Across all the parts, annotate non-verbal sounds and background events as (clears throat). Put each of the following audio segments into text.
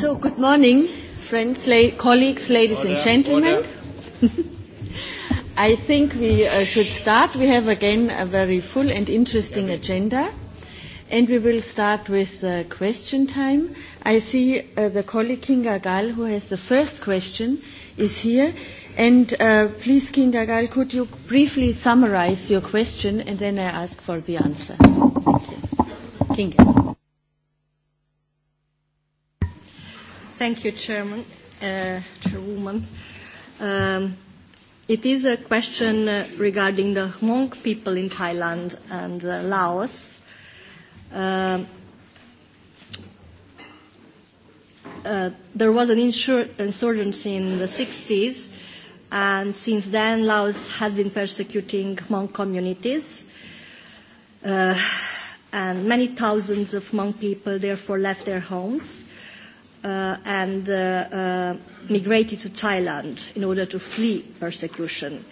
So, good morning, friends, la- colleagues, ladies order, and gentlemen. (laughs) I think we uh, should start. We have again a very full and interesting yeah, agenda. And we will start with uh, question time. I see uh, the colleague Kinga Gal, who has the first question, is here. And uh, please, Kinga Gal, could you briefly summarize your question and then I ask for the answer? Thank you. Kinga. Thank you, Chairman, uh, Chairwoman. Um, it is a question uh, regarding the Hmong people in Thailand and uh, Laos. Uh, uh, there was an insur- insurgency in the 60s, and since then Laos has been persecuting Hmong communities. Uh, and many thousands of Hmong people therefore left their homes uh, and uh, uh, migrated to Thailand in order to flee persecution.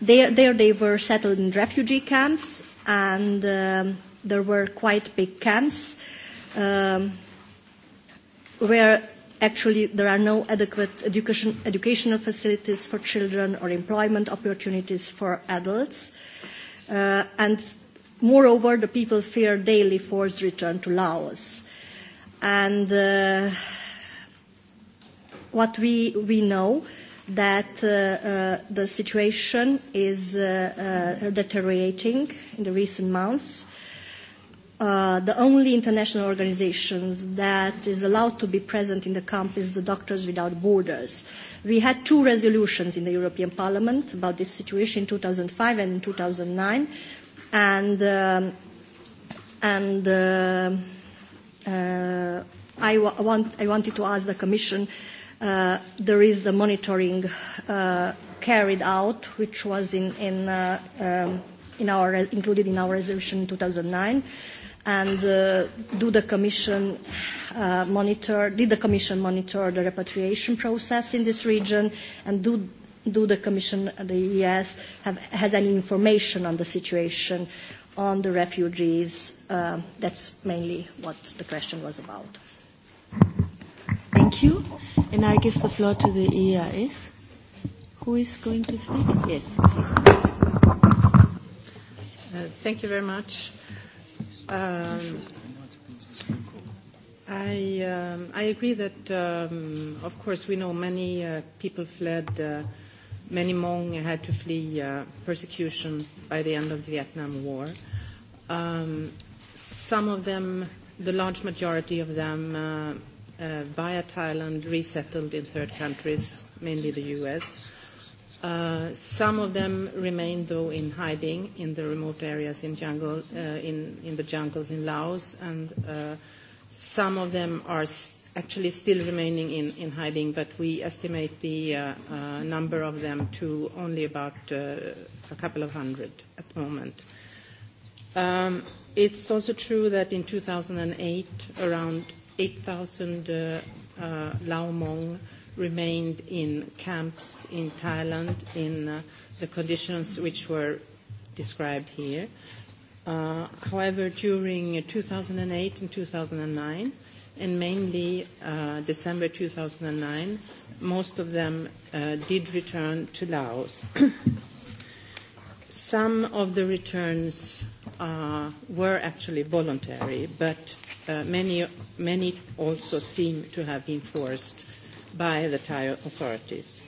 There, there they were settled in refugee camps, and um, there were quite big camps um, where actually there are no adequate education, educational facilities for children or employment opportunities for adults. Uh, and moreover, the people fear daily forced return to Laos And uh, what we, we know that uh, uh, the situation is uh, uh, deteriorating in the recent months. Uh, the only international organizations that is allowed to be present in the camp is the Doctors Without Borders. We had two resolutions in the European Parliament about this situation in 2005 and in 2009, and um, and. Uh, uh, I, wa- want, I wanted to ask the Commission, uh, there is the monitoring uh, carried out, which was in, in, uh, um, in our, included in our resolution in 2009. And uh, do the commission, uh, monitor, did the Commission monitor the repatriation process in this region? And do, do the Commission, the ES, have, has any information on the situation on the refugees. Uh, that's mainly what the question was about. Thank you. And I give the floor to the EIS. Who is going to speak? Yes, please. Uh, thank you very much. Um, I, um, I agree that, um, of course, we know many uh, people fled uh, Many Hmong had to flee uh, persecution by the end of the Vietnam War. Um, some of them, the large majority of them, uh, uh, via Thailand, resettled in third countries, mainly the US. Uh, some of them remained, though, in hiding in the remote areas in, jungle, uh, in, in the jungles in Laos, and uh, some of them are actually still remaining in, in hiding, but we estimate the uh, uh, number of them to only about uh, a couple of hundred at the moment. Um, it's also true that in 2008, around 8,000 uh, uh, Lao Hmong remained in camps in Thailand in uh, the conditions which were described here. Uh, however, during 2008 and 2009, and mainly uh, December 2009, most of them uh, did return to Laos. (coughs) Some of the returns uh, were actually voluntary, but uh, many, many also seem to have been forced by the Thai authorities.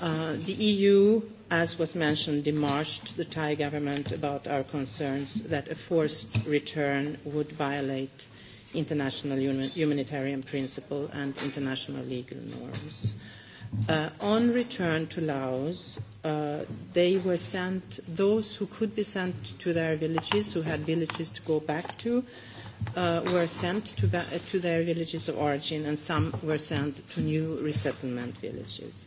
Uh, the EU, as was mentioned, demarched the Thai government about our concerns that a forced return would violate uh, international humanitarian principle and international legal norms. Uh, on return to Laos, uh, they were sent, those who could be sent to their villages, who had villages to go back to, uh, were sent to, ba- uh, to their villages of origin, and some were sent to new resettlement villages.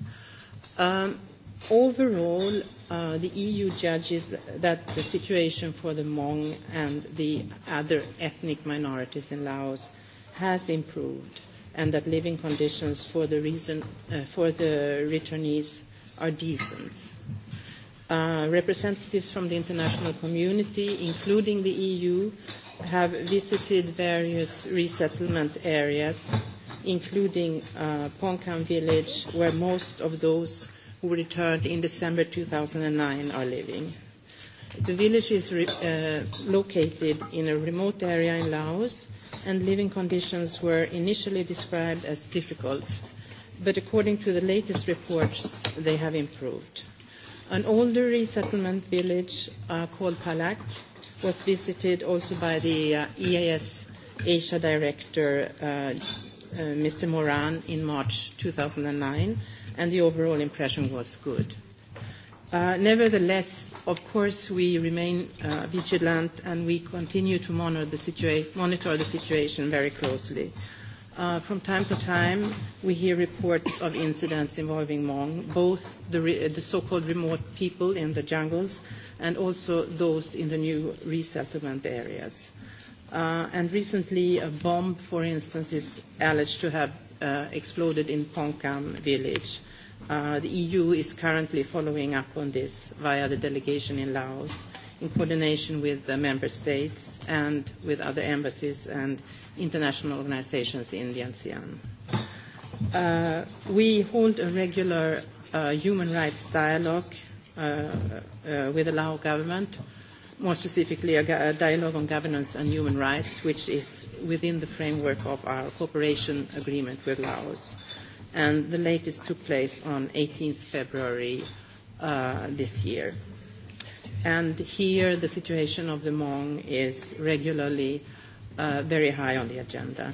Um, overall, uh, the EU judges that the situation for the Hmong and the other ethnic minorities in Laos has improved and that living conditions for the, reason, uh, for the returnees are decent. Uh, representatives from the international community, including the EU, have visited various resettlement areas, including uh, Pongkang village, where most of those who returned in December 2009 are living. The village is re- uh, located in a remote area in Laos, and living conditions were initially described as difficult, but according to the latest reports, they have improved. An older resettlement village uh, called Palak was visited also by the uh, EAS Asia director, uh, uh, Mr. Moran in March 2009, and the overall impression was good. Uh, nevertheless, of course, we remain uh, vigilant and we continue to monitor the, situa- monitor the situation very closely. Uh, from time to time, we hear reports of incidents involving Hmong, both the, re- the so-called remote people in the jungles and also those in the new resettlement areas. Uh, and recently, a bomb, for instance, is alleged to have uh, exploded in Ponkam village. Uh, the EU is currently following up on this via the delegation in Laos in coordination with the member states and with other embassies and international organizations in the Uh, we hold a regular uh, human rights dialogue uh, uh, with the Lao government more specifically a dialogue on governance and human rights, which is within the framework of our cooperation agreement with Laos. And the latest took place on 18th February uh, this year. And here the situation of the Hmong is regularly uh, very high on the agenda.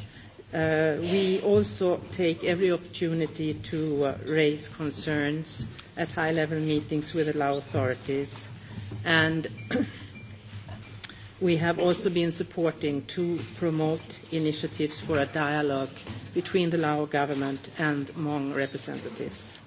Uh, we also take every opportunity to uh, raise concerns at high-level meetings with the Lao authorities and (clears throat) we have also been supporting to promote initiatives for a dialogue between the Lao government and Hmong representatives.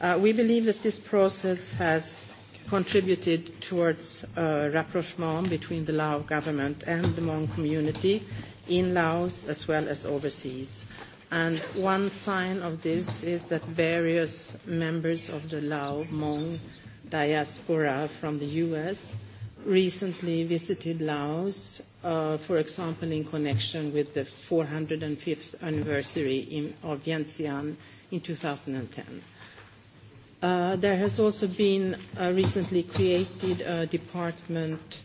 Uh, we believe that this process has contributed towards a rapprochement between the Lao government and the Hmong community in Laos as well as overseas. And one sign of this is that various members of the Lao Hmong diaspora from the US recently visited Laos, uh, for example, in connection with the 405th anniversary in, of Vientiane in 2010. Uh, there has also been a uh, recently created a department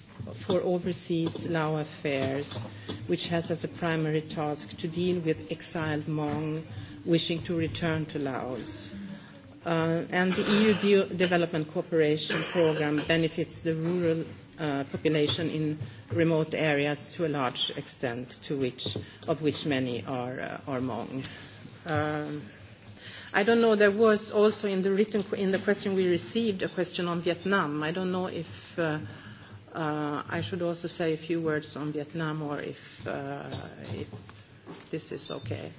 for overseas Lao affairs, which has as a primary task to deal with exiled Hmong wishing to return to Laos. Uh, and the EU de- development cooperation program benefits the rural Uh, population in remote areas to a large extent, to which, of which many are, uh, are Hmong. Um, I don't know, there was also in the written, in the question we received a question on Vietnam. I don't know if uh, uh, I should also say a few words on Vietnam or if, uh, if this is okay.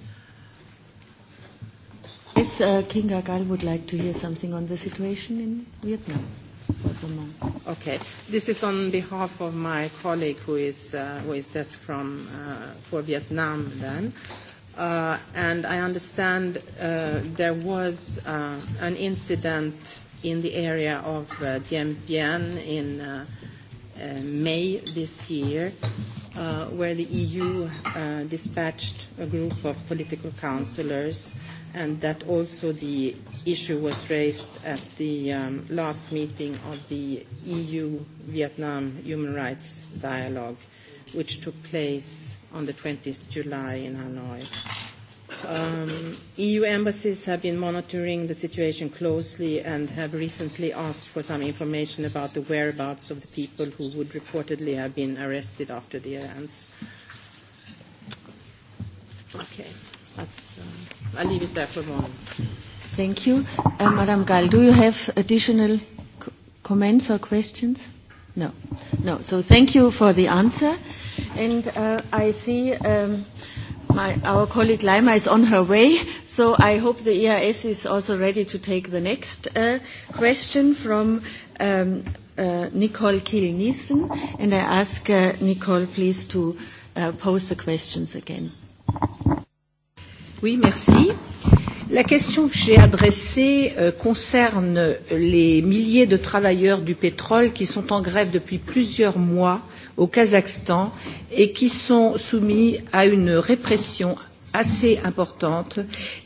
Yes, uh, Kinga Gal would like to hear something on the situation in Vietnam. Okay. This is on behalf of my colleague who is, uh, who is desk from, uh, for Vietnam then. Uh, and I understand uh, there was uh, an incident in the area of uh, Dien Bien in uh, uh, May this year uh, where the EU uh, dispatched a group of political counselors and that also the issue was raised at the um, last meeting of the EU-Vietnam Human Rights Dialogue, which took place on the 20th July in Hanoi. Um, EU embassies have been monitoring the situation closely and have recently asked for some information about the whereabouts of the people who would reportedly have been arrested after the events. Okay, that's. Uh I'll leave it there for a moment. Thank you. Uh, Madam Gall, do you have additional co- comments or questions? No. No. So thank you for the answer. And uh, I see um, my, our colleague Lima is on her way, so I hope the EIS is also ready to take the next uh, question from um, uh, Nicole Kiel-Nielsen. And I ask uh, Nicole, please, to uh, pose the questions again. Oui, merci. La question que j'ai adressée euh, concerne les milliers de travailleurs du pétrole qui sont en grève depuis plusieurs mois au Kazakhstan et qui sont soumis à une répression assez importante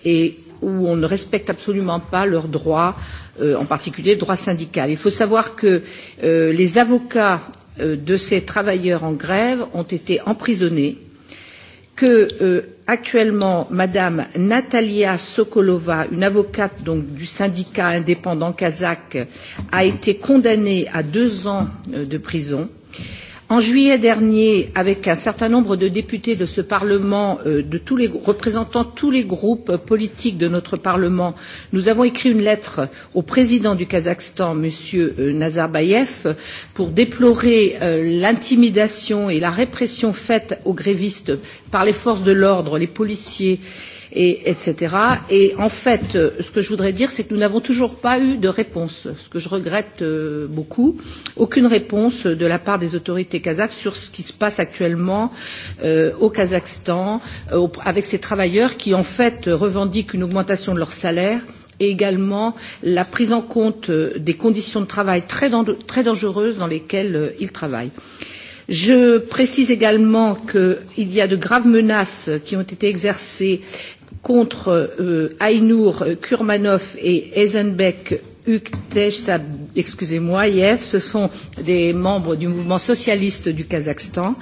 et où on ne respecte absolument pas leurs droits, euh, en particulier le droit syndical. Il faut savoir que euh, les avocats euh, de ces travailleurs en grève ont été emprisonnés que euh, actuellement madame Natalia Sokolova, une avocate donc du syndicat indépendant kazakh, a été condamnée à deux ans euh, de prison. Euh, En juillet dernier, avec un certain nombre de députés de ce Parlement, euh, de tous les, représentant tous les groupes politiques de notre Parlement, nous avons écrit une lettre au président du Kazakhstan, M. Euh, Nazarbayev, pour déplorer euh, l'intimidation et la répression faite aux grévistes par les forces de l'ordre, les policiers, euh, et etc. Et en fait, euh, ce que je voudrais dire, c'est que nous n'avons toujours pas eu de réponse, ce que je regrette euh, beaucoup, aucune réponse de la part des autorités kazakhs sur ce qui se passe actuellement euh, au Kazakhstan euh, avec ces travailleurs qui en fait revendiquent une augmentation de leur salaire et également la prise en compte euh, des conditions de travail très, très dangereuses dans lesquelles ils travaillent. Je précise également qu'il y a de graves menaces qui ont été exercées contre euh, Aynur euh, Kurmanov et Eisenbeck excusez-moi, Yev, ce sont des membres du mouvement socialiste du Kazakhstan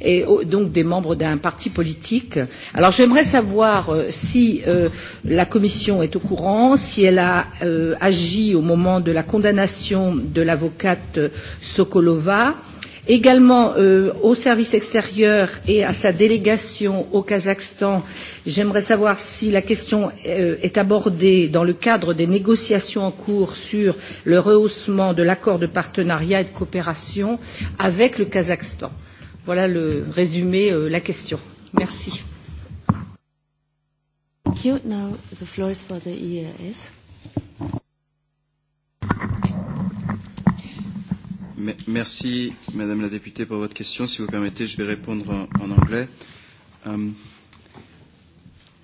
et donc des membres d'un parti politique. Alors j'aimerais savoir euh, si euh, la Commission est au courant, si elle a euh, agi au moment de la condamnation de l'avocate Sokolova. Euh, Également euh, au service extérieur et à sa délégation au Kazakhstan, j'aimerais savoir si la question euh, est abordée dans le cadre des négociations en cours sur le rehaussement de l'accord de partenariat et de coopération avec le Kazakhstan. Voilà le résumé, euh, la question. Merci. Thank you. Now the floor is for the EAS. Merci, Madame la députée, pour votre question. Si vous permettez, je vais répondre en anglais. Um,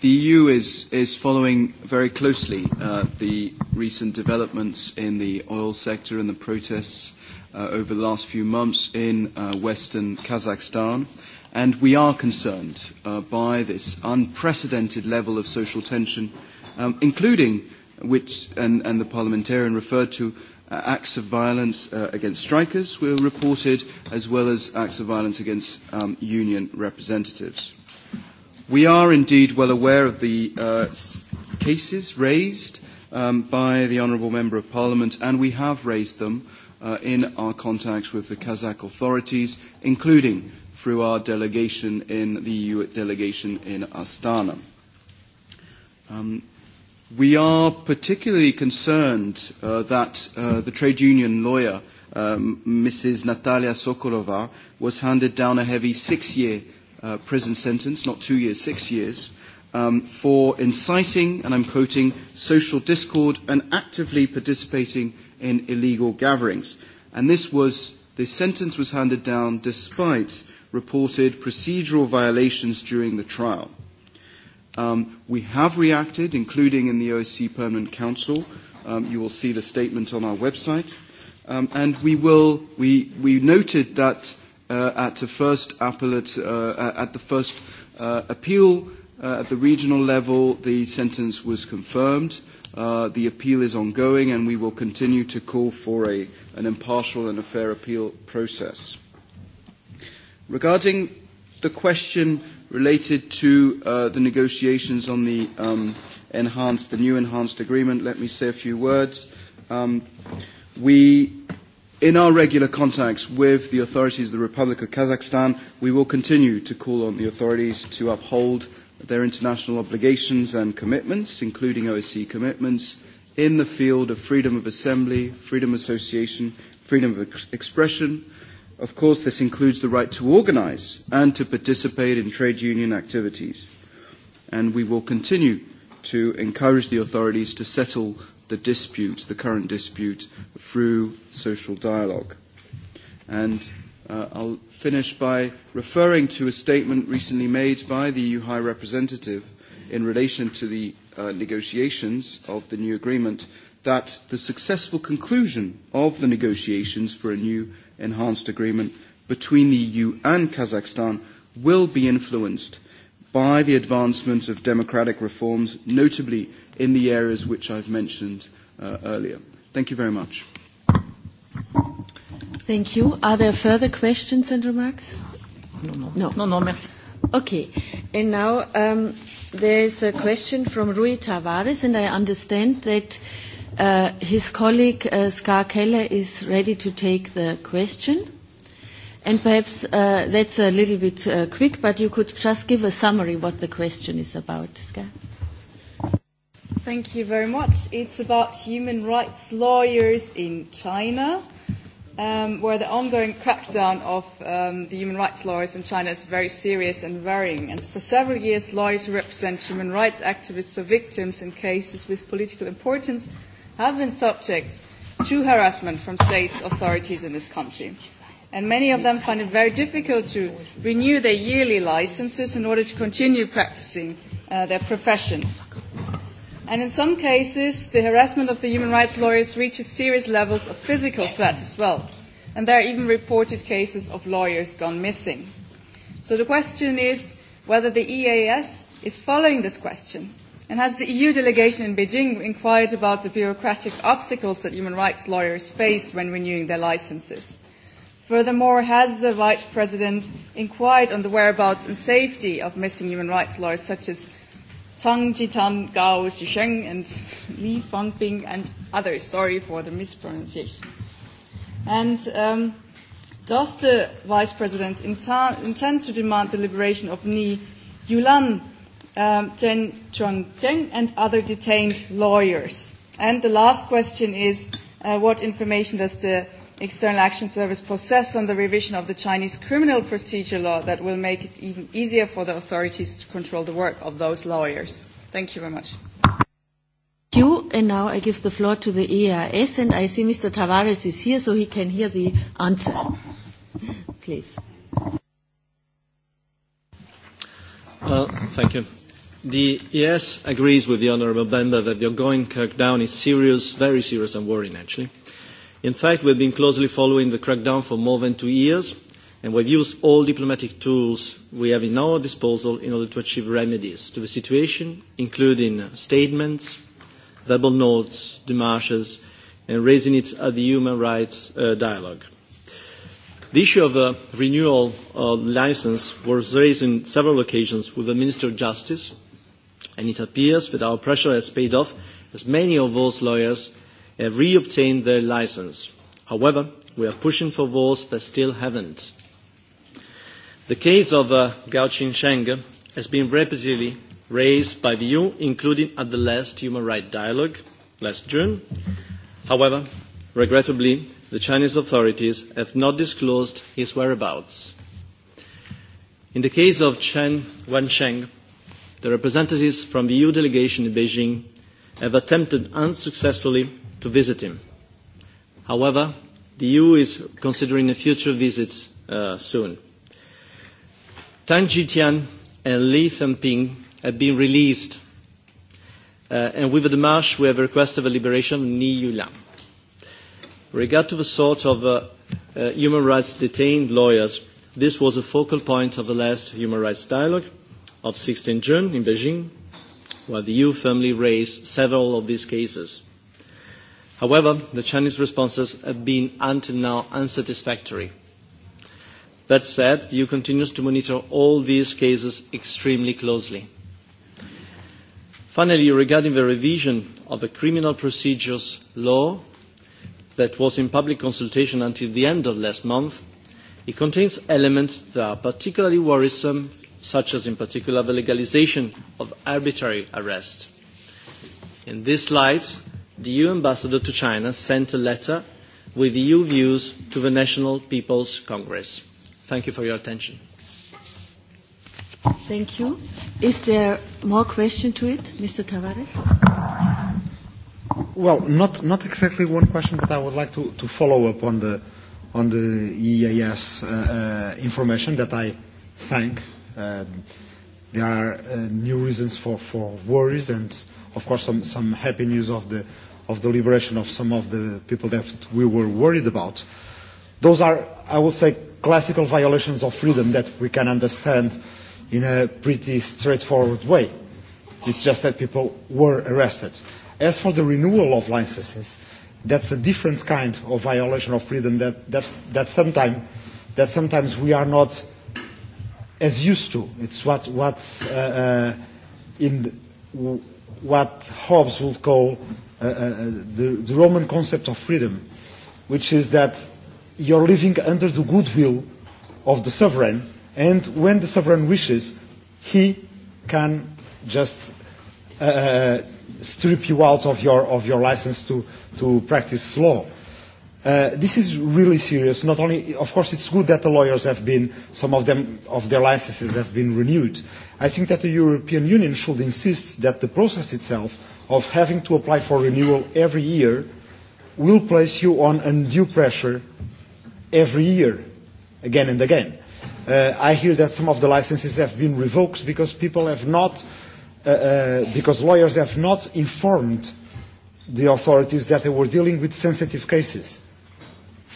the EU is, is following very closely uh, the recent developments in the oil sector and the protests uh, over the last few months in uh, western Kazakhstan. And we are concerned uh, by this unprecedented level of social tension, um, including which, and, and the parliamentarian referred to, Uh, acts of violence uh, against strikers were reported, as well as acts of violence against um, union representatives. We are indeed well aware of the uh, cases raised um, by the Honourable Member of Parliament, and we have raised them uh, in our contacts with the Kazakh authorities, including through our delegation in the EU delegation in Astana. Um, We are particularly concerned uh, that uh, the trade union lawyer, um, Mrs. Natalia Sokolova, was handed down a heavy six-year uh, prison sentence, not two years, six years, um, for inciting, and I'm quoting, social discord and actively participating in illegal gatherings. And this was, the sentence was handed down despite reported procedural violations during the trial. Um, we have reacted, including in the OSC Permanent Council. Um, you will see the statement on our website. Um, and we, will, we, we noted that uh, at the first appellate, uh, at the first uh, appeal uh, at the regional level, the sentence was confirmed. Uh, the appeal is ongoing, and we will continue to call for a, an impartial and a fair appeal process. Regarding the question Related to uh, the negotiations on the um, enhanced, the new enhanced agreement, let me say a few words. Um, we, in our regular contacts with the authorities of the Republic of Kazakhstan, we will continue to call on the authorities to uphold their international obligations and commitments, including OSCE commitments, in the field of freedom of assembly, freedom of association, freedom of ex expression, Of course, this includes the right to organise and to participate in trade union activities. And we will continue to encourage the authorities to settle the dispute, the current dispute, through social dialogue. And uh, I'll finish by referring to a statement recently made by the EU High Representative in relation to the uh, negotiations of the new agreement that the successful conclusion of the negotiations for a new enhanced agreement between the EU and Kazakhstan will be influenced by the advancement of democratic reforms, notably in the areas which I've mentioned uh, earlier. Thank you very much. Thank you. Are there further questions and remarks? No, no. No, no, no merci. Okay. And now um, there is a question from Rui Tavares, and I understand that Uh, his colleague uh, Ska Keller is ready to take the question. And perhaps uh, that's a little bit uh, quick, but you could just give a summary what the question is about, Ska. Thank you very much. It's about human rights lawyers in China, um, where the ongoing crackdown of um, the human rights lawyers in China is very serious and varying. And for several years, lawyers who represent human rights activists or victims in cases with political importance have been subject to harassment from state authorities in this country. And many of them find it very difficult to renew their yearly licenses in order to continue practicing uh, their profession. And in some cases, the harassment of the human rights lawyers reaches serious levels of physical threats as well. And there are even reported cases of lawyers gone missing. So the question is whether the EAS is following this question And has the EU delegation in Beijing inquired about the bureaucratic obstacles that human rights lawyers face when renewing their licenses? Furthermore, has the Vice President inquired on the whereabouts and safety of missing human rights lawyers such as Tang Jitan Gao Xusheng and (laughs) Li Fangping and others? Sorry for the mispronunciation. And um, does the Vice President intend to demand the liberation of Ni Yulan? um, Chen Cheng and other detained lawyers? And the last question is, uh, what information does the External Action Service possess on the revision of the Chinese criminal procedure law that will make it even easier for the authorities to control the work of those lawyers? Thank you very much. Thank you. And now I give the floor to the EAS, and I see Mr. Tavares is here, so he can hear the answer. Please. Uh, thank you. The ES agrees with the Honourable Member that the ongoing crackdown is serious, very serious and worrying actually. In fact, we've been closely following the crackdown for more than two years, and we've used all diplomatic tools we have in our disposal in order to achieve remedies to the situation, including statements, verbal notes, demarches, and raising it at the human rights uh, dialogue. The issue of the uh, renewal of license was raised on several occasions with the Minister of Justice, and it appears that our pressure has paid off as many of those lawyers have reobtained their license. However, we are pushing for those that still haven't. The case of uh, Gao Qingsheng has been repeatedly raised by the EU, including at the last Human Rights Dialogue last June. However, regrettably, the Chinese authorities have not disclosed his whereabouts. In the case of Chen Wensheng, the representatives from the EU delegation in Beijing have attempted unsuccessfully to visit him. However, the EU is considering a future visit uh, soon. Tang Jitian and Li Themping have been released, uh, and with the demarche, we have requested the liberation of Ni Yuliang. Regard to the sort of uh, uh, human rights detained lawyers, this was a focal point of the last human rights dialogue, of 16 June in Beijing, where the EU firmly raised several of these cases. However, the Chinese responses have been until now unsatisfactory. That said, the EU continues to monitor all these cases extremely closely. Finally, regarding the revision of the criminal procedures law that was in public consultation until the end of last month, it contains elements that are particularly worrisome such as in particular the legalization of arbitrary arrest. In this light, the EU ambassador to China sent a letter with EU views to the National People's Congress. Thank you for your attention. Thank you. Is there more question to it, Mr. Tavares? Well, not, not exactly one question, but I would like to, to follow up on the, on the EAS uh, uh, information that I thank Um, there are uh, new reasons for, for worries and, of course, some, some happy news of the, of the liberation of some of the people that we were worried about. Those are, I would say, classical violations of freedom that we can understand in a pretty straightforward way. It's just that people were arrested. As for the renewal of licenses, that's a different kind of violation of freedom that, that's, that, sometime, that sometimes we are not as used to. It's what, what, uh, uh in what Hobbes would call uh, uh, the, the Roman concept of freedom, which is that you're living under the goodwill of the sovereign, and when the sovereign wishes, he can just uh, uh strip you out of your, of your license to, to practice law. Uh, this is really serious. Not only, of course, it's good that the lawyers have been, some of them, of their licenses have been renewed. I think that the European Union should insist that the process itself of having to apply for renewal every year will place you on undue pressure every year, again and again. Uh, I hear that some of the licenses have been revoked because people have not, uh, uh, because lawyers have not informed the authorities that they were dealing with sensitive cases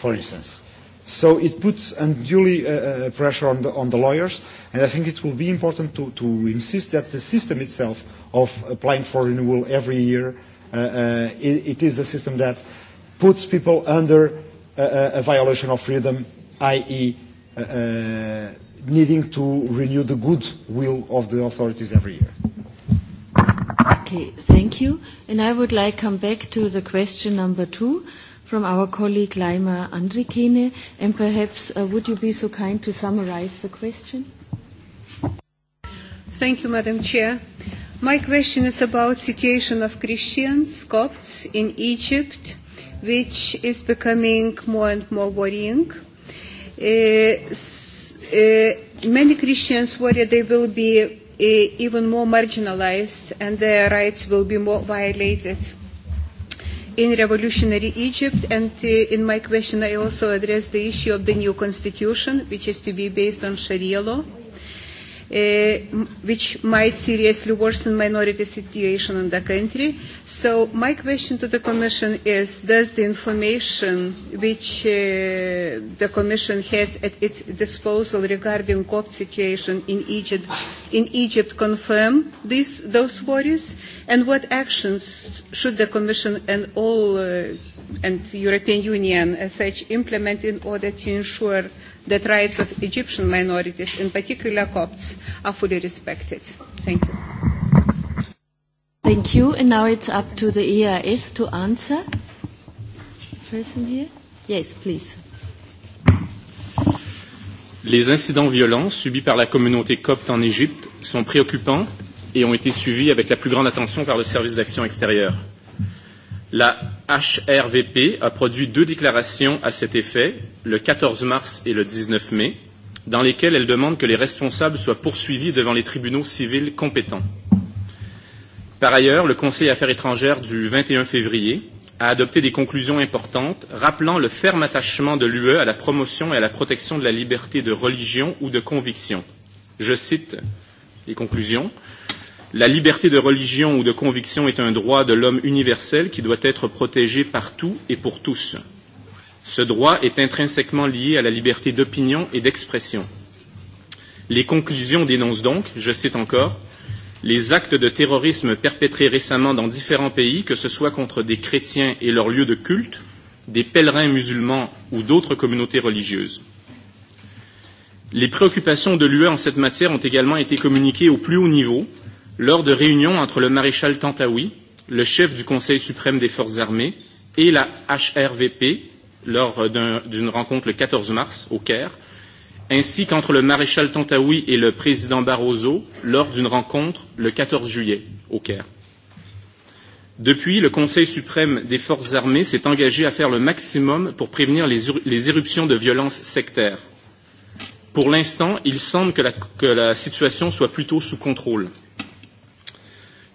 for instance. So it puts unduly uh, uh, pressure on the, on the lawyers, and I think it will be important to, to insist that the system itself of applying for renewal every year, uh, uh, it, it is a system that puts people under uh, uh a violation of freedom, i.e. Uh, uh, needing to renew the good will of the authorities every year. Okay, thank you. And I would like to come back to the question number two from our colleague Laima Andrikene, and perhaps uh, would you be so kind to summarize the question? Thank you, Madam Chair. My question is about situation of Christians, Copts in Egypt, which is becoming more and more worrying. Uh, Uh, many Christians worry they will be uh, even more marginalized and their rights will be more violated in revolutionary Egypt. And uh, in my question, I also address the issue of the new constitution, which is to be based on Sharia law uh, which might seriously worsen minority situation in the country. So my question to the Commission is, does the information which uh, the Commission has at its disposal regarding COP situation in Egypt, in Egypt confirm these, those worries? And what actions should the Commission and all uh, and European Union as such implement in order to ensure that rights of Egyptian minorities, in particular Copts, are fully respected. Thank you. Thank you. And now it's up to the EIS to answer. Person here? Yes, please. Les incidents violents subis par la communauté copte en Égypte sont préoccupants et ont été suivis avec la plus grande attention par le service d'action extérieure. La HRVP a produit deux déclarations à cet effet, le 14 mars et le 19 mai, dans lesquelles elle demande que les responsables soient poursuivis devant les tribunaux civils compétents. Par ailleurs, le Conseil Affaires étrangères du 21 février a adopté des conclusions importantes rappelant le ferme attachement de l'UE à la promotion et à la protection de la liberté de religion ou de conviction. Je cite les conclusions. La liberté de religion ou de conviction est un droit de l'homme universel qui doit être protégé partout et pour tous. Ce droit est intrinsèquement lié à la liberté d'opinion et d'expression. Les conclusions dénoncent donc, je cite encore, les actes de terrorisme perpétrés récemment dans différents pays, que ce soit contre des chrétiens et leurs lieux de culte, des pèlerins musulmans ou d'autres communautés religieuses. Les préoccupations de l'UE en cette matière ont également été communiquées au plus haut niveau lors de réunions entre le maréchal Tantawi, le chef du Conseil suprême des forces armées, et la HRVP lors d'une un, rencontre le 14 mars au Caire, ainsi qu'entre le maréchal Tantawi et le président Barroso lors d'une rencontre le 14 juillet au Caire. Depuis, le Conseil suprême des forces armées s'est engagé à faire le maximum pour prévenir les, les éruptions de violences sectaires. Pour l'instant, il semble que la, que la situation soit plutôt sous contrôle.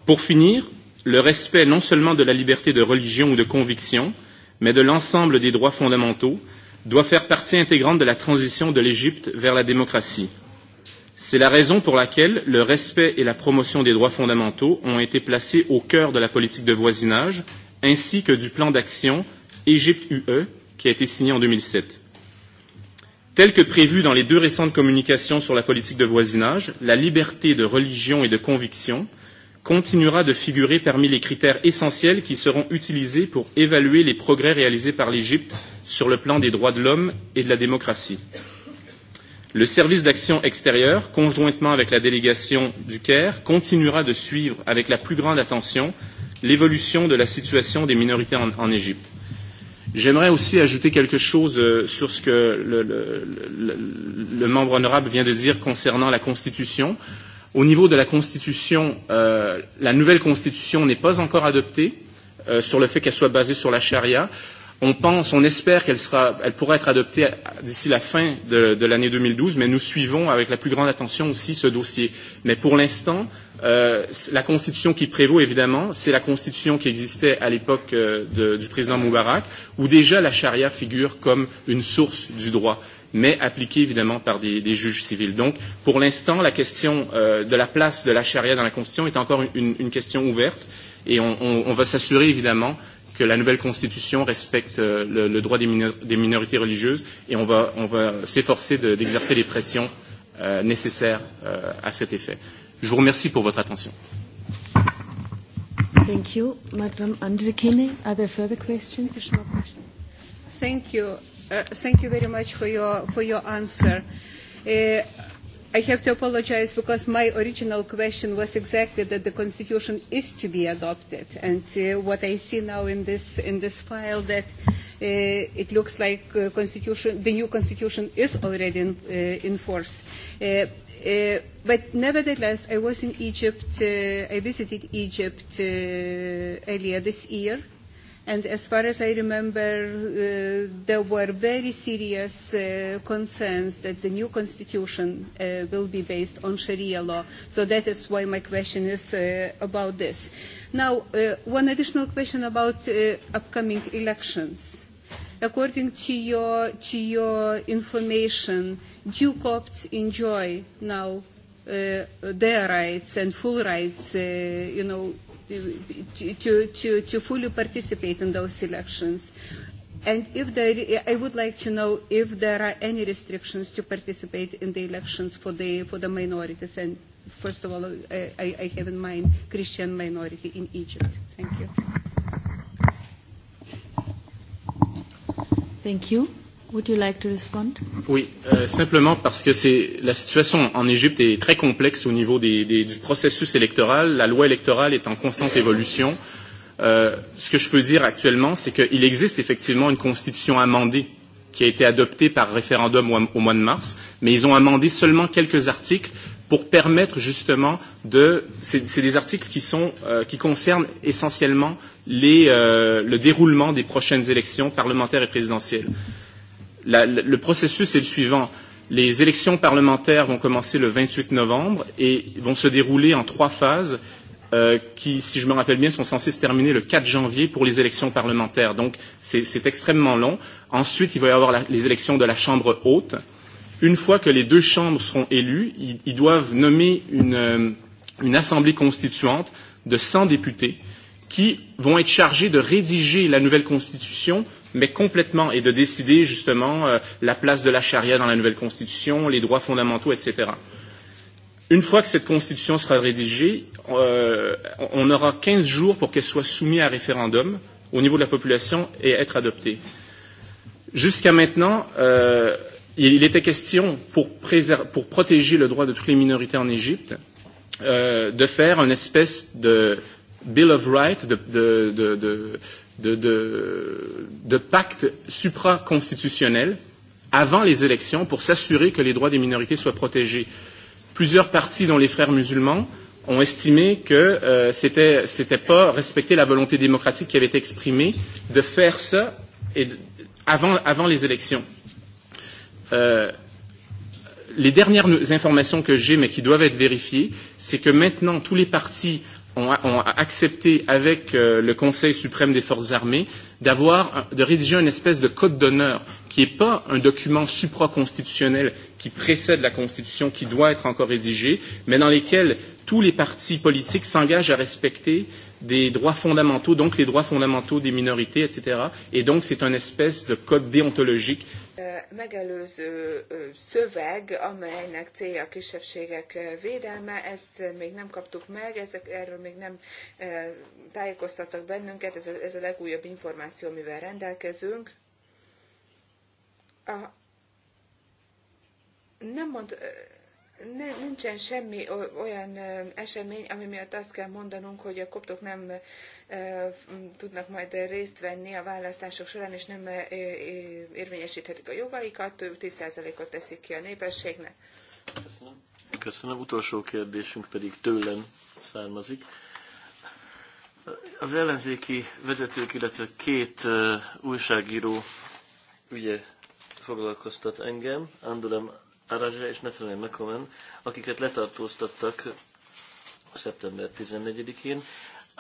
Pour finir, le respect non seulement de la liberté de religion ou de conviction, mais de l'ensemble des droits fondamentaux, doit faire partie intégrante de la transition de l'Égypte vers la démocratie. C'est la raison pour laquelle le respect et la promotion des droits fondamentaux ont été placés au cœur de la politique de voisinage ainsi que du plan d'action Égypte-UE qui a été signé en 2007. Tel que prévu dans les deux récentes communications sur la politique de voisinage, la liberté de religion et de conviction continuera de figurer parmi les critères essentiels qui seront utilisés pour évaluer les progrès réalisés par l'Égypte sur le plan des droits de l'homme et de la démocratie. Le service d'action extérieure, conjointement avec la délégation du Caire, continuera de suivre avec la plus grande attention l'évolution de la situation des minorités en, en Égypte. J'aimerais aussi ajouter quelque chose euh, sur ce que le, le, le, le membre honorable vient de dire concernant la Constitution. Euh, Au niveau de la Constitution, euh, la nouvelle Constitution n'est pas encore adoptée euh, sur le fait qu'elle soit basée sur la charia. On pense, on espère qu'elle sera, elle pourra être adoptée d'ici la fin de, de l'année 2012, mais nous suivons avec la plus grande attention aussi ce dossier. Mais pour l'instant, euh, la constitution qui prévaut, évidemment, c'est la constitution qui existait à l'époque euh, du président Moubarak, où déjà la charia figure comme une source du droit mais appliquée évidemment par des, des juges civils. Donc, pour l'instant, la question euh, de la place de la charia dans la Constitution est encore une, une question ouverte et on, on, on va s'assurer évidemment que la nouvelle Constitution respecte euh, le, le droit des, minor des minorités religieuses et on va, on va s'efforcer d'exercer les pressions euh, nécessaires euh, à cet effet. Je vous remercie pour votre attention. Thank you. Madame Andrikine, are there further questions? questions? Thank you. Uh, thank you very much for your, for your answer. Uh, I have to apologize because my original question was exactly that the constitution is to be adopted, and uh, what I see now in this in this file that uh, it looks like uh, constitution the new constitution is already in, uh, in force. Uh, uh, but nevertheless, I was in Egypt. Uh, I visited Egypt uh, earlier this year And as far as I remember, uh, there were very serious uh, concerns that the new constitution uh, will be based on Sharia law. So that is why my question is uh, about this. Now, uh, one additional question about uh, upcoming elections. According to your, to your information, do Copts enjoy now uh, their rights and full rights, uh, you know, to, to, to fully participate in those elections. And if there, I would like to know if there are any restrictions to participate in the elections for the, for the minorities. And first of all, uh, I, I have in mind Christian minority in Egypt. Thank you. Thank you. Would you like to respond? Oui, euh, simplement parce que la situation en Égypte est très complexe au niveau des, des, du processus électoral. La loi électorale est en constante évolution. Euh, ce que je peux dire actuellement, c'est qu'il existe effectivement une constitution amendée qui a été adoptée par référendum au, au mois de mars, mais ils ont amendé seulement quelques articles pour permettre justement de c'est des articles qui sont euh, qui concernent essentiellement les, euh, le déroulement des prochaines élections parlementaires et présidentielles. Euh, la, le processus est le suivant. Les élections parlementaires vont commencer le 28 novembre et vont se dérouler en trois phases euh, qui, si je me rappelle bien, sont censées se terminer le 4 janvier pour les élections parlementaires. Donc, c'est extrêmement long. Ensuite, il va y avoir la, les élections de la Chambre haute. Une fois que les deux chambres seront élues, ils, ils doivent nommer une, euh, une assemblée constituante de 100 députés qui vont être chargés de rédiger la nouvelle constitution euh, mais complètement, et de décider justement euh, la place de la charia dans la nouvelle constitution, les droits fondamentaux, etc. Une fois que cette constitution sera rédigée, euh, on aura 15 jours pour qu'elle soit soumise à référendum au niveau de la population et être adoptée. Jusqu'à maintenant, euh, il était question, pour, préserver, pour protéger le droit de toutes les minorités en Égypte, euh, de faire une espèce de Bill of Rights, de, de, de, de, de, de, de pacte supraconstitutionnel avant les élections pour s'assurer que les droits des minorités soient protégés. Plusieurs partis, dont les frères musulmans, ont estimé que euh, c'était c'était pas respecter la volonté démocratique qui avait été exprimée de faire ça et de, avant avant les élections. Euh, les dernières informations que j'ai, mais qui doivent être vérifiées, c'est que maintenant tous les partis ont, ont accepté avec euh, le Conseil suprême des forces armées d'avoir, de rédiger une espèce de code d'honneur qui n'est pas un document supraconstitutionnel qui précède la Constitution, qui doit être encore rédigé, mais dans lequel tous les partis politiques s'engagent à respecter des droits fondamentaux, donc les droits fondamentaux des minorités, etc. Et donc c'est une espèce de code déontologique megelőző szöveg, amelynek célja a kisebbségek védelme, ezt még nem kaptuk meg, ezek, erről még nem tájékoztattak bennünket, ez a, ez a legújabb információ, amivel rendelkezünk. A, nem mond, nincsen semmi olyan esemény, ami miatt azt kell mondanunk, hogy a koptok nem tudnak majd részt venni a választások során, és nem érvényesíthetik a jogaikat, 10%-ot teszik ki a népességnek. Köszönöm. Köszönöm. Utolsó kérdésünk pedig tőlem származik. Az ellenzéki vezetők, illetve két újságíró ügye foglalkoztat engem, Andulem Arazsa és Nathaniel Mekomen, akiket letartóztattak szeptember 14-én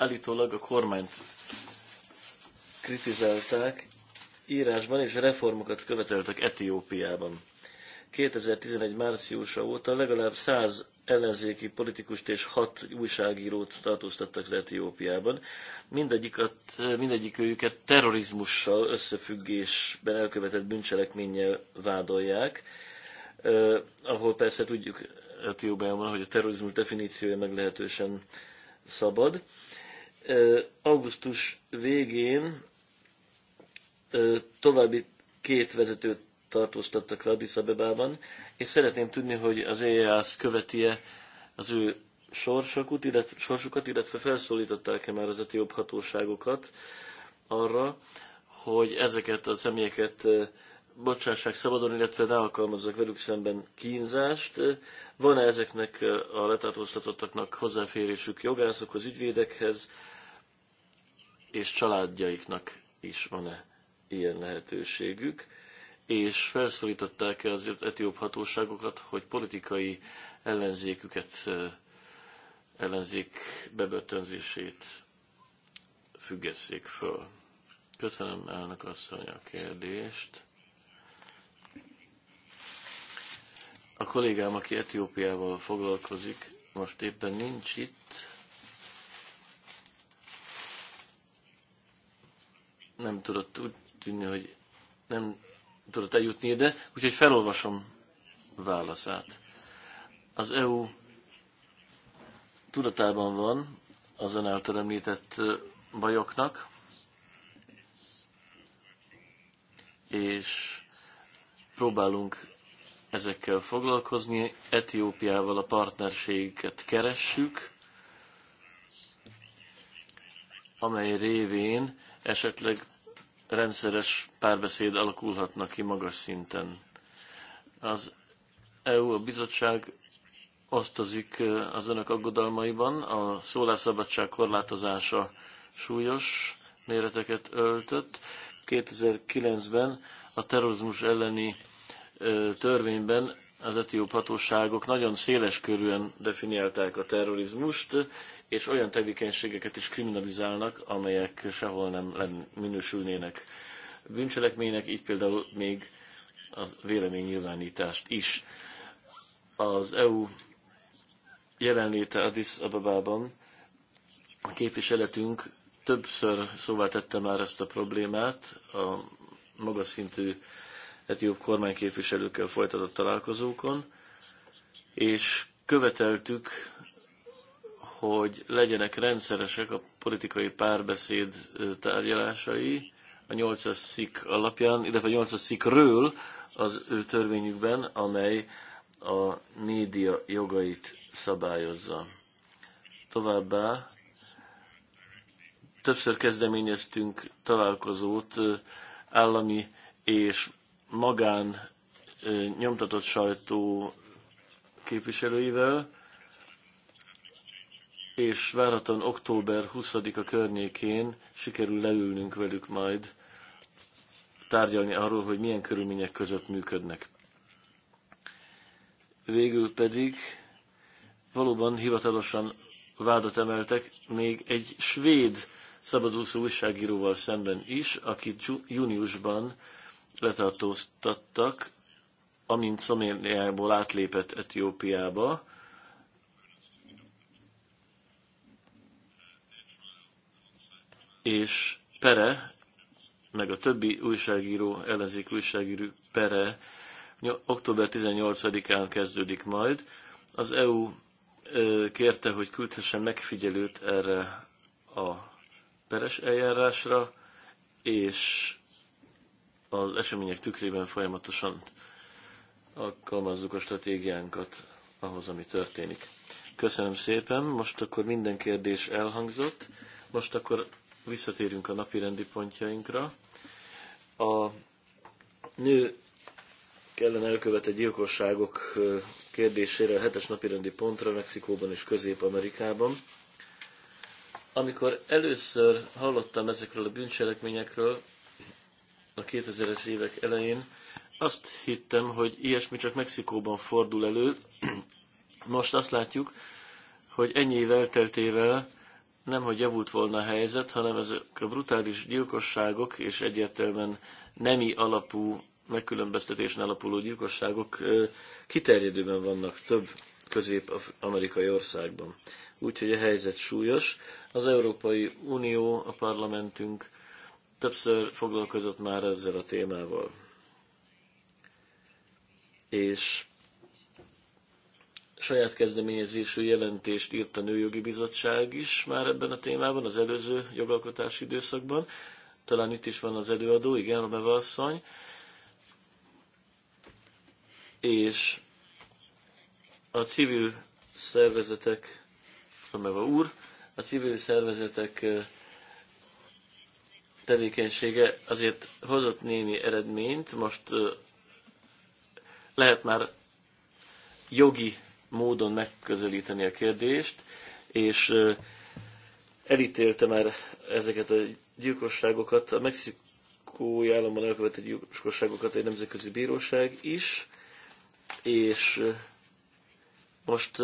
állítólag a kormányt kritizálták, írásban és reformokat követeltek Etiópiában. 2011 márciusa óta legalább 100 ellenzéki politikust és 6 újságírót tartóztattak le Etiópiában. Mindegyiket, mindegyikőjüket terrorizmussal összefüggésben elkövetett bűncselekménnyel vádolják, eh, ahol persze tudjuk Etiópiában, hogy a terrorizmus definíciója meglehetősen szabad. Eh, augusztus végén további két vezetőt tartóztattak le Addis Abebában, és szeretném tudni, hogy az EAS követi-e az ő sorsokat, illetve, sorsukat, illetve felszólították-e már az etióp hatóságokat arra, hogy ezeket a személyeket bocsássák szabadon, illetve ne alkalmazzak velük szemben kínzást. Van-e ezeknek a letartóztatottaknak hozzáférésük jogászokhoz, ügyvédekhez, és családjaiknak is van-e ilyen lehetőségük, és felszólították-e az etióp hatóságokat, hogy politikai ellenzéküket, ellenzék bebörtönzését függesszék föl. Köszönöm elnök asszony a kérdést. A kollégám, aki Etiópiával foglalkozik, most éppen nincs itt, nem tudott úgy tűnni, hogy nem tudott eljutni ide, úgyhogy felolvasom válaszát. Az EU tudatában van az ön által említett bajoknak, és próbálunk ezekkel foglalkozni. Etiópiával a partnerséget keressük, amely révén esetleg rendszeres párbeszéd alakulhatna ki magas szinten. Az EU, a bizottság osztozik az önök aggodalmaiban, a szólásszabadság korlátozása súlyos méreteket öltött. 2009-ben a terrorizmus elleni törvényben az etióp hatóságok nagyon széles körűen definiálták a terrorizmust, és olyan tevékenységeket is kriminalizálnak, amelyek sehol nem minősülnének bűncselekménynek, így például még a véleménynyilvánítást is. Az EU jelenléte Addis Ababában a képviseletünk többször szóvá tette már ezt a problémát a magas szintű etióp kormányképviselőkkel folytatott találkozókon, és követeltük hogy legyenek rendszeresek a politikai párbeszéd tárgyalásai a 8-as szik alapján, illetve a 8-as szikről az ő törvényükben, amely a média jogait szabályozza. Továbbá többször kezdeményeztünk találkozót állami és magán nyomtatott sajtó képviselőivel, és váratlan október 20-a környékén sikerül leülnünk velük majd tárgyalni arról, hogy milyen körülmények között működnek. Végül pedig valóban hivatalosan vádat emeltek még egy svéd szabadúszó újságíróval szemben is, akit júniusban letartóztattak, amint Szomáliából átlépett Etiópiába, és Pere, meg a többi újságíró, ellenzék újságíró Pere október 18-án kezdődik majd. Az EU kérte, hogy küldhessen megfigyelőt erre a peres eljárásra, és az események tükrében folyamatosan alkalmazzuk a stratégiánkat ahhoz, ami történik. Köszönöm szépen, most akkor minden kérdés elhangzott, most akkor visszatérünk a napi rendi pontjainkra. A nő kellene elkövetett gyilkosságok kérdésére a hetes napirendi pontra Mexikóban és Közép-Amerikában. Amikor először hallottam ezekről a bűncselekményekről a 2000-es évek elején, azt hittem, hogy ilyesmi csak Mexikóban fordul elő. (clears throat) Most azt látjuk, hogy ennyi év elteltével nem, hogy javult volna a helyzet, hanem ezek a brutális gyilkosságok és egyértelműen nemi alapú, megkülönböztetésen alapuló gyilkosságok kiterjedőben vannak több közép-amerikai országban. Úgyhogy a helyzet súlyos. Az Európai Unió, a parlamentünk többször foglalkozott már ezzel a témával. És saját kezdeményezésű jelentést írt a Nőjogi Bizottság is már ebben a témában, az előző jogalkotási időszakban. Talán itt is van az előadó, igen, a bevasszony. És a civil szervezetek, a Meva úr, a civil szervezetek tevékenysége azért hozott némi eredményt, most lehet már jogi módon megközelíteni a kérdést, és elítélte már ezeket a gyilkosságokat, a mexikói államban elkövetett gyilkosságokat egy nemzetközi bíróság is, és most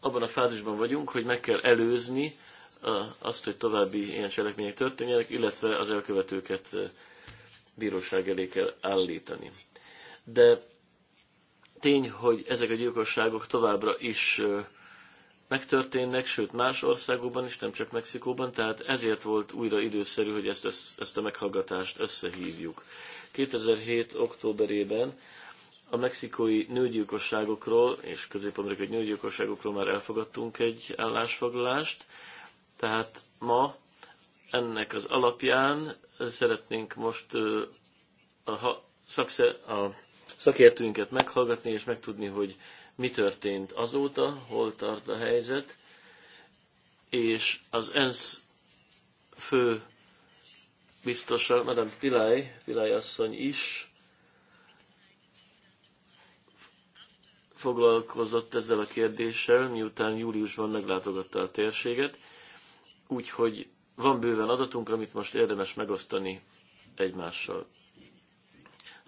abban a fázisban vagyunk, hogy meg kell előzni azt, hogy további ilyen cselekmények történjenek, illetve az elkövetőket bíróság elé kell állítani. De Tény, hogy ezek a gyilkosságok továbbra is megtörténnek, sőt más országokban is, nem csak Mexikóban, tehát ezért volt újra időszerű, hogy ezt, ezt a meghallgatást összehívjuk. 2007. októberében a mexikói nőgyilkosságokról és közép-amerikai nőgyilkosságokról már elfogadtunk egy állásfoglalást, tehát ma ennek az alapján szeretnénk most a, szaksze, a szakértőinket meghallgatni és megtudni, hogy mi történt azóta, hol tart a helyzet, és az ENSZ fő biztosa, Madame Pilaj, Pilaj asszony is foglalkozott ezzel a kérdéssel, miután júliusban meglátogatta a térséget, úgyhogy van bőven adatunk, amit most érdemes megosztani egymással.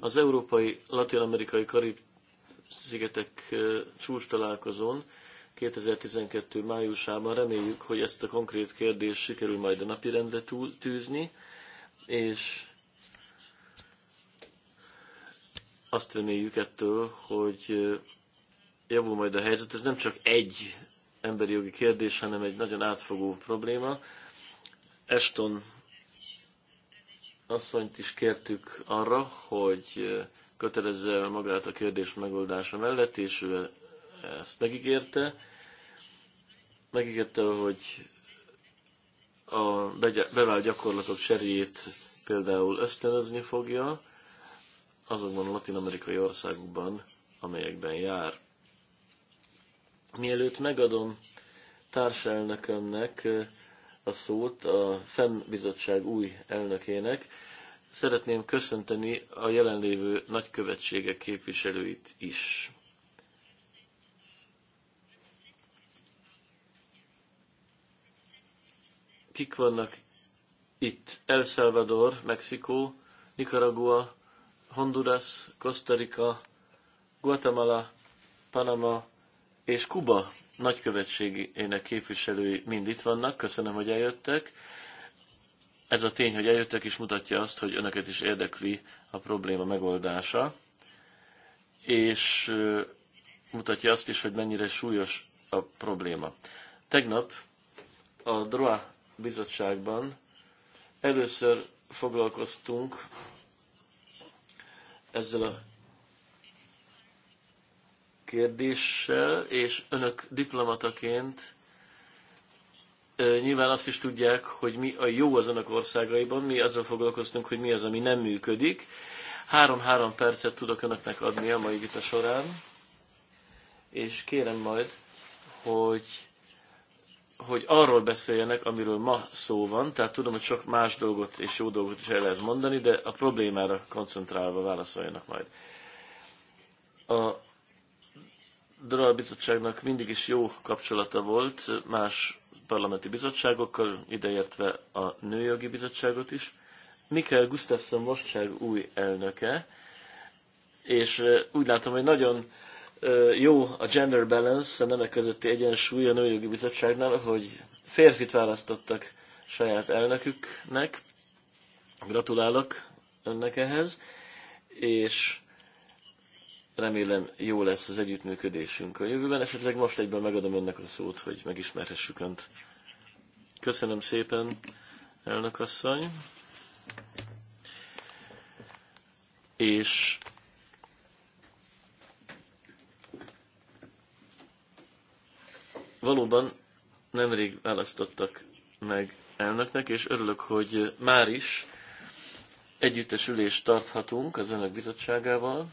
Az európai, latin-amerikai, karib szigetek csúcs találkozón 2012. májusában reméljük, hogy ezt a konkrét kérdést sikerül majd a napirendre tűzni, és azt reméljük ettől, hogy javul majd a helyzet. Ez nem csak egy emberi jogi kérdés, hanem egy nagyon átfogó probléma. Eston asszonyt is kértük arra, hogy kötelezze magát a kérdés megoldása mellett, és ő ezt megígérte. Megígérte, hogy a bevált gyakorlatok cseréjét például ösztönözni fogja azokban a latin-amerikai országokban, amelyekben jár. Mielőtt megadom társelnökömnek, a szót a FEM bizottság új elnökének. Szeretném köszönteni a jelenlévő nagykövetségek képviselőit is. Kik vannak itt? El Salvador, Mexikó, Nicaragua, Honduras, Costa Rica, Guatemala, Panama és Kuba nagykövetségének képviselői mind itt vannak, köszönöm, hogy eljöttek. Ez a tény, hogy eljöttek is mutatja azt, hogy önöket is érdekli a probléma megoldása, és mutatja azt is, hogy mennyire súlyos a probléma. Tegnap a DROA bizottságban először foglalkoztunk ezzel a kérdéssel, és önök diplomataként nyilván azt is tudják, hogy mi a jó az önök országaiban, mi azzal foglalkoztunk, hogy mi az, ami nem működik. Három-három percet tudok önöknek adni a mai vita során, és kérem majd, hogy, hogy arról beszéljenek, amiről ma szó van, tehát tudom, hogy sok más dolgot és jó dolgot is el lehet mondani, de a problémára koncentrálva válaszoljanak majd. A DRA bizottságnak mindig is jó kapcsolata volt más parlamenti bizottságokkal, ideértve a Nőjogi Bizottságot is. Mikkel Gustafsson mostság új elnöke, és úgy látom, hogy nagyon jó a gender balance, a nemek közötti egyensúly a Nőjogi Bizottságnál, hogy férfit választottak saját elnöküknek. Gratulálok önnek ehhez, és remélem jó lesz az együttműködésünk a jövőben. Esetleg most egyben megadom önnek a szót, hogy megismerhessük önt. Köszönöm szépen, elnök asszony. És valóban nemrég választottak meg elnöknek, és örülök, hogy már is együttesülést tarthatunk az önök bizottságával,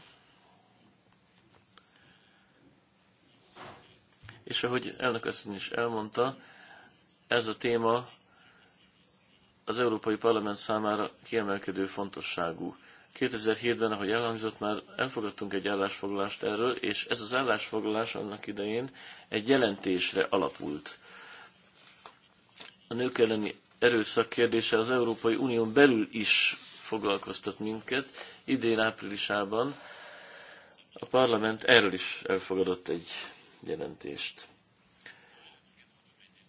és ahogy elnök asszony is elmondta, ez a téma az Európai Parlament számára kiemelkedő fontosságú. 2007-ben, ahogy elhangzott, már elfogadtunk egy állásfoglalást erről, és ez az állásfoglalás annak idején egy jelentésre alapult. A nők elleni erőszak kérdése az Európai Unión belül is foglalkoztat minket. Idén áprilisában a parlament erről is elfogadott egy jelentést.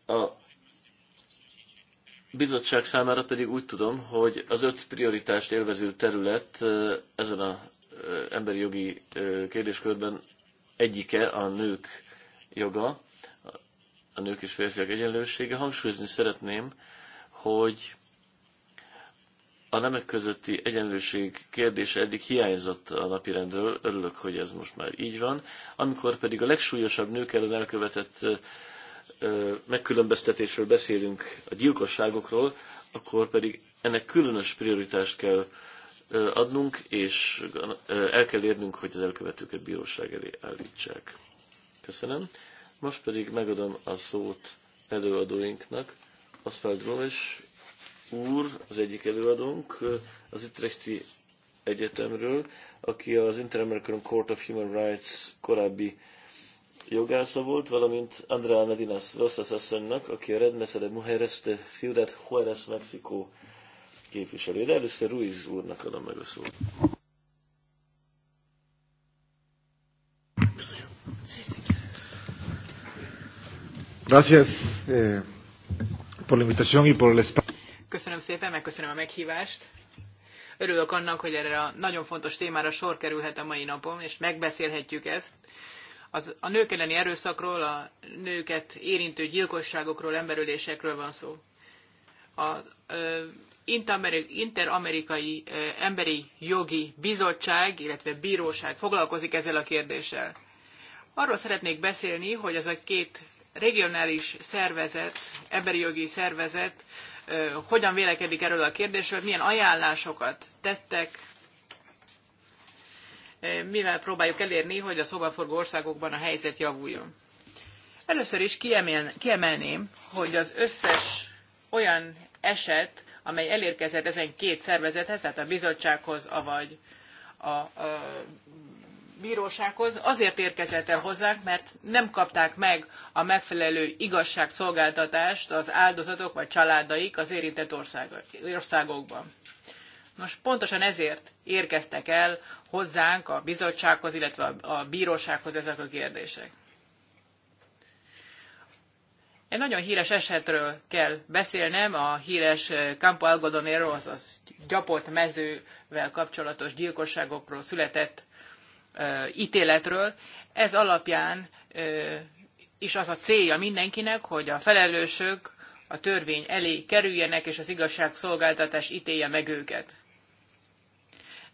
A bizottság számára pedig úgy tudom, hogy az öt prioritást élvező terület ezen az emberi jogi kérdéskörben egyike a nők joga, a nők és férfiak egyenlősége. Hangsúlyozni szeretném, hogy a nemek közötti egyenlőség kérdése eddig hiányzott a napirendről, örülök, hogy ez most már így van. Amikor pedig a legsúlyosabb nők ellen elkövetett ö, megkülönböztetésről beszélünk, a gyilkosságokról, akkor pedig ennek különös prioritást kell ö, adnunk, és ö, el kell érnünk, hogy az elkövetőket bíróság elé állítsák. Köszönöm. Most pedig megadom a szót előadóinknak, Oswald és úr, az egyik előadónk az Utrechti Egyetemről, aki az Inter-American Court of Human Rights korábbi jogásza volt, valamint Andrea Medinas Rosas asszonynak, aki a Mesa de Mujeres de Ciudad Juárez, Mexikó képviselő. De először Ruiz úrnak adom meg a szót. Gracias eh, por la invitación y por el espacio. Köszönöm szépen, megköszönöm a meghívást. Örülök annak, hogy erre a nagyon fontos témára sor kerülhet a mai napon, és megbeszélhetjük ezt. Az, a nők elleni erőszakról, a nőket érintő gyilkosságokról, emberölésekről van szó. A Interamerikai Emberi Jogi Bizottság, illetve Bíróság foglalkozik ezzel a kérdéssel. Arról szeretnék beszélni, hogy ez a két regionális szervezet, emberi jogi szervezet hogyan vélekedik erről a kérdésről, milyen ajánlásokat tettek, mivel próbáljuk elérni, hogy a szobaforgó országokban a helyzet javuljon. Először is kiemelném, hogy az összes olyan eset, amely elérkezett ezen két szervezethez, tehát a bizottsághoz, avagy a, a bírósághoz azért érkezett el hozzánk, mert nem kapták meg a megfelelő igazságszolgáltatást az áldozatok vagy családaik az érintett országokban. Nos, pontosan ezért érkeztek el hozzánk a bizottsághoz, illetve a bírósághoz ezek a kérdések. Egy nagyon híres esetről kell beszélnem, a híres eh, Campo Algodonero, azaz gyapott mezővel kapcsolatos gyilkosságokról született ítéletről. Ez alapján is az a célja mindenkinek, hogy a felelősök a törvény elé kerüljenek, és az igazságszolgáltatás ítélje meg őket.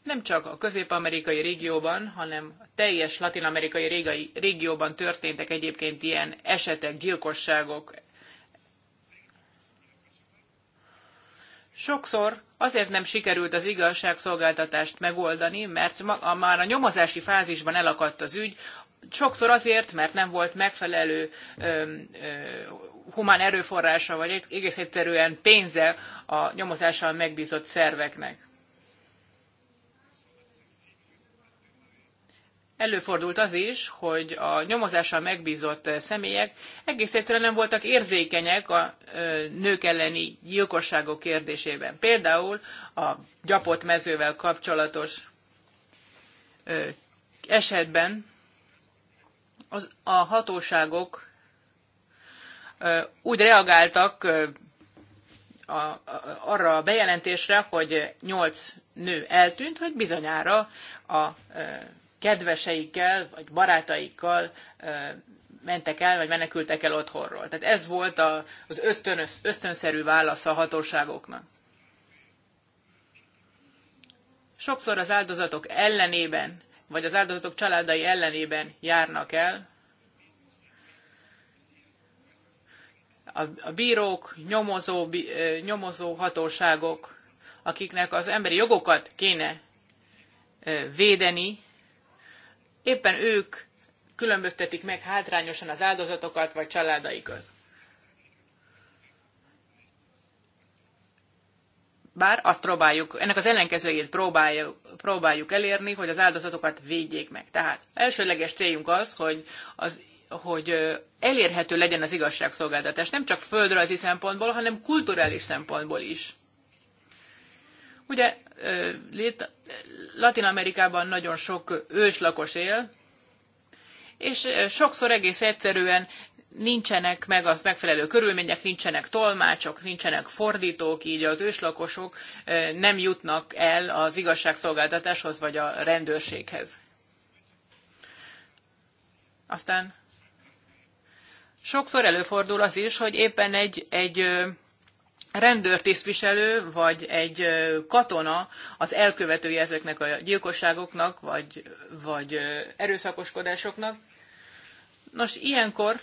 Nem csak a közép-amerikai régióban, hanem a teljes latin-amerikai régióban történtek egyébként ilyen esetek, gyilkosságok, Sokszor azért nem sikerült az igazságszolgáltatást megoldani, mert ma, már a nyomozási fázisban elakadt az ügy, sokszor azért, mert nem volt megfelelő ö, ö, humán erőforrása, vagy egész egyszerűen pénze a nyomozással megbízott szerveknek. Előfordult az is, hogy a nyomozással megbízott személyek egész egyszerűen nem voltak érzékenyek a nők elleni gyilkosságok kérdésében. Például a gyapott mezővel kapcsolatos esetben az, a hatóságok úgy reagáltak a, arra a bejelentésre, hogy nyolc nő eltűnt, hogy bizonyára a kedveseikkel, vagy barátaikkal mentek el, vagy menekültek el otthonról. Tehát ez volt a, az ösztönös, ösztönszerű válasz a hatóságoknak. Sokszor az áldozatok ellenében, vagy az áldozatok családai ellenében járnak el. A, a bírók, nyomozó, bí, nyomozó hatóságok, akiknek az emberi jogokat kéne védeni, éppen ők különböztetik meg hátrányosan az áldozatokat vagy családaikat. Bár azt próbáljuk, ennek az ellenkezőjét próbáljuk, próbáljuk elérni, hogy az áldozatokat védjék meg. Tehát elsőleges céljunk az, hogy az hogy elérhető legyen az igazságszolgáltatás, nem csak földrajzi szempontból, hanem kulturális szempontból is. Ugye Latin Amerikában nagyon sok őslakos él, és sokszor egész egyszerűen nincsenek meg az megfelelő körülmények, nincsenek tolmácsok, nincsenek fordítók, így az őslakosok nem jutnak el az igazságszolgáltatáshoz vagy a rendőrséghez. Aztán sokszor előfordul az is, hogy éppen egy, egy rendőrtisztviselő vagy egy katona az elkövetője ezeknek a gyilkosságoknak, vagy, vagy erőszakoskodásoknak. Nos, ilyenkor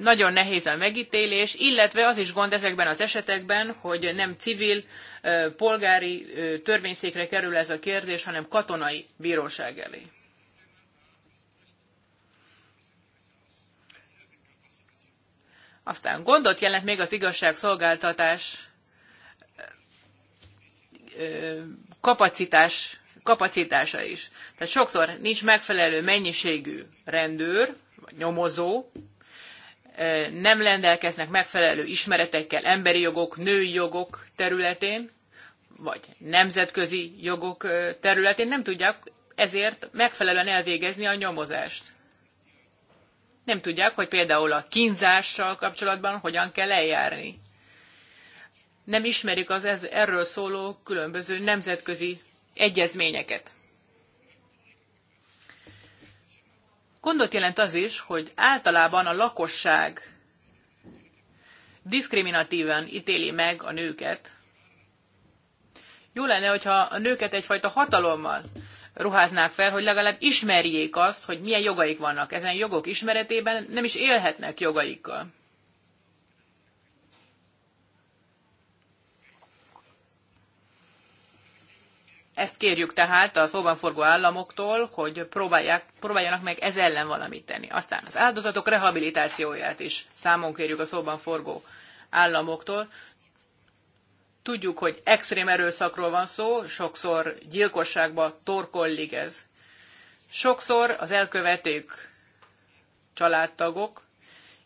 nagyon nehéz a megítélés, illetve az is gond ezekben az esetekben, hogy nem civil, polgári törvényszékre kerül ez a kérdés, hanem katonai bíróság elé. Aztán gondot jelent még az igazságszolgáltatás kapacitás, kapacitása is. Tehát sokszor nincs megfelelő mennyiségű rendőr, vagy nyomozó, nem rendelkeznek megfelelő ismeretekkel emberi jogok, női jogok területén, vagy nemzetközi jogok területén, nem tudják ezért megfelelően elvégezni a nyomozást nem tudják, hogy például a kínzással kapcsolatban hogyan kell eljárni. Nem ismerik az ez, erről szóló különböző nemzetközi egyezményeket. Gondot jelent az is, hogy általában a lakosság diszkriminatívan ítéli meg a nőket. Jó lenne, hogyha a nőket egyfajta hatalommal ruháznák fel, hogy legalább ismerjék azt, hogy milyen jogaik vannak. Ezen jogok ismeretében nem is élhetnek jogaikkal. Ezt kérjük tehát a szóban forgó államoktól, hogy próbálják, próbáljanak meg ez ellen valamit tenni. Aztán az áldozatok rehabilitációját is számon kérjük a szóban forgó államoktól. Tudjuk, hogy extrém erőszakról van szó, sokszor gyilkosságba torkollik ez. Sokszor az elkövetők családtagok,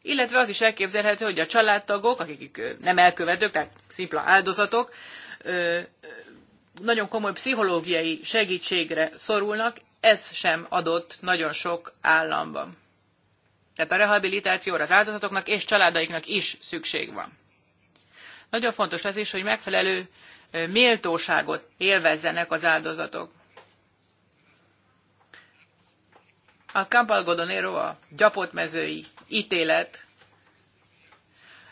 illetve az is elképzelhető, hogy a családtagok, akik nem elkövetők, tehát szimpla áldozatok, nagyon komoly pszichológiai segítségre szorulnak, ez sem adott nagyon sok államban. Tehát a rehabilitációra az áldozatoknak és családaiknak is szükség van. Nagyon fontos az is, hogy megfelelő méltóságot élvezzenek az áldozatok. A Campalgodonero, a gyapotmezői ítélet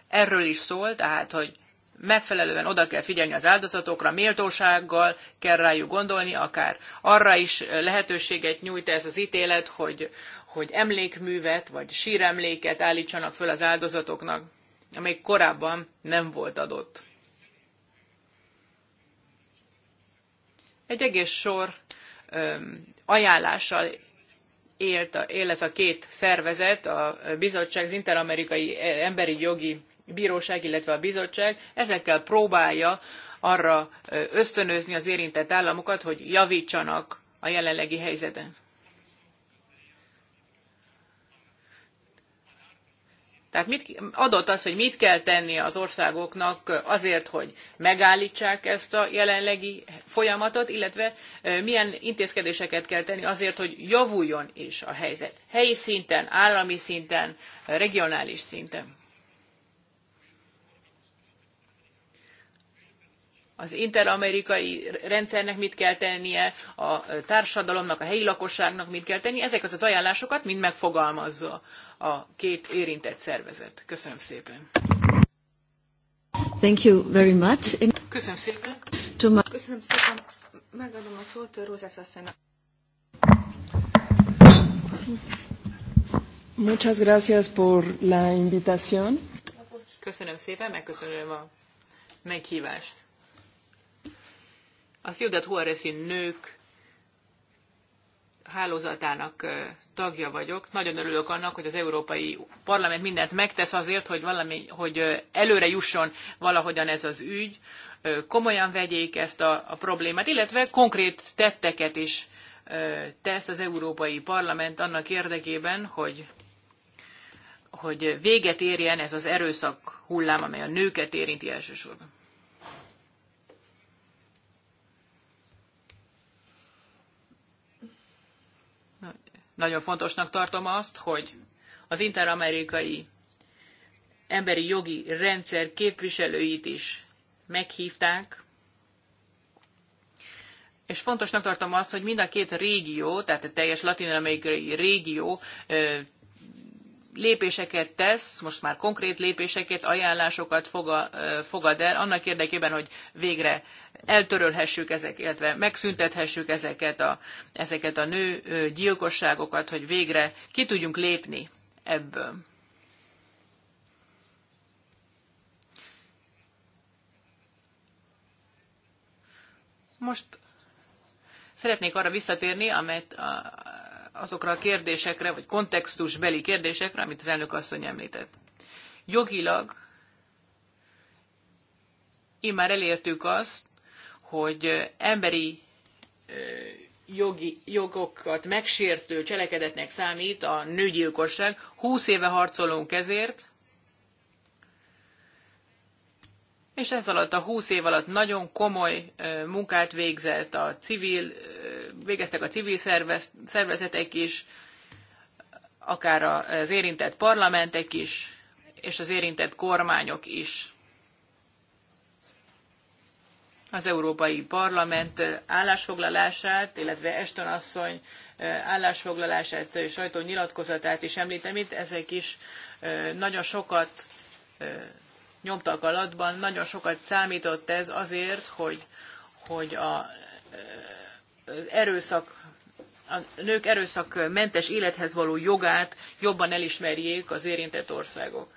erről is szól, tehát, hogy megfelelően oda kell figyelni az áldozatokra, méltósággal kell rájuk gondolni, akár arra is lehetőséget nyújt ez az ítélet, hogy, hogy emlékművet vagy síremléket állítsanak föl az áldozatoknak amely korábban nem volt adott. Egy egész sor ajánlással élt, él ez a két szervezet, a bizottság, az Interamerikai e, Emberi Jogi Bíróság, illetve a bizottság, ezekkel próbálja arra ösztönözni az érintett államokat, hogy javítsanak a jelenlegi helyzeten. Tehát mit, adott az, hogy mit kell tenni az országoknak azért, hogy megállítsák ezt a jelenlegi folyamatot, illetve milyen intézkedéseket kell tenni azért, hogy javuljon is a helyzet. Helyi szinten, állami szinten, regionális szinten. az interamerikai rendszernek mit kell tennie, a társadalomnak, a helyi lakosságnak mit kell tennie, ezeket az ajánlásokat mind megfogalmazza a két érintett szervezet. Köszönöm szépen. Thank you very much. Köszönöm szépen. Köszönöm szépen. Megadom a szót Rózász asszonynak. Muchas gracias por la invitación. Köszönöm szépen, megköszönöm a meghívást. Az Ciudad Juarezi nők hálózatának tagja vagyok. Nagyon örülök annak, hogy az Európai Parlament mindent megtesz azért, hogy, valami, hogy előre jusson valahogyan ez az ügy, komolyan vegyék ezt a, a problémát, illetve konkrét tetteket is tesz az Európai Parlament annak érdekében, hogy, hogy véget érjen ez az erőszak hullám, amely a nőket érinti elsősorban. Nagyon fontosnak tartom azt, hogy az interamerikai emberi jogi rendszer képviselőit is meghívták, és fontosnak tartom azt, hogy mind a két régió, tehát a teljes latin-amerikai régió lépéseket tesz, most már konkrét lépéseket, ajánlásokat fogad el, annak érdekében, hogy végre eltörölhessük ezeket, illetve megszüntethessük ezeket a, ezeket a nő gyilkosságokat, hogy végre ki tudjunk lépni ebből. Most szeretnék arra visszatérni, amit, azokra a kérdésekre, vagy kontextusbeli kérdésekre, amit az elnök asszony említett. Jogilag már elértük azt, hogy emberi jogi, jogokat megsértő cselekedetnek számít a nőgyilkosság. Húsz éve harcolunk ezért, és ez alatt a húsz év alatt nagyon komoly munkát végzett a civil, végeztek a civil szervez, szervezetek is, akár az érintett parlamentek is, és az érintett kormányok is. Az Európai Parlament állásfoglalását, illetve Eston asszony állásfoglalását, sajtó nyilatkozatát is említem itt, ezek is nagyon sokat nyomtak alatban. Nagyon sokat számított ez azért, hogy, hogy a, az erőszak a nők erőszakmentes élethez való jogát jobban elismerjék az érintett országok.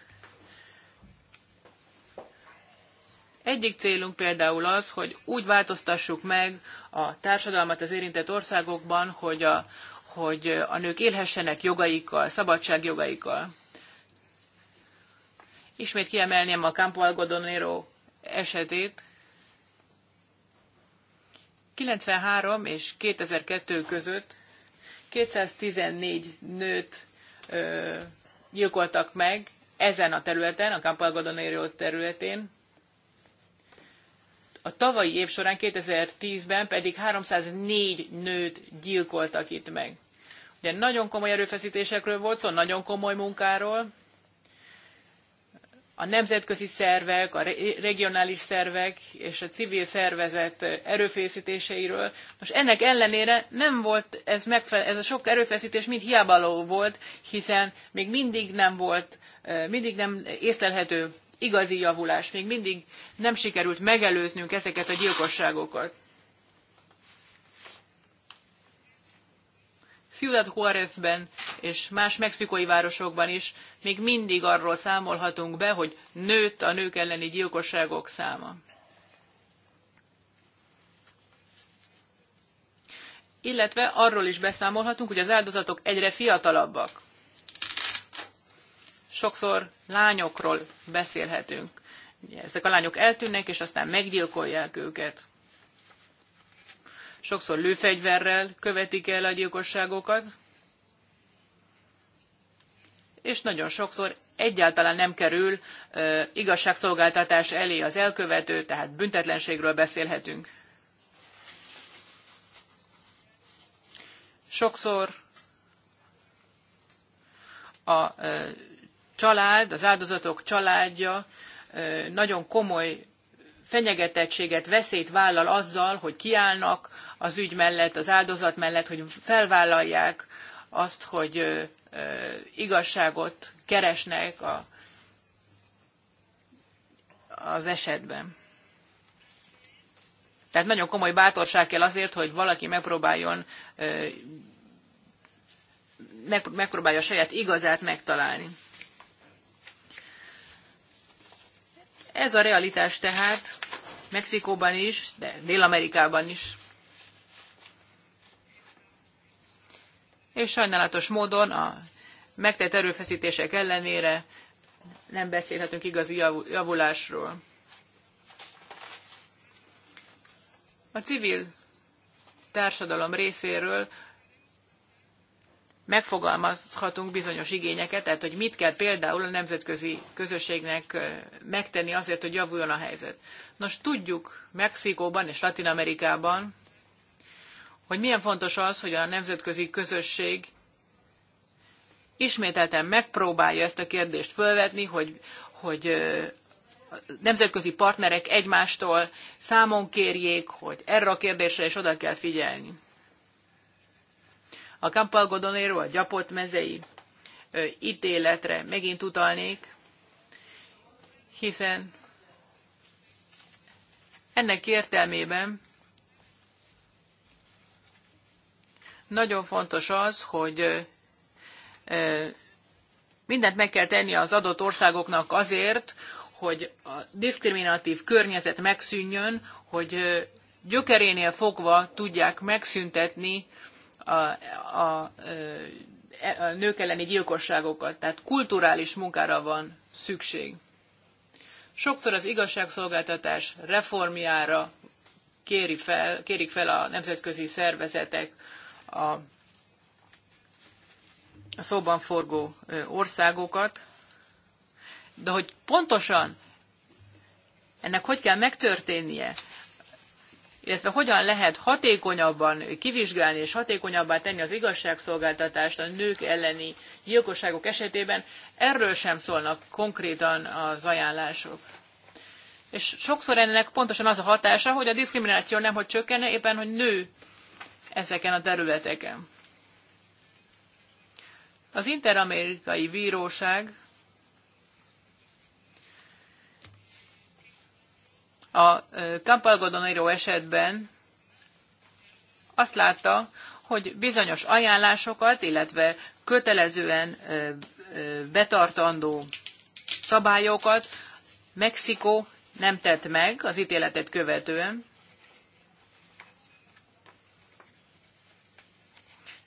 Egyik célunk például az, hogy úgy változtassuk meg a társadalmat az érintett országokban, hogy a, hogy a nők élhessenek jogaikkal, szabadságjogaikkal. Ismét kiemelném a Campo Algodonero esetét. 93 és 2002 között 214 nőt ö, gyilkoltak meg ezen a területen, a Campo Algodonero területén. A tavalyi év során 2010-ben pedig 304 nőt gyilkoltak itt meg. Ugye nagyon komoly erőfeszítésekről volt szó, szóval nagyon komoly munkáról, a nemzetközi szervek, a regionális szervek és a civil szervezet erőfeszítéseiről. Most ennek ellenére nem volt ez, megfele- ez a sok erőfeszítés mind hiábaló volt, hiszen még mindig nem volt, mindig nem észlelhető igazi javulás, még mindig nem sikerült megelőznünk ezeket a gyilkosságokat. Ciudad Juárezben és más mexikói városokban is még mindig arról számolhatunk be, hogy nőtt a nők elleni gyilkosságok száma. Illetve arról is beszámolhatunk, hogy az áldozatok egyre fiatalabbak. Sokszor lányokról beszélhetünk. Ezek a lányok eltűnnek, és aztán meggyilkolják őket sokszor lőfegyverrel követik el a gyilkosságokat, és nagyon sokszor egyáltalán nem kerül ö, igazságszolgáltatás elé az elkövető, tehát büntetlenségről beszélhetünk. Sokszor a ö, család, az áldozatok családja ö, nagyon komoly fenyegetettséget, veszélyt vállal azzal, hogy kiállnak az ügy mellett, az áldozat mellett, hogy felvállalják azt, hogy igazságot keresnek a, az esetben. Tehát nagyon komoly bátorság kell azért, hogy valaki megpróbáljon megpróbálja a saját igazát megtalálni. Ez a realitás tehát Mexikóban is, de Dél-Amerikában is. és sajnálatos módon a megtett erőfeszítések ellenére nem beszélhetünk igazi javulásról. A civil társadalom részéről megfogalmazhatunk bizonyos igényeket, tehát hogy mit kell például a nemzetközi közösségnek megtenni azért, hogy javuljon a helyzet. Nos, tudjuk Mexikóban és Latin Amerikában, hogy milyen fontos az, hogy a nemzetközi közösség ismételten megpróbálja ezt a kérdést fölvetni, hogy, hogy nemzetközi partnerek egymástól számon kérjék, hogy erre a kérdésre is oda kell figyelni. A Campalgodonero, a gyapott mezei ítéletre megint utalnék, hiszen ennek értelmében Nagyon fontos az, hogy mindent meg kell tenni az adott országoknak azért, hogy a diszkriminatív környezet megszűnjön, hogy gyökerénél fogva tudják megszüntetni a, a, e, a nők elleni gyilkosságokat. Tehát kulturális munkára van szükség. Sokszor az igazságszolgáltatás reformjára kéri fel, kérik fel a nemzetközi szervezetek a a szóban forgó országokat, de hogy pontosan ennek hogy kell megtörténnie, illetve hogyan lehet hatékonyabban kivizsgálni és hatékonyabbá tenni az igazságszolgáltatást a nők elleni gyilkosságok esetében, erről sem szólnak konkrétan az ajánlások. És sokszor ennek pontosan az a hatása, hogy a diszkrimináció nem hogy csökkenne, éppen hogy nő ezeken a területeken. Az Interamerikai Bíróság a Campalgodonero esetben azt látta, hogy bizonyos ajánlásokat, illetve kötelezően betartandó szabályokat Mexikó nem tett meg az ítéletet követően,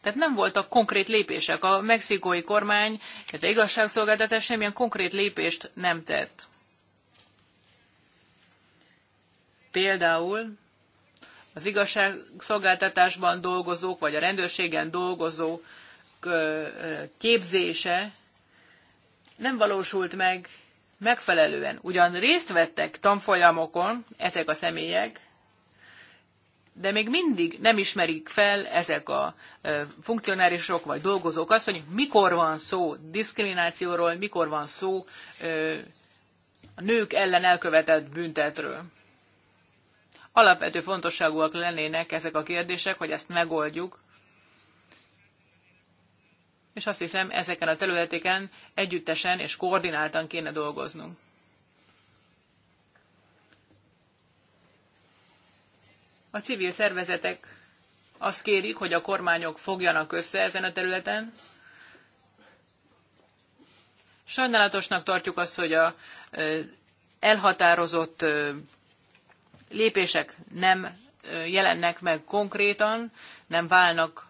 Tehát nem voltak konkrét lépések. A mexikói kormány, ez az igazságszolgáltatás semmilyen konkrét lépést nem tett. Például az igazságszolgáltatásban dolgozók, vagy a rendőrségen dolgozók képzése nem valósult meg megfelelően. Ugyan részt vettek tanfolyamokon ezek a személyek, de még mindig nem ismerik fel ezek a funkcionárisok vagy dolgozók azt, hogy mikor van szó diszkriminációról, mikor van szó a nők ellen elkövetett büntetről. Alapvető fontosságúak lennének ezek a kérdések, hogy ezt megoldjuk, és azt hiszem ezeken a területeken együttesen és koordináltan kéne dolgoznunk. A civil szervezetek azt kérik, hogy a kormányok fogjanak össze ezen a területen. Sajnálatosnak tartjuk azt, hogy a elhatározott lépések nem jelennek meg konkrétan, nem válnak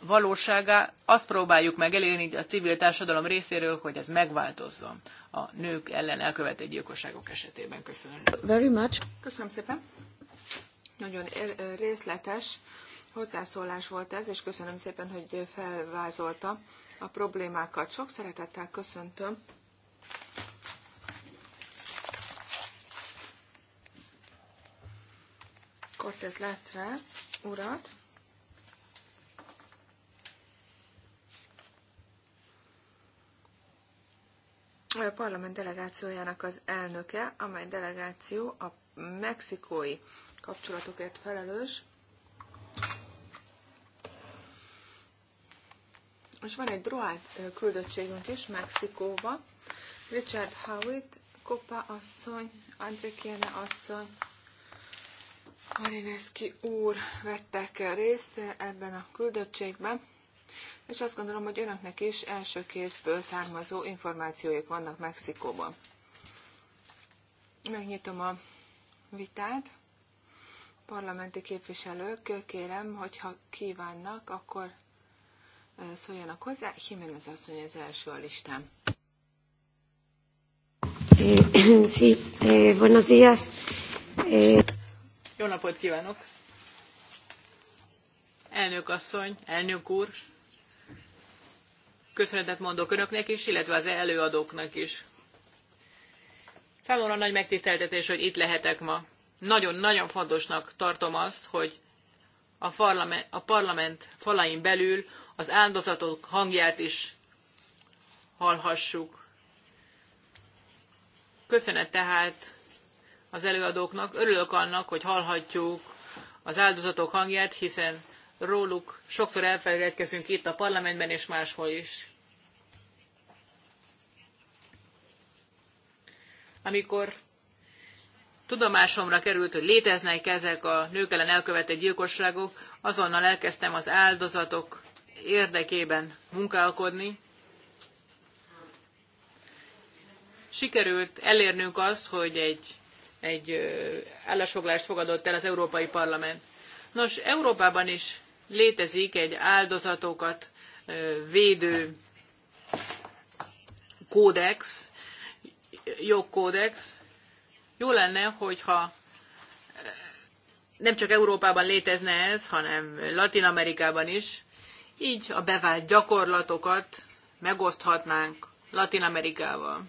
valóságá. Azt próbáljuk meg elérni a civil társadalom részéről, hogy ez megváltozzon a nők ellen elkövetett gyilkosságok esetében. Köszönöm. Very much. Köszönöm szépen. Nagyon részletes hozzászólás volt ez, és köszönöm szépen, hogy felvázolta a problémákat. Sok szeretettel köszöntöm. Cortez Lastra urat. A parlament delegációjának az elnöke, amely delegáció a mexikói kapcsolatokért felelős. És van egy droid küldöttségünk is Mexikóba. Richard Howitt, Kopa asszony, Kiene asszony, Marineski úr vettek részt ebben a küldöttségben, és azt gondolom, hogy önöknek is első kézből származó információik vannak Mexikóban. Megnyitom a vitát parlamenti képviselők, kérem, hogyha kívánnak, akkor szóljanak hozzá. Jiménez asszony az első a listán. Eh, (clears throat) sí, eh, buenos días. Eh, Jó napot kívánok! Elnök asszony, elnök úr, köszönetet mondok önöknek is, illetve az előadóknak is. Számomra nagy megtiszteltetés, hogy itt lehetek ma. Nagyon-nagyon fontosnak tartom azt, hogy a parlament, a parlament falain belül az áldozatok hangját is hallhassuk. Köszönet tehát az előadóknak, örülök annak, hogy hallhatjuk az áldozatok hangját, hiszen róluk sokszor elfeledkezünk itt a parlamentben és máshol is. Amikor tudomásomra került, hogy léteznek ezek a nők ellen elkövetett gyilkosságok, azonnal elkezdtem az áldozatok érdekében munkálkodni. Sikerült elérnünk azt, hogy egy, egy állásfoglalást fogadott el az Európai Parlament. Nos, Európában is létezik egy áldozatokat védő kódex, jogkódex, jó lenne, hogyha eh, nem csak Európában létezne ez, hanem Latin Amerikában is. Így a bevált gyakorlatokat megoszthatnánk Latin Amerikával.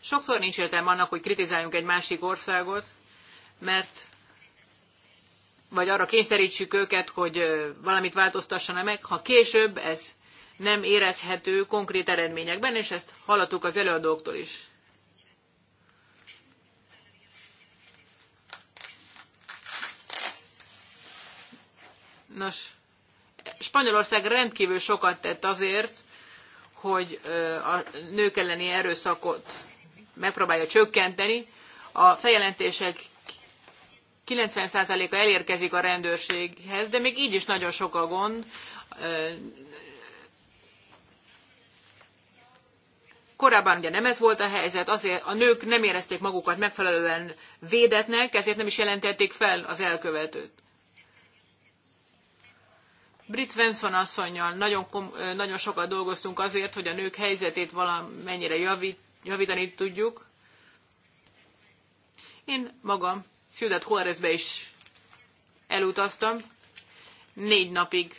Sokszor nincs értelme annak, hogy kritizáljunk egy másik országot, mert vagy arra kényszerítsük őket, hogy eh, valamit változtassanak meg, ha később ez nem érezhető konkrét eredményekben, és ezt hallottuk az előadóktól is. Nos, Spanyolország rendkívül sokat tett azért, hogy a nők elleni erőszakot megpróbálja csökkenteni. A feljelentések 90%-a elérkezik a rendőrséghez, de még így is nagyon sok a gond. Korábban ugye nem ez volt a helyzet, azért a nők nem érezték magukat megfelelően védetnek, ezért nem is jelentették fel az elkövetőt. Brit Svensson asszonynal nagyon, nagyon sokat dolgoztunk azért, hogy a nők helyzetét valamennyire javít, javítani tudjuk. Én magam Ciudad Juárezbe is elutaztam. Négy napig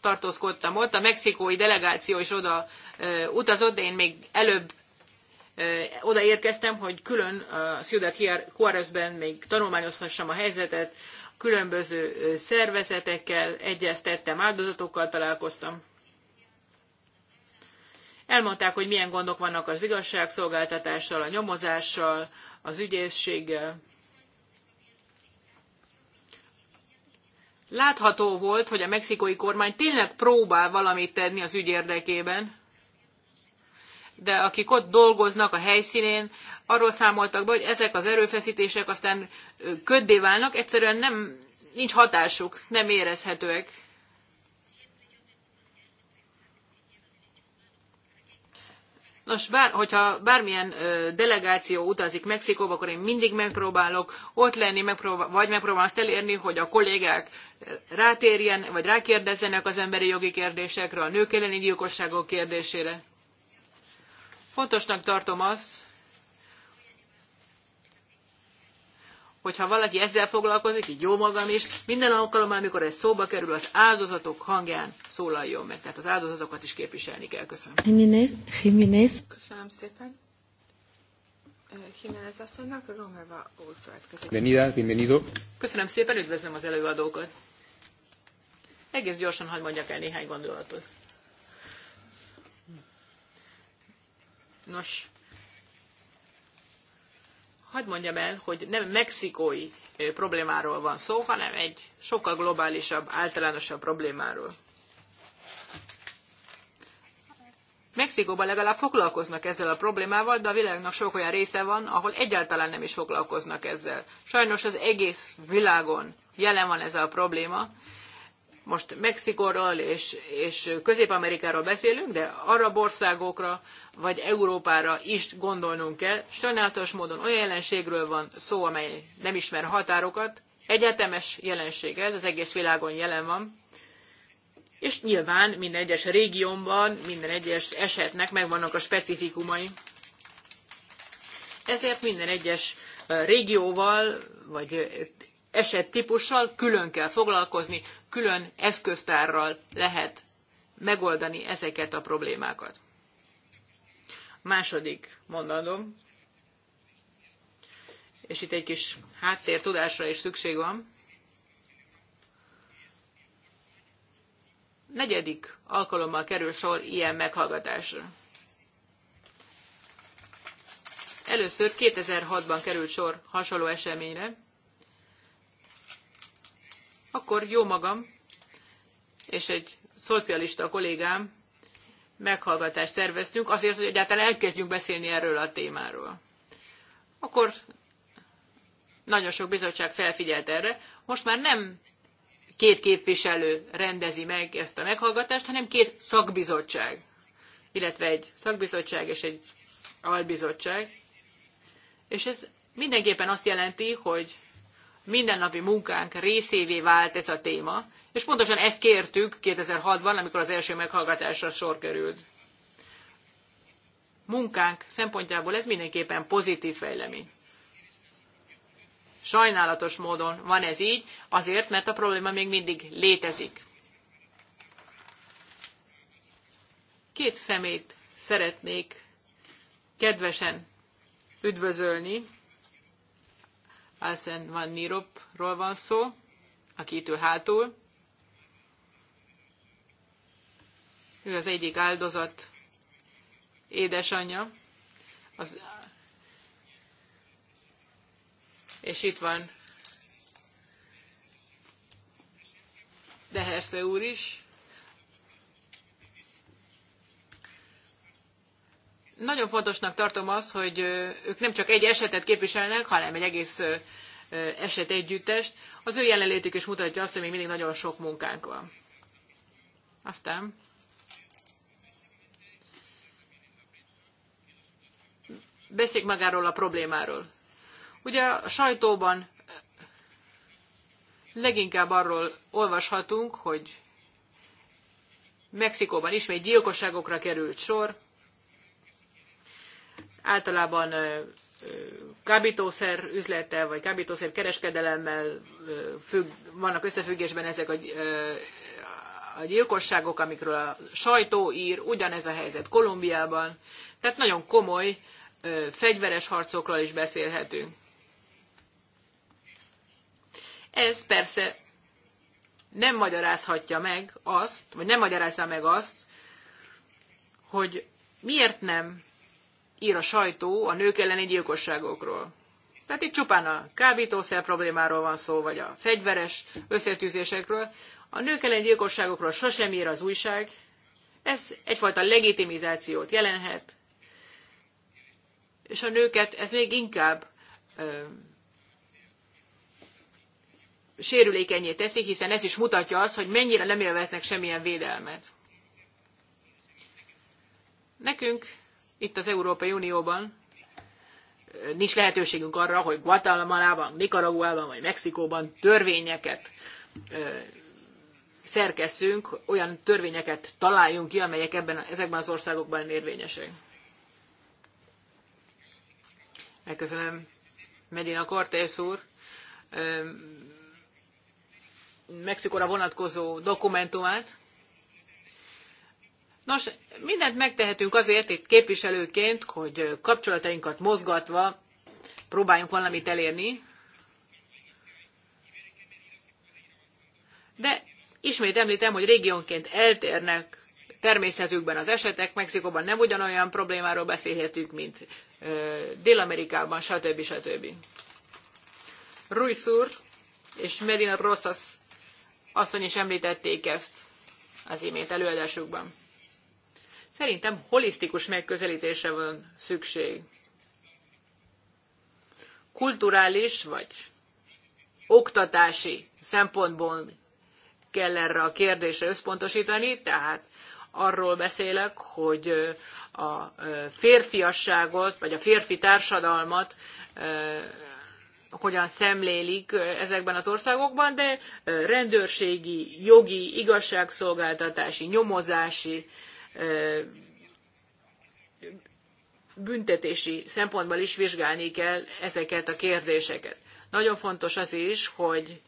tartózkodtam ott, a mexikói delegáció is oda utazott, de én még előbb oda érkeztem, hogy külön a Ciudad Juárezben még tanulmányozhassam a helyzetet, különböző szervezetekkel egyeztettem, áldozatokkal találkoztam. Elmondták, hogy milyen gondok vannak az igazságszolgáltatással, a nyomozással, az ügyészséggel. Látható volt, hogy a mexikói kormány tényleg próbál valamit tenni az ügy érdekében, de akik ott dolgoznak a helyszínén, arról számoltak be, hogy ezek az erőfeszítések aztán köddé válnak, egyszerűen nem, nincs hatásuk, nem érezhetőek. Nos, bár, hogyha bármilyen ö, delegáció utazik Mexikóba, akkor én mindig megpróbálok ott lenni, megpróbál, vagy megpróbálom azt elérni, hogy a kollégák rátérjen, vagy rákérdezzenek az emberi jogi kérdésekre, a nők elleni gyilkosságok kérdésére. Fontosnak tartom azt, hogyha valaki ezzel foglalkozik, így jó magam is, minden alkalommal, amikor ez szóba kerül, az áldozatok hangján szólaljon meg. Tehát az áldozatokat is képviselni kell. Köszönöm. Köszönöm szépen. Jiménez asszonynak, Romeva úr következik. Bienvenida, bienvenido. Köszönöm szépen, üdvözlöm az előadókat. Egész gyorsan hagyd mondjak el néhány gondolatot. Nos, hadd mondjam el, hogy nem mexikói problémáról van szó, hanem egy sokkal globálisabb, általánosabb problémáról. Mexikóban legalább foglalkoznak ezzel a problémával, de a világnak sok olyan része van, ahol egyáltalán nem is foglalkoznak ezzel. Sajnos az egész világon jelen van ez a probléma, most Mexikóról és, és Közép-Amerikáról beszélünk, de arab országokra vagy Európára is gondolnunk kell. Sajnálatos módon olyan jelenségről van szó, amely nem ismer határokat. Egyetemes jelenség ez, az egész világon jelen van. És nyilván minden egyes régiónban, minden egyes esetnek megvannak a specifikumai. Ezért minden egyes régióval, vagy esettípussal külön kell foglalkozni, külön eszköztárral lehet megoldani ezeket a problémákat. Második mondanom, és itt egy kis háttértudásra is szükség van. Negyedik alkalommal kerül sor ilyen meghallgatásra. Először 2006-ban került sor hasonló eseményre, akkor jó magam és egy szocialista kollégám meghallgatást szerveztünk azért, hogy egyáltalán elkezdjünk beszélni erről a témáról. Akkor nagyon sok bizottság felfigyelt erre. Most már nem két képviselő rendezi meg ezt a meghallgatást, hanem két szakbizottság, illetve egy szakbizottság és egy albizottság. És ez mindenképpen azt jelenti, hogy mindennapi munkánk részévé vált ez a téma, és pontosan ezt kértük 2006-ban, amikor az első meghallgatásra sor került. Munkánk szempontjából ez mindenképpen pozitív fejlemény. Sajnálatos módon van ez így, azért, mert a probléma még mindig létezik. Két szemét szeretnék kedvesen üdvözölni, alsen van Niropról van szó, aki itt ül hátul. Ő az egyik áldozat édesanyja. Az... És itt van Deherse úr is, Nagyon fontosnak tartom azt, hogy ők nem csak egy esetet képviselnek, hanem egy egész eset együttest. Az ő jelenlétük is mutatja azt, hogy még mindig nagyon sok munkánk van. Aztán beszéljük magáról a problémáról. Ugye a sajtóban leginkább arról olvashatunk, hogy Mexikóban ismét gyilkosságokra került sor, általában kábítószer üzlettel, vagy kábítószer kereskedelemmel függ, vannak összefüggésben ezek a, a gyilkosságok, amikről a sajtó ír, ugyanez a helyzet Kolumbiában. Tehát nagyon komoly fegyveres harcokról is beszélhetünk. Ez persze nem magyarázhatja meg azt, vagy nem magyarázza meg azt, hogy miért nem ír a sajtó a nők elleni gyilkosságokról. Tehát itt csupán a kábítószer problémáról van szó, vagy a fegyveres összetűzésekről. A nők elleni gyilkosságokról sosem ír az újság. Ez egyfajta legitimizációt jelenhet, és a nőket ez még inkább ö, sérülékenyé teszi, hiszen ez is mutatja azt, hogy mennyire nem élveznek semmilyen védelmet. Nekünk itt az Európai Unióban nincs lehetőségünk arra, hogy Guatemalában, Nicaraguában vagy Mexikóban törvényeket szerkeszünk, olyan törvényeket találjunk ki, amelyek ebben, ezekben az országokban érvényesek. Megköszönöm Medina Cortés úr. Mexikóra vonatkozó dokumentumát. Nos, mindent megtehetünk azért itt képviselőként, hogy kapcsolatainkat mozgatva próbáljunk valamit elérni, de ismét említem, hogy régiónként eltérnek természetükben az esetek, Mexikóban nem ugyanolyan problémáról beszélhetünk, mint Dél-Amerikában, stb. stb. Ruiz úr és Medina Rosas asszony is említették ezt az imént előadásukban. Szerintem holisztikus megközelítésre van szükség. Kulturális vagy oktatási szempontból kell erre a kérdésre összpontosítani, tehát arról beszélek, hogy a férfiasságot, vagy a férfi társadalmat hogyan szemlélik ezekben az országokban, de rendőrségi, jogi, igazságszolgáltatási, nyomozási büntetési szempontból is vizsgálni kell ezeket a kérdéseket. Nagyon fontos az is, hogy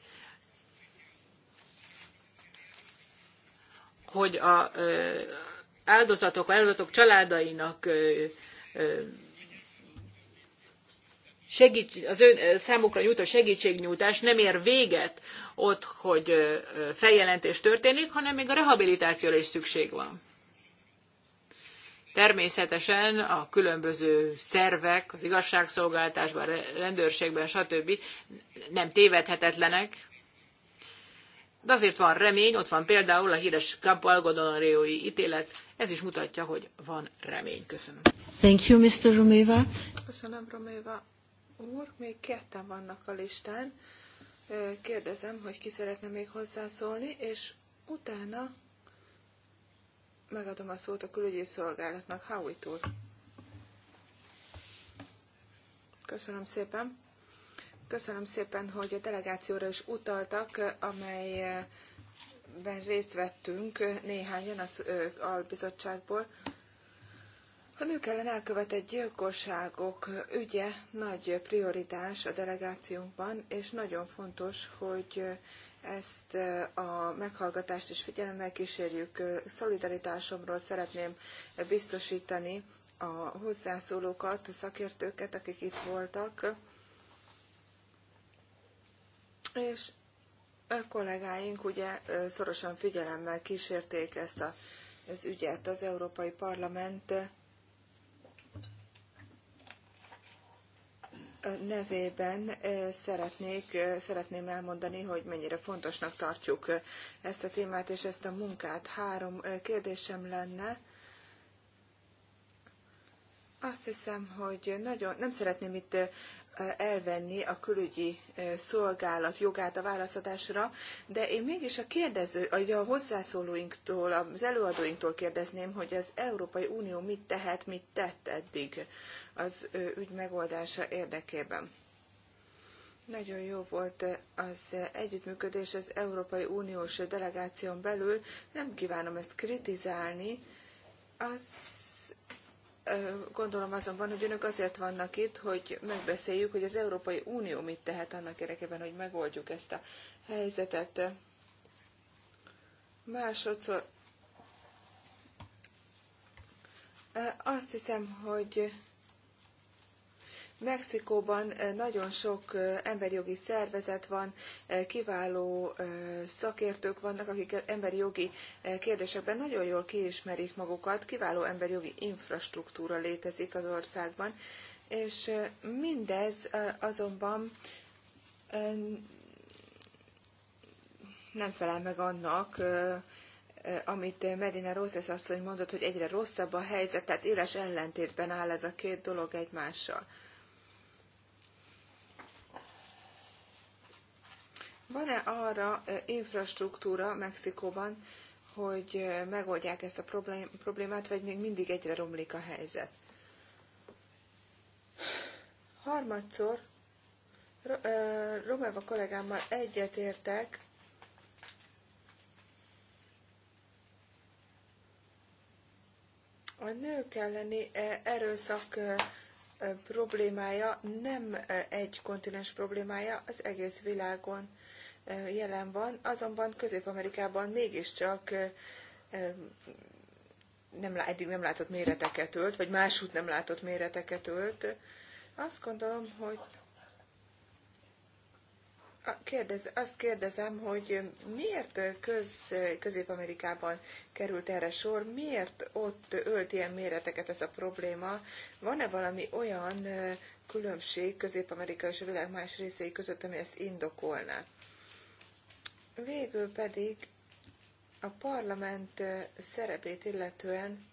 hogy a áldozatok, a áldozatok családainak segít, az ön, számukra nyújtott segítségnyújtás nem ér véget ott, hogy feljelentés történik, hanem még a rehabilitációra is szükség van. Természetesen a különböző szervek, az igazságszolgáltásban, rendőrségben, stb. nem tévedhetetlenek, de azért van remény, ott van például a híres Capo Algodonaréói ítélet, ez is mutatja, hogy van remény. Köszönöm. Thank you, Mr. Romeva. Köszönöm, Romeva úr. Még ketten vannak a listán. Kérdezem, hogy ki szeretne még hozzászólni, és utána megadom a szót a külügyi szolgálatnak, Howitt úr. Köszönöm szépen. Köszönöm szépen, hogy a delegációra is utaltak, amelyben részt vettünk néhányan az albizottságból. A nők ellen elkövetett gyilkosságok ügye nagy prioritás a delegációnkban, és nagyon fontos, hogy ezt a meghallgatást is figyelemmel kísérjük. Szolidaritásomról szeretném biztosítani a hozzászólókat, a szakértőket, akik itt voltak, és a kollégáink ugye szorosan figyelemmel kísérték ezt a, az ügyet. Az Európai Parlament nevében szeretnék, szeretném elmondani, hogy mennyire fontosnak tartjuk ezt a témát és ezt a munkát. Három kérdésem lenne. Azt hiszem, hogy nagyon, nem szeretném itt elvenni a külügyi szolgálat jogát a válaszadásra, de én mégis a kérdező, a hozzászólóinktól, az előadóinktól kérdezném, hogy az Európai Unió mit tehet, mit tett eddig az ügy megoldása érdekében. Nagyon jó volt az együttműködés az Európai Uniós delegáción belül. Nem kívánom ezt kritizálni. Az Gondolom azonban, hogy önök azért vannak itt, hogy megbeszéljük, hogy az Európai Unió mit tehet annak érdekében, hogy megoldjuk ezt a helyzetet. Másodszor azt hiszem, hogy Mexikóban eh, nagyon sok eh, emberi jogi szervezet van, eh, kiváló szakértők vannak, akik emberi jogi kérdésekben nagyon jól kiismerik magukat, kiváló emberi jogi infrastruktúra létezik az országban, és mindez azonban nem felel meg annak, amit Medina Rózes asszony mondott, hogy egyre rosszabb a helyzet, tehát éles ellentétben áll ez a két dolog egymással. Van-e arra infrastruktúra Mexikóban, hogy megoldják ezt a problémát, vagy még mindig egyre romlik a helyzet? Harmadszor Romeva kollégámmal egyetértek, A nők elleni erőszak problémája nem egy kontinens problémája, az egész világon jelen van, azonban Közép-Amerikában mégiscsak nem, eddig nem látott méreteket ölt, vagy máshogy nem látott méreteket ölt. Azt gondolom, hogy Kérdez, azt kérdezem, hogy miért köz, Közép-Amerikában került erre sor, miért ott ölt ilyen méreteket ez a probléma? Van-e valami olyan különbség Közép-Amerika és a világ más részei között, ami ezt indokolná? Végül pedig a parlament szerepét illetően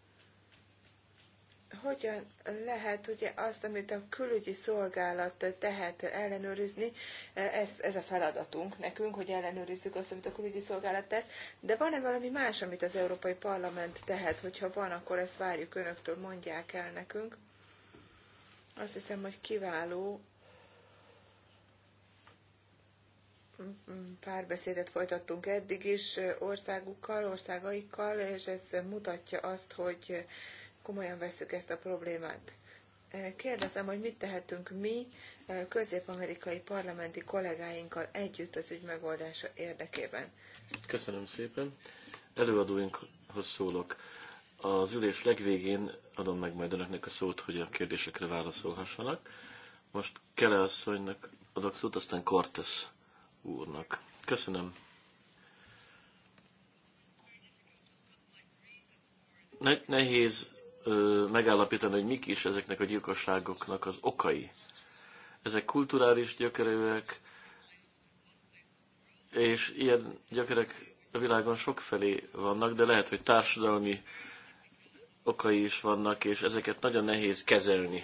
hogyan lehet ugye azt, amit a külügyi szolgálat tehet ellenőrizni, ez, ez a feladatunk nekünk, hogy ellenőrizzük azt, amit a külügyi szolgálat tesz, de van-e valami más, amit az Európai Parlament tehet, hogyha van, akkor ezt várjuk önöktől, mondják el nekünk. Azt hiszem, hogy kiváló párbeszédet folytattunk eddig is országukkal, országaikkal, és ez mutatja azt, hogy komolyan veszük ezt a problémát. Kérdezem, hogy mit tehetünk mi eh, közép-amerikai parlamenti kollégáinkkal együtt az ügy megoldása érdekében. Köszönöm szépen. Előadóinkhoz szólok. Az ülés legvégén adom meg majd önöknek a szót, hogy a kérdésekre válaszolhassanak. Most Kele asszonynak adok szót, aztán Cortez úrnak. Köszönöm. Ne- nehéz ö, megállapítani, hogy mik is ezeknek a gyilkosságoknak az okai. Ezek kulturális gyökerőek, és ilyen gyökerek a világon sokfelé vannak, de lehet, hogy társadalmi okai is vannak, és ezeket nagyon nehéz kezelni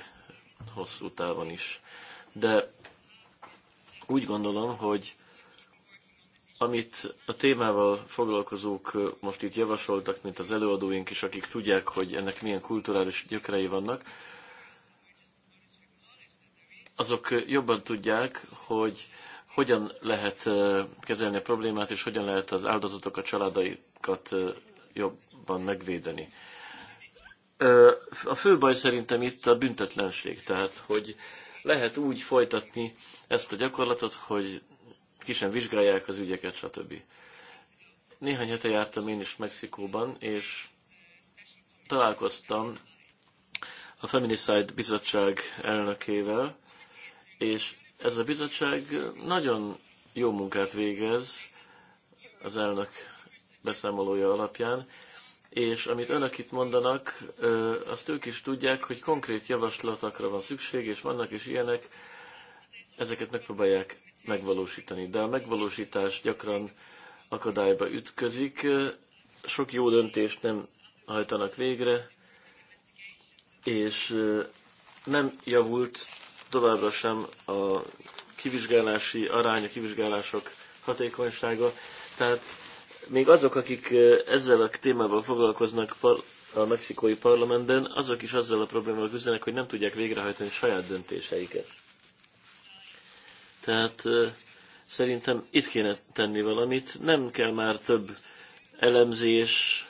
hosszú távon is. De úgy gondolom, hogy amit a témával foglalkozók most itt javasoltak, mint az előadóink is, akik tudják, hogy ennek milyen kulturális gyökerei vannak, azok jobban tudják, hogy hogyan lehet kezelni a problémát, és hogyan lehet az áldozatok a családaikat jobban megvédeni. A fő baj szerintem itt a büntetlenség, tehát hogy lehet úgy folytatni ezt a gyakorlatot, hogy ki sem vizsgálják az ügyeket, stb. Néhány hete jártam én is Mexikóban, és találkoztam a Feminicide bizottság elnökével, és ez a bizottság nagyon jó munkát végez az elnök beszámolója alapján, és amit önök itt mondanak, azt ők is tudják, hogy konkrét javaslatokra van szükség, és vannak is ilyenek, ezeket megpróbálják megvalósítani, de a megvalósítás gyakran akadályba ütközik, sok jó döntést nem hajtanak végre, és nem javult továbbra sem a kivizsgálási arány, a kivizsgálások hatékonysága. Tehát még azok, akik ezzel a témával foglalkoznak a mexikói parlamentben, azok is azzal a problémával küzdenek, hogy nem tudják végrehajtani saját döntéseiket. Tehát szerintem itt kéne tenni valamit. Nem kell már több elemzés,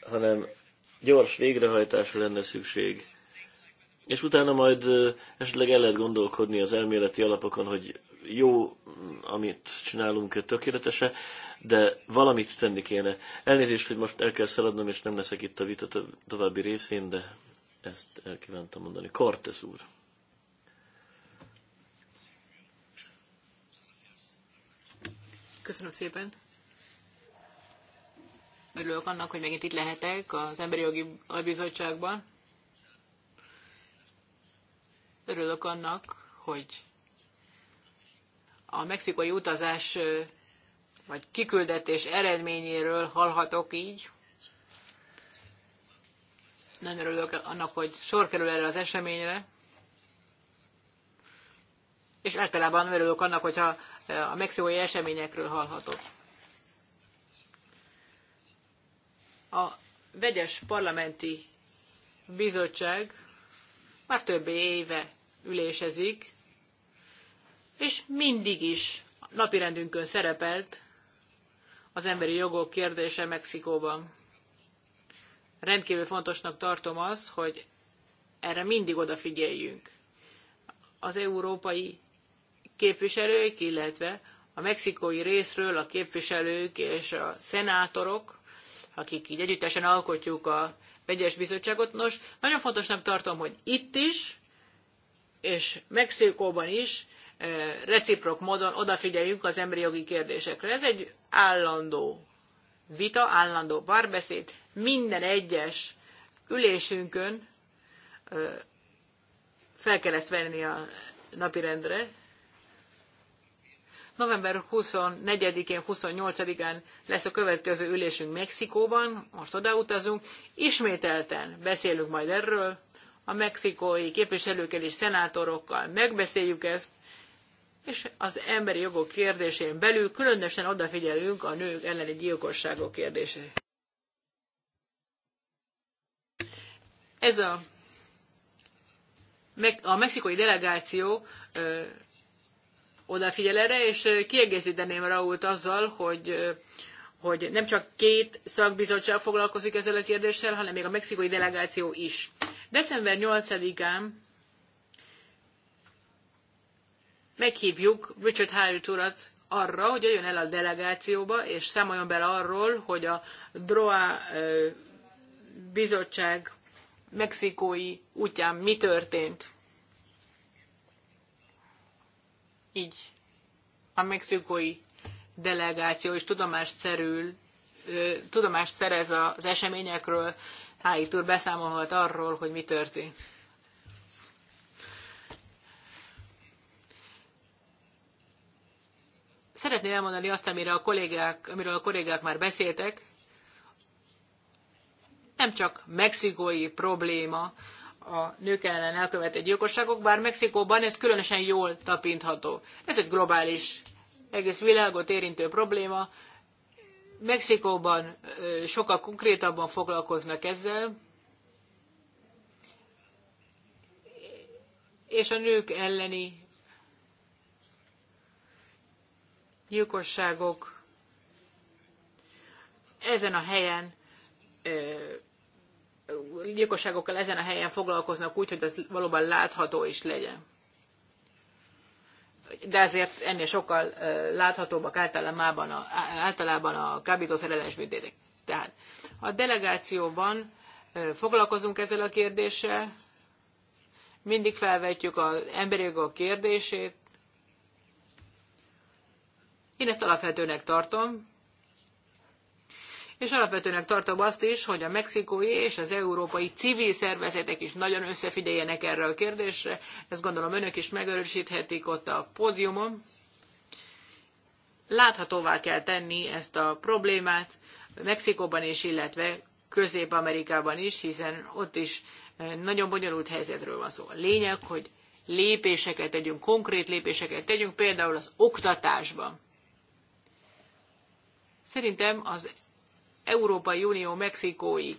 hanem gyors végrehajtásra lenne szükség. És utána majd esetleg el lehet gondolkodni az elméleti alapokon, hogy jó, amit csinálunk, tökéletese, de valamit tenni kéne. Elnézést, hogy most el kell szaladnom, és nem leszek itt a vita további részén, de ezt el kívántam mondani. Kortesz úr! Köszönöm szépen. Örülök annak, hogy megint itt lehetek az Emberi Jogi Albizottságban. Örülök annak, hogy a mexikai utazás vagy kiküldetés eredményéről hallhatok így. Nagyon örülök annak, hogy sor kerül erre az eseményre. És általában örülök annak, hogyha a mexikói eseményekről hallhatott. A vegyes parlamenti bizottság már több éve ülésezik, és mindig is napirendünkön szerepelt az emberi jogok kérdése Mexikóban. Rendkívül fontosnak tartom azt, hogy erre mindig odafigyeljünk. Az Európai képviselők, illetve a mexikói részről a képviselők és a szenátorok, akik így együttesen alkotjuk a vegyes bizottságot. Nos, nagyon fontosnak tartom, hogy itt is, és Mexikóban is eh, reciprok módon odafigyeljünk az emberi jogi kérdésekre. Ez egy állandó vita, állandó párbeszéd. Minden egyes ülésünkön eh, fel kell ezt venni a napirendre, November 24-én, 28-án lesz a következő ülésünk Mexikóban, most odautazunk, ismételten beszélünk majd erről, a mexikói képviselőkkel és szenátorokkal megbeszéljük ezt, és az emberi jogok kérdésén belül különösen odafigyelünk a nők elleni gyilkosságok kérdésére. Ez a, a mexikói delegáció odafigyel erre, és kiegészíteném Raúlt azzal, hogy hogy nem csak két szakbizottság foglalkozik ezzel a kérdéssel, hanem még a mexikói delegáció is. December 8-án meghívjuk Richard Hyatt urat arra, hogy jöjjön el a delegációba, és számoljon bele arról, hogy a DROA bizottság mexikói útján mi történt. Így a mexikói delegáció is tudomást, szerül, tudomást szerez az eseményekről, Háit úr beszámolhat arról, hogy mi történt. Szeretném elmondani azt, amire a kollégák, amiről a kollégák már beszéltek. Nem csak mexikói probléma a nők ellen elkövetett gyilkosságok, bár Mexikóban ez különösen jól tapintható. Ez egy globális, egész világot érintő probléma. Mexikóban sokkal konkrétabban foglalkoznak ezzel, és a nők elleni gyilkosságok ezen a helyen gyilkosságokkal ezen a helyen foglalkoznak úgy, hogy ez valóban látható is legyen. De ezért ennél sokkal láthatóbbak általában a, általában a kábítószer ellenes Tehát a delegációban foglalkozunk ezzel a kérdéssel, mindig felvetjük az emberi jogok kérdését. Én ezt alapvetőnek tartom, és alapvetőnek tartom azt is, hogy a mexikói és az európai civil szervezetek is nagyon összefigyeljenek erre a kérdésre. Ezt gondolom önök is megerősíthetik ott a pódiumon. Láthatóvá kell tenni ezt a problémát Mexikóban is, illetve Közép-Amerikában is, hiszen ott is eh, nagyon bonyolult helyzetről van szó. A lényeg, hogy lépéseket tegyünk, konkrét lépéseket tegyünk, például az oktatásban. Szerintem az Európai Unió mexikói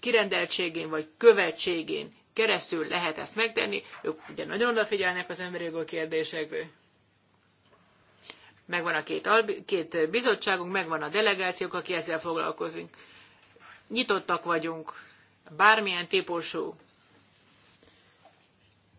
kirendeltségén vagy követségén keresztül lehet ezt megtenni. Ők ugye nagyon odafigyelnek az emberi jogok kérdésekre. Megvan a két, két bizottságunk, megvan a delegációk, aki ezzel foglalkozik. Nyitottak vagyunk bármilyen típusú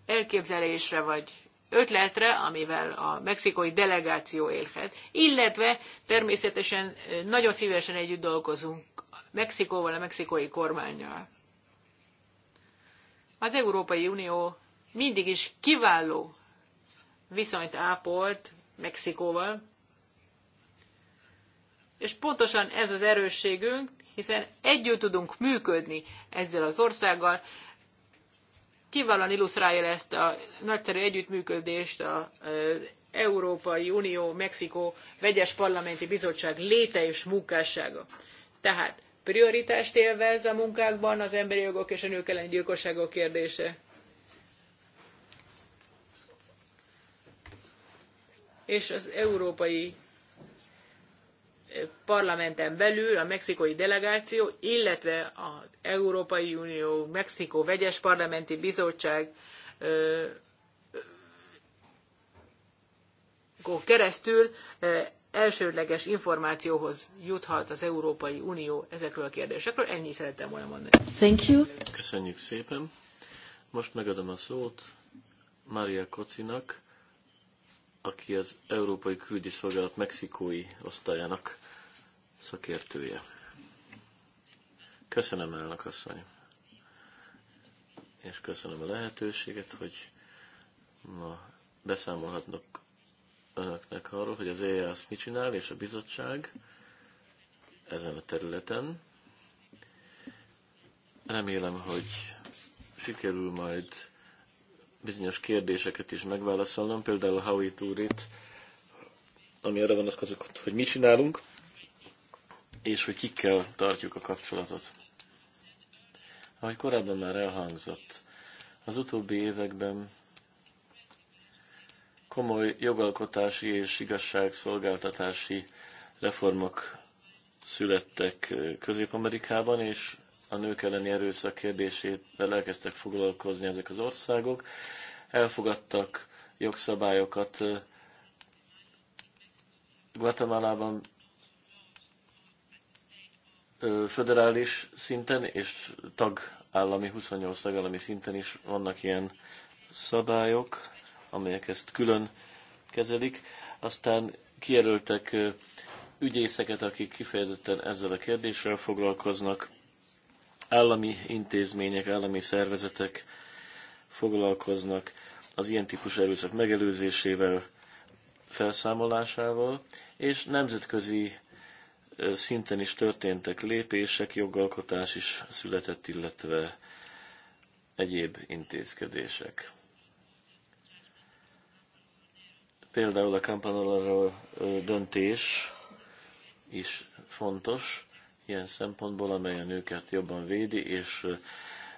elképzelésre vagy ötletre, amivel a mexikói delegáció élhet, illetve természetesen nagyon szívesen együtt dolgozunk Mexikóval, a mexikói kormányjal. Az Európai Unió mindig is kiváló viszonyt ápolt Mexikóval, és pontosan ez az erősségünk, hiszen együtt tudunk működni ezzel az országgal, kiválóan illusztrálja ezt a nagyszerű együttműködést az Európai Unió Mexikó vegyes parlamenti bizottság léte és munkássága. Tehát prioritást élvez a munkákban az emberi jogok és a nők elleni gyilkosságok kérdése. És az európai parlamenten belül a mexikói delegáció, illetve az Európai Unió Mexikó Vegyes Parlamenti Bizottság keresztül elsődleges információhoz juthat az Európai Unió ezekről a kérdésekről. Ennyi szerettem volna mondani. Thank you. Köszönjük szépen. Most megadom a szót Mária Kocinak, aki az Európai Külügyi Szolgálat mexikói osztályának szakértője. Köszönöm, elnök asszony, és köszönöm a lehetőséget, hogy ma beszámolhatnak önöknek arról, hogy az EAS mit csinál, és a bizottság ezen a területen. Remélem, hogy sikerül majd bizonyos kérdéseket is megválaszolnom, például a Howie Turit, ami arra vonatkozik, hogy mi csinálunk, és hogy kikkel tartjuk a kapcsolatot. Ahogy korábban már elhangzott, az utóbbi években komoly jogalkotási és igazságszolgáltatási reformok születtek eh, Közép-Amerikában, és a nők elleni erőszak kérdésével elkezdtek foglalkozni ezek az országok. Elfogadtak jogszabályokat eh, Guatemalában, föderális szinten és tagállami, 28 tagállami szinten is vannak ilyen szabályok, amelyek ezt külön kezelik. Aztán kijelöltek ügyészeket, akik kifejezetten ezzel a kérdéssel foglalkoznak. Állami intézmények, állami szervezetek foglalkoznak az ilyen típusú erőszak megelőzésével, felszámolásával, és nemzetközi szinten is történtek lépések, jogalkotás is született, illetve egyéb intézkedések. Például a Campanolaról döntés is fontos ilyen szempontból, amely a nőket jobban védi és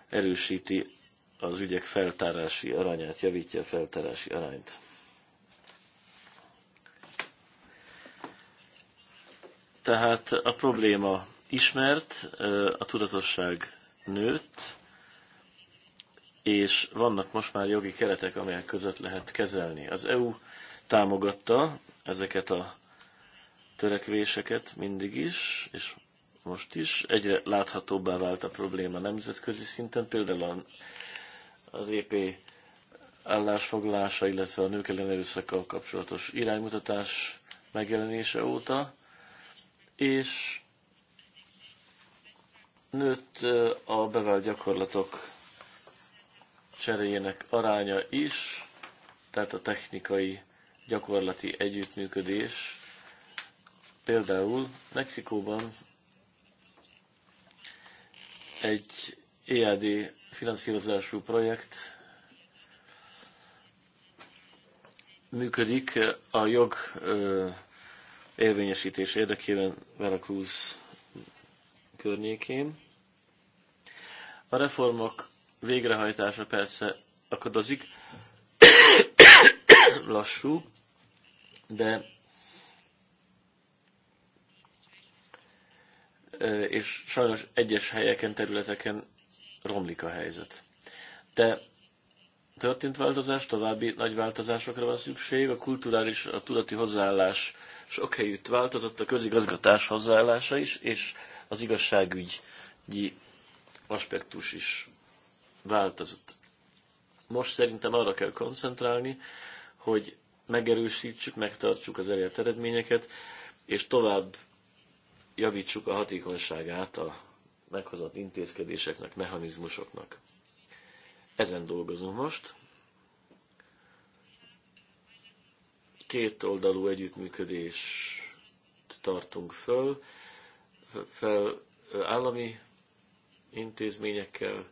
erősíti az ügyek feltárási arányát, javítja a feltárási arányt. Tehát a probléma ismert, a tudatosság nőtt, és vannak most már jogi keretek, amelyek között lehet kezelni. Az EU támogatta ezeket a törekvéseket mindig is, és most is. Egyre láthatóbbá vált a probléma nemzetközi szinten, például az EP állásfoglalása, illetve a nők ellen erőszakkal kapcsolatos iránymutatás megjelenése óta és nőtt a bevált gyakorlatok cseréjének aránya is, tehát a technikai gyakorlati együttműködés. Például Mexikóban egy EAD finanszírozású projekt működik a jog érvényesítés érdekében Veracruz környékén. A reformok végrehajtása persze akadozik, (coughs) lassú, de és sajnos egyes helyeken, területeken romlik a helyzet. De történt változás, további nagy változásokra van szükség, a kulturális, a tudati hozzáállás sok helyütt változott, a közigazgatás hozzáállása is, és az igazságügyi aspektus is változott. Most szerintem arra kell koncentrálni, hogy megerősítsük, megtartsuk az elért eredményeket, és tovább javítsuk a hatékonyságát a meghozott intézkedéseknek, mechanizmusoknak. Ezen dolgozunk most. Két oldalú együttműködést tartunk föl, fel állami intézményekkel,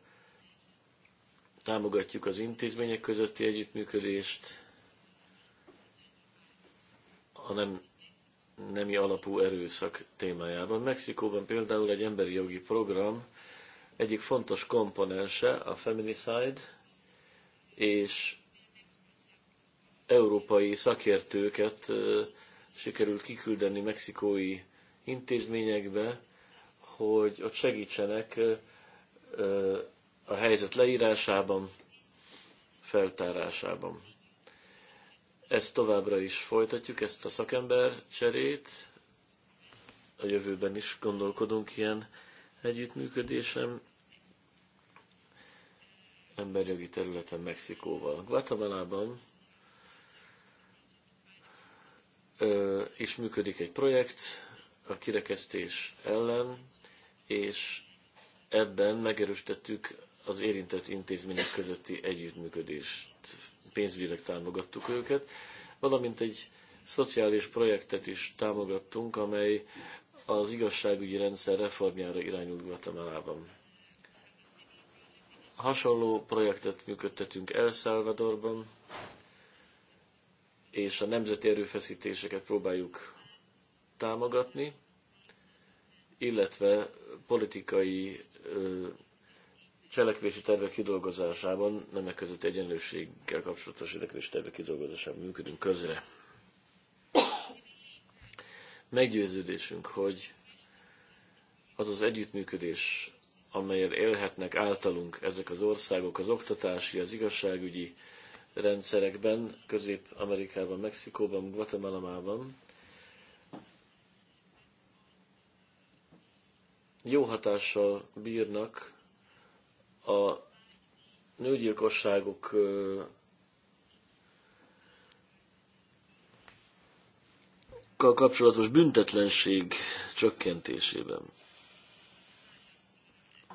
támogatjuk az intézmények közötti együttműködést, a nem, nemi alapú erőszak témájában. Mexikóban például egy emberi jogi program egyik fontos komponense a Feminicide, és európai szakértőket sikerült kiküldeni mexikói intézményekbe, hogy ott segítsenek a helyzet leírásában, feltárásában. Ezt továbbra is folytatjuk, ezt a szakember cserét. A jövőben is gondolkodunk ilyen együttműködésem emberjogi területen Mexikóval. Guatemalában is működik egy projekt a kirekesztés ellen, és ebben megerősítettük az érintett intézmények közötti együttműködést. Pénzbileg támogattuk őket, valamint egy szociális projektet is támogattunk, amely az igazságügyi rendszer reformjára irányul Guatemalában. Hasonló projektet működtetünk El Salvadorban, és a nemzeti erőfeszítéseket próbáljuk támogatni, illetve politikai ö, cselekvési tervek kidolgozásában, nemek között egyenlőséggel kapcsolatos érdeklési tervek kidolgozásában működünk közre. Meggyőződésünk, hogy az az együttműködés, amelyel élhetnek általunk ezek az országok az oktatási, az igazságügyi rendszerekben, Közép-Amerikában, Mexikóban, Guatemalában, jó hatással bírnak a nőgyilkosságok erőszakkal kapcsolatos büntetlenség csökkentésében.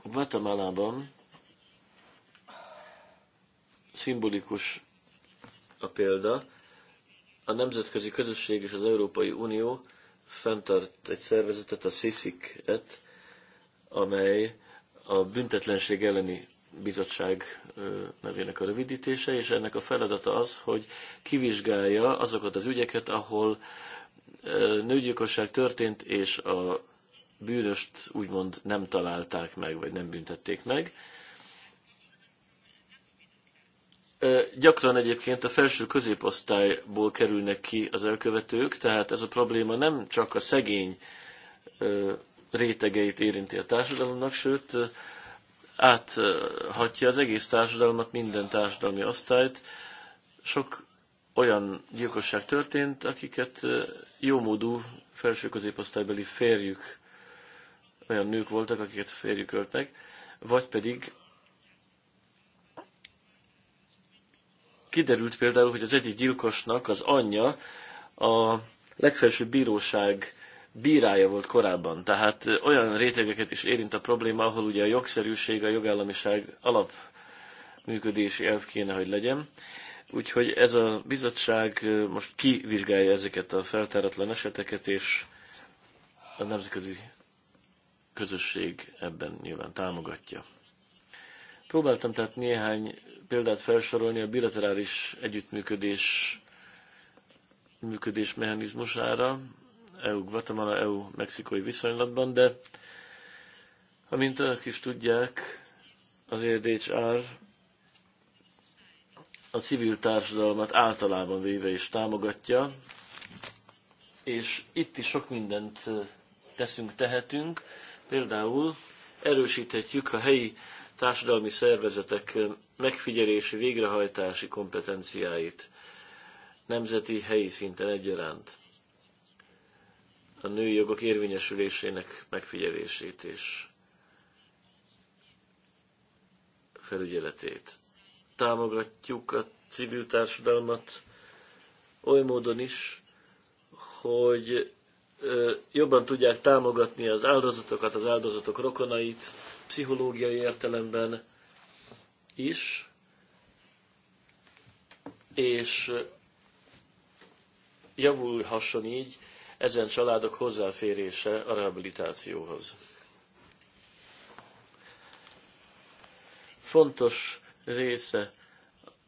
Guatemala-ban szimbolikus a példa. A nemzetközi közösség és az Európai Unió fenntart egy szervezetet, a CICIC-et, amely a büntetlenség elleni bizottság nevének a rövidítése, és ennek a feladata az, hogy kivizsgálja azokat az ügyeket, ahol nőgyilkosság történt, és a bűnöst úgymond nem találták meg, vagy nem büntették meg. Gyakran egyébként a felső középosztályból kerülnek ki az elkövetők, tehát ez a probléma nem csak a szegény rétegeit érinti a társadalomnak, sőt áthatja az egész társadalmat, minden társadalmi osztályt. Sok olyan gyilkosság történt, akiket jómódú felső középosztálybeli férjük, olyan nők voltak, akiket férjük ölt meg, vagy pedig kiderült például, hogy az egyik gyilkosnak az anyja a legfelsőbb bíróság bírája volt korábban. Tehát olyan rétegeket is érint a probléma, ahol ugye a jogszerűség, a jogállamiság alap működési elv kéne, hogy legyen. Úgyhogy ez a bizottság most kivizsgálja ezeket a feltáratlan eseteket, és a nemzetközi közösség ebben nyilván támogatja. Próbáltam tehát néhány példát felsorolni a bilaterális együttműködés működés mechanizmusára, EU-Guatemala, EU-Mexikói viszonylatban, de amint önök is tudják, az RDHR e a civil társadalmat általában véve is támogatja, és itt is sok mindent teszünk, tehetünk. Például erősíthetjük a helyi társadalmi szervezetek megfigyelési, végrehajtási kompetenciáit nemzeti, helyi szinten egyaránt. A női jogok érvényesülésének megfigyelését és felügyeletét támogatjuk a civil társadalmat oly módon is, hogy jobban tudják támogatni az áldozatokat, az áldozatok rokonait, pszichológiai értelemben is, és javulhasson így ezen családok hozzáférése a rehabilitációhoz. Fontos része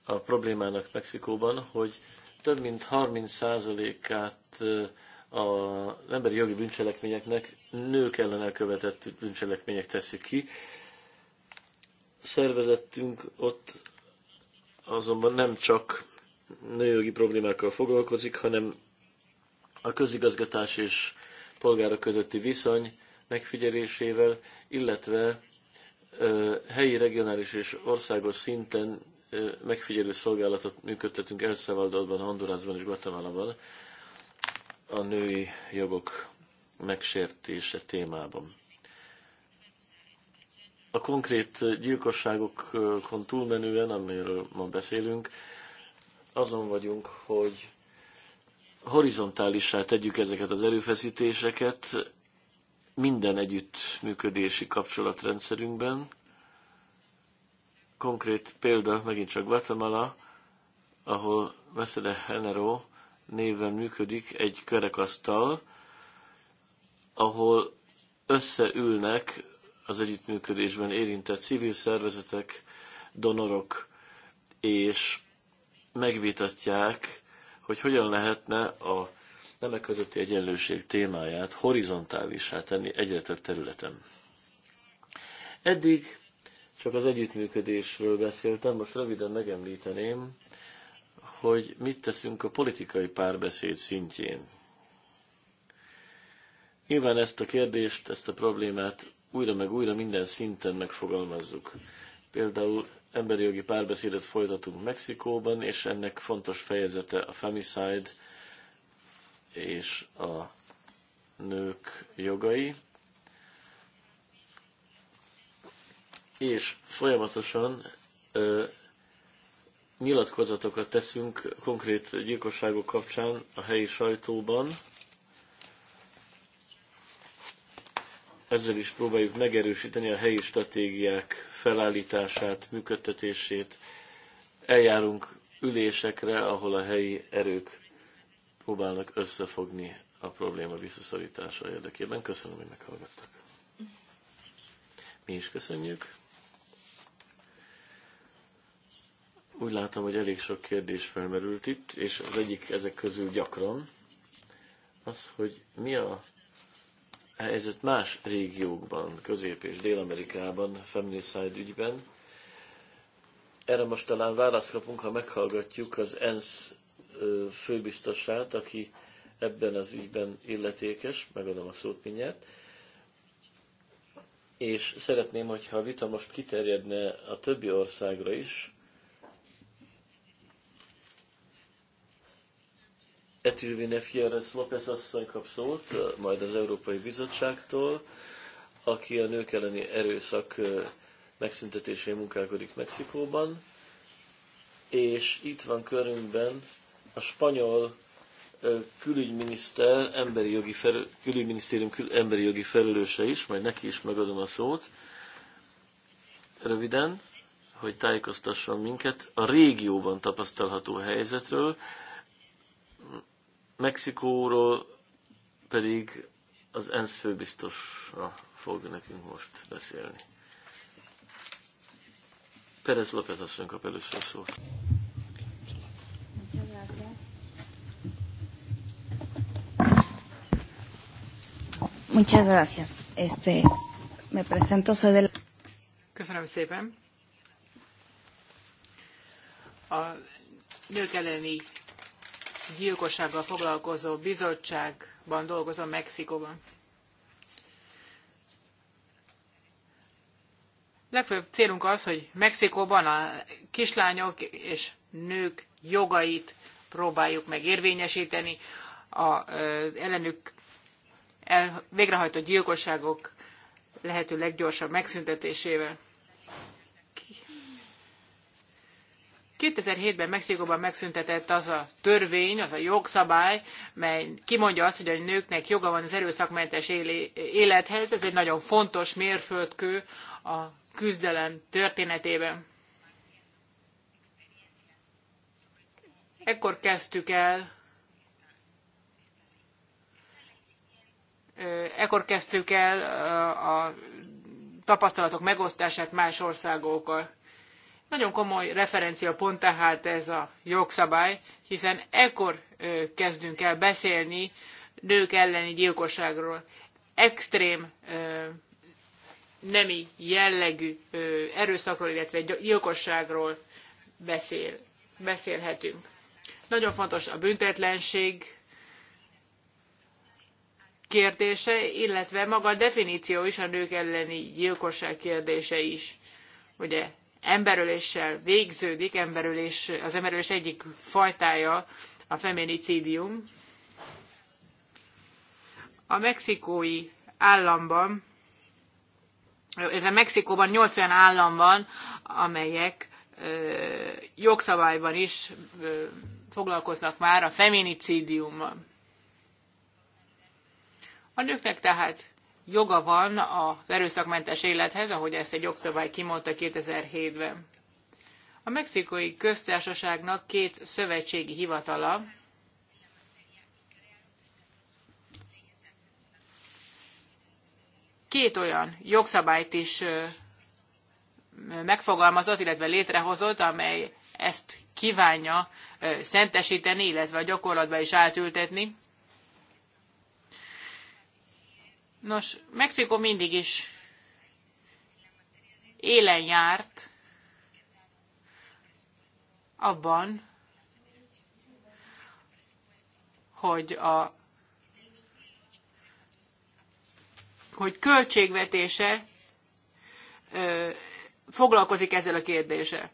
a problémának Mexikóban, hogy több mint 30%-át az emberi jogi bűncselekményeknek nők ellen elkövetett bűncselekmények teszik ki. Szervezettünk ott azonban nem csak nőjogi problémákkal foglalkozik, hanem a közigazgatás és polgárok közötti viszony megfigyelésével, illetve helyi, regionális és országos szinten megfigyelő szolgálatot működtetünk El Salvadorban, Hondurasban és Guatemalában a női jogok megsértése témában. A konkrét gyilkosságokon túlmenően, amiről ma beszélünk, azon vagyunk, hogy horizontálisá tegyük ezeket az erőfeszítéseket, minden együttműködési kapcsolatrendszerünkben. Konkrét példa megint csak Guatemala, ahol Mesele Henero néven működik egy kerekasztal, ahol összeülnek az együttműködésben érintett civil szervezetek, donorok, és megvitatják, hogy hogyan lehetne a nemek közötti egyenlőség témáját horizontálisá tenni egyre több területen. Eddig csak az együttműködésről beszéltem, most röviden megemlíteném, hogy mit teszünk a politikai párbeszéd szintjén. Nyilván ezt a kérdést, ezt a problémát újra meg újra minden szinten megfogalmazzuk. Például emberi jogi párbeszédet folytatunk Mexikóban, és ennek fontos fejezete a femicide, és a nők jogai, és folyamatosan ö, nyilatkozatokat teszünk konkrét gyilkosságok kapcsán a helyi sajtóban. Ezzel is próbáljuk megerősíteni a helyi stratégiák felállítását, működtetését. Eljárunk ülésekre, ahol a helyi erők próbálnak összefogni a probléma visszaszorítása érdekében. Köszönöm, hogy meghallgattak. Mi is köszönjük. Úgy látom, hogy elég sok kérdés felmerült itt, és az egyik ezek közül gyakran az, hogy mi a helyzet más régiókban, Közép- és Dél-Amerikában, Feminicide ügyben. Erre most talán választ kapunk, ha meghallgatjuk az ENSZ főbiztosát, aki ebben az ügyben illetékes, megadom a szót mindjárt, és szeretném, hogyha a vita most kiterjedne a többi országra is, Etűvine Fieres López asszony kap szót, majd az Európai Bizottságtól, aki a nők elleni erőszak megszüntetésén munkálkodik Mexikóban, és itt van körünkben a spanyol külügyminiszter, emberi jogi felül, külügyminisztérium kül, emberi jogi felelőse is, majd neki is megadom a szót, röviden, hogy tájékoztasson minket a régióban tapasztalható helyzetről, Mexikóról pedig az ENSZ főbiztosra fog nekünk most beszélni. Perez López asszony kap először szót. Muchas gracias. Este, me presento, soy del... Köszönöm szépen. A nők elleni gyilkossággal foglalkozó bizottságban dolgozom Mexikóban. Legfőbb célunk az, hogy Mexikóban a kislányok és nők jogait próbáljuk meg érvényesíteni, a ellenük el, végrehajtott gyilkosságok lehető leggyorsabb megszüntetésével. 2007-ben Mexikóban megszüntetett az a törvény, az a jogszabály, mely kimondja azt, hogy a nőknek joga van az erőszakmentes élethez. Ez egy nagyon fontos mérföldkő a küzdelem történetében. Ekkor kezdtük el ekkor kezdtük el a tapasztalatok megosztását más országokkal. Nagyon komoly referenciapont tehát ez a jogszabály, hiszen ekkor kezdünk el beszélni nők elleni gyilkosságról. Extrém nemi jellegű erőszakról, illetve gyilkosságról beszél, beszélhetünk. Nagyon fontos a büntetlenség kérdése, illetve maga a definíció is a nők elleni gyilkosság kérdése is. Ugye emberöléssel végződik, emberölés, az emberölés egyik fajtája a feminicidium. A mexikói államban, illetve Mexikóban 8 olyan állam van, amelyek jogszabályban is foglalkoznak már a feminicidiummal. A nőknek tehát joga van a erőszakmentes élethez, ahogy ezt egy jogszabály kimondta 2007-ben. A mexikói köztársaságnak két szövetségi hivatala, két olyan jogszabályt is megfogalmazott, illetve létrehozott, amely ezt kívánja szentesíteni, illetve a gyakorlatba is átültetni. Nos, Mexikó mindig is élen járt abban, hogy a hogy költségvetése ö, foglalkozik ezzel a kérdéssel.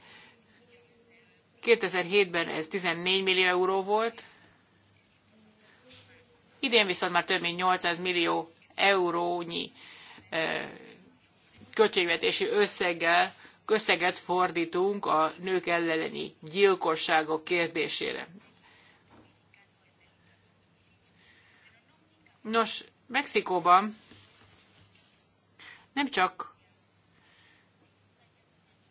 2007-ben ez 14 millió euró volt, idén viszont már több mint 800 millió eurónyi költségvetési összeggel, összeget fordítunk a nők elleni gyilkosságok kérdésére. Nos, Mexikóban nem csak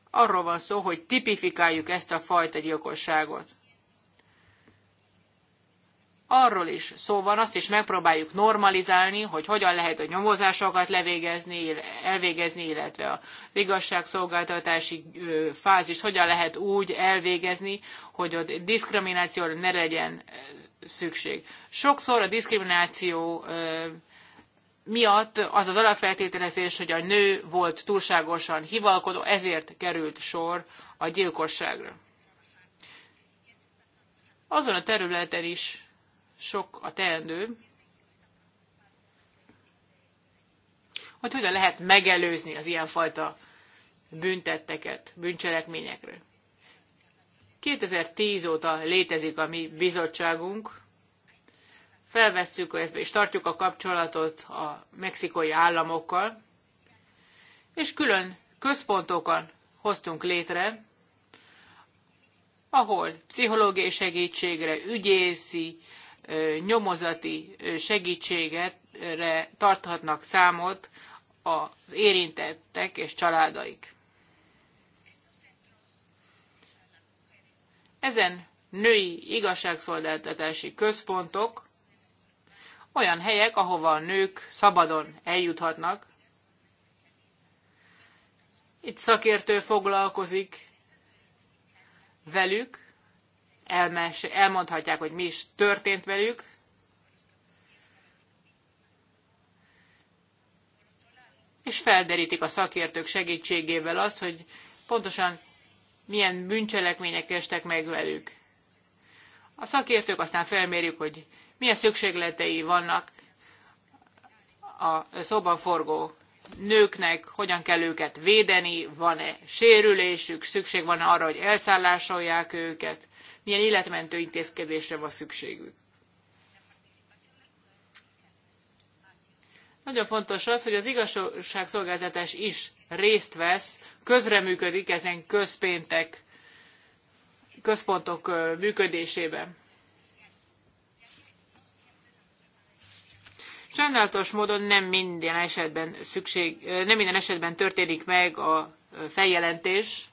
arról van szó, hogy tipifikáljuk ezt a fajta gyilkosságot arról is szó van, azt is megpróbáljuk normalizálni, hogy hogyan lehet a nyomozásokat levégezni, elvégezni, illetve az igazságszolgáltatási fázist hogyan lehet úgy elvégezni, hogy a diszkriminációra ne legyen szükség. Sokszor a diszkrimináció miatt az az alapfeltételezés, hogy a nő volt túlságosan hivalkodó, ezért került sor a gyilkosságra. Azon a területen is sok a teendő, hogy hogyan lehet megelőzni az ilyenfajta büntetteket, bűncselekményekre. 2010 óta létezik a mi bizottságunk, felvesszük és tartjuk a kapcsolatot a mexikai államokkal, és külön központokon hoztunk létre, ahol pszichológiai segítségre, ügyészi, nyomozati segítségetre tarthatnak számot az érintettek és családaik. Ezen női igazságszolgáltatási központok olyan helyek, ahova a nők szabadon eljuthatnak. Itt szakértő foglalkozik velük, elmes, elmondhatják, hogy mi is történt velük. És felderítik a szakértők segítségével azt, hogy pontosan milyen bűncselekmények estek meg velük. A szakértők aztán felmérjük, hogy milyen szükségletei vannak a szóban forgó nőknek, hogyan kell őket védeni, van-e sérülésük, szükség van -e arra, hogy elszállásolják őket milyen életmentő intézkedésre van szükségük. Nagyon fontos az, hogy az igazságszolgáltatás is részt vesz, közreműködik ezen közpéntek, központok működésében. Sajnálatos módon nem minden esetben szükség, nem minden esetben történik meg a feljelentés,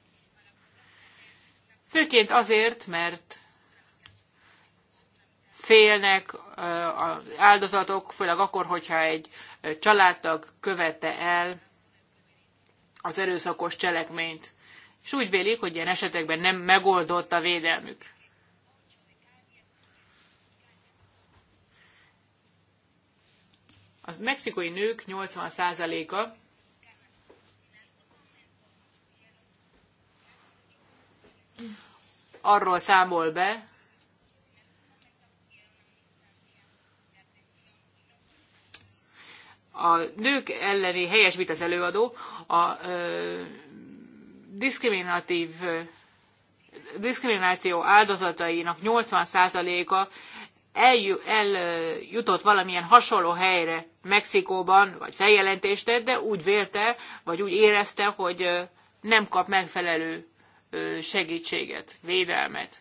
Főként azért, mert félnek az áldozatok, főleg akkor, hogyha egy családtag követte el az erőszakos cselekményt, és úgy vélik, hogy ilyen esetekben nem megoldott a védelmük. Az mexikói nők 80%-a arról számol be, a nők elleni helyes mit az előadó, a diszkriminatív diszkrimináció áldozatainak 80%-a eljutott valamilyen hasonló helyre Mexikóban, vagy feljelentést tett, de úgy vélte, vagy úgy érezte, hogy nem kap megfelelő segítséget, védelmet.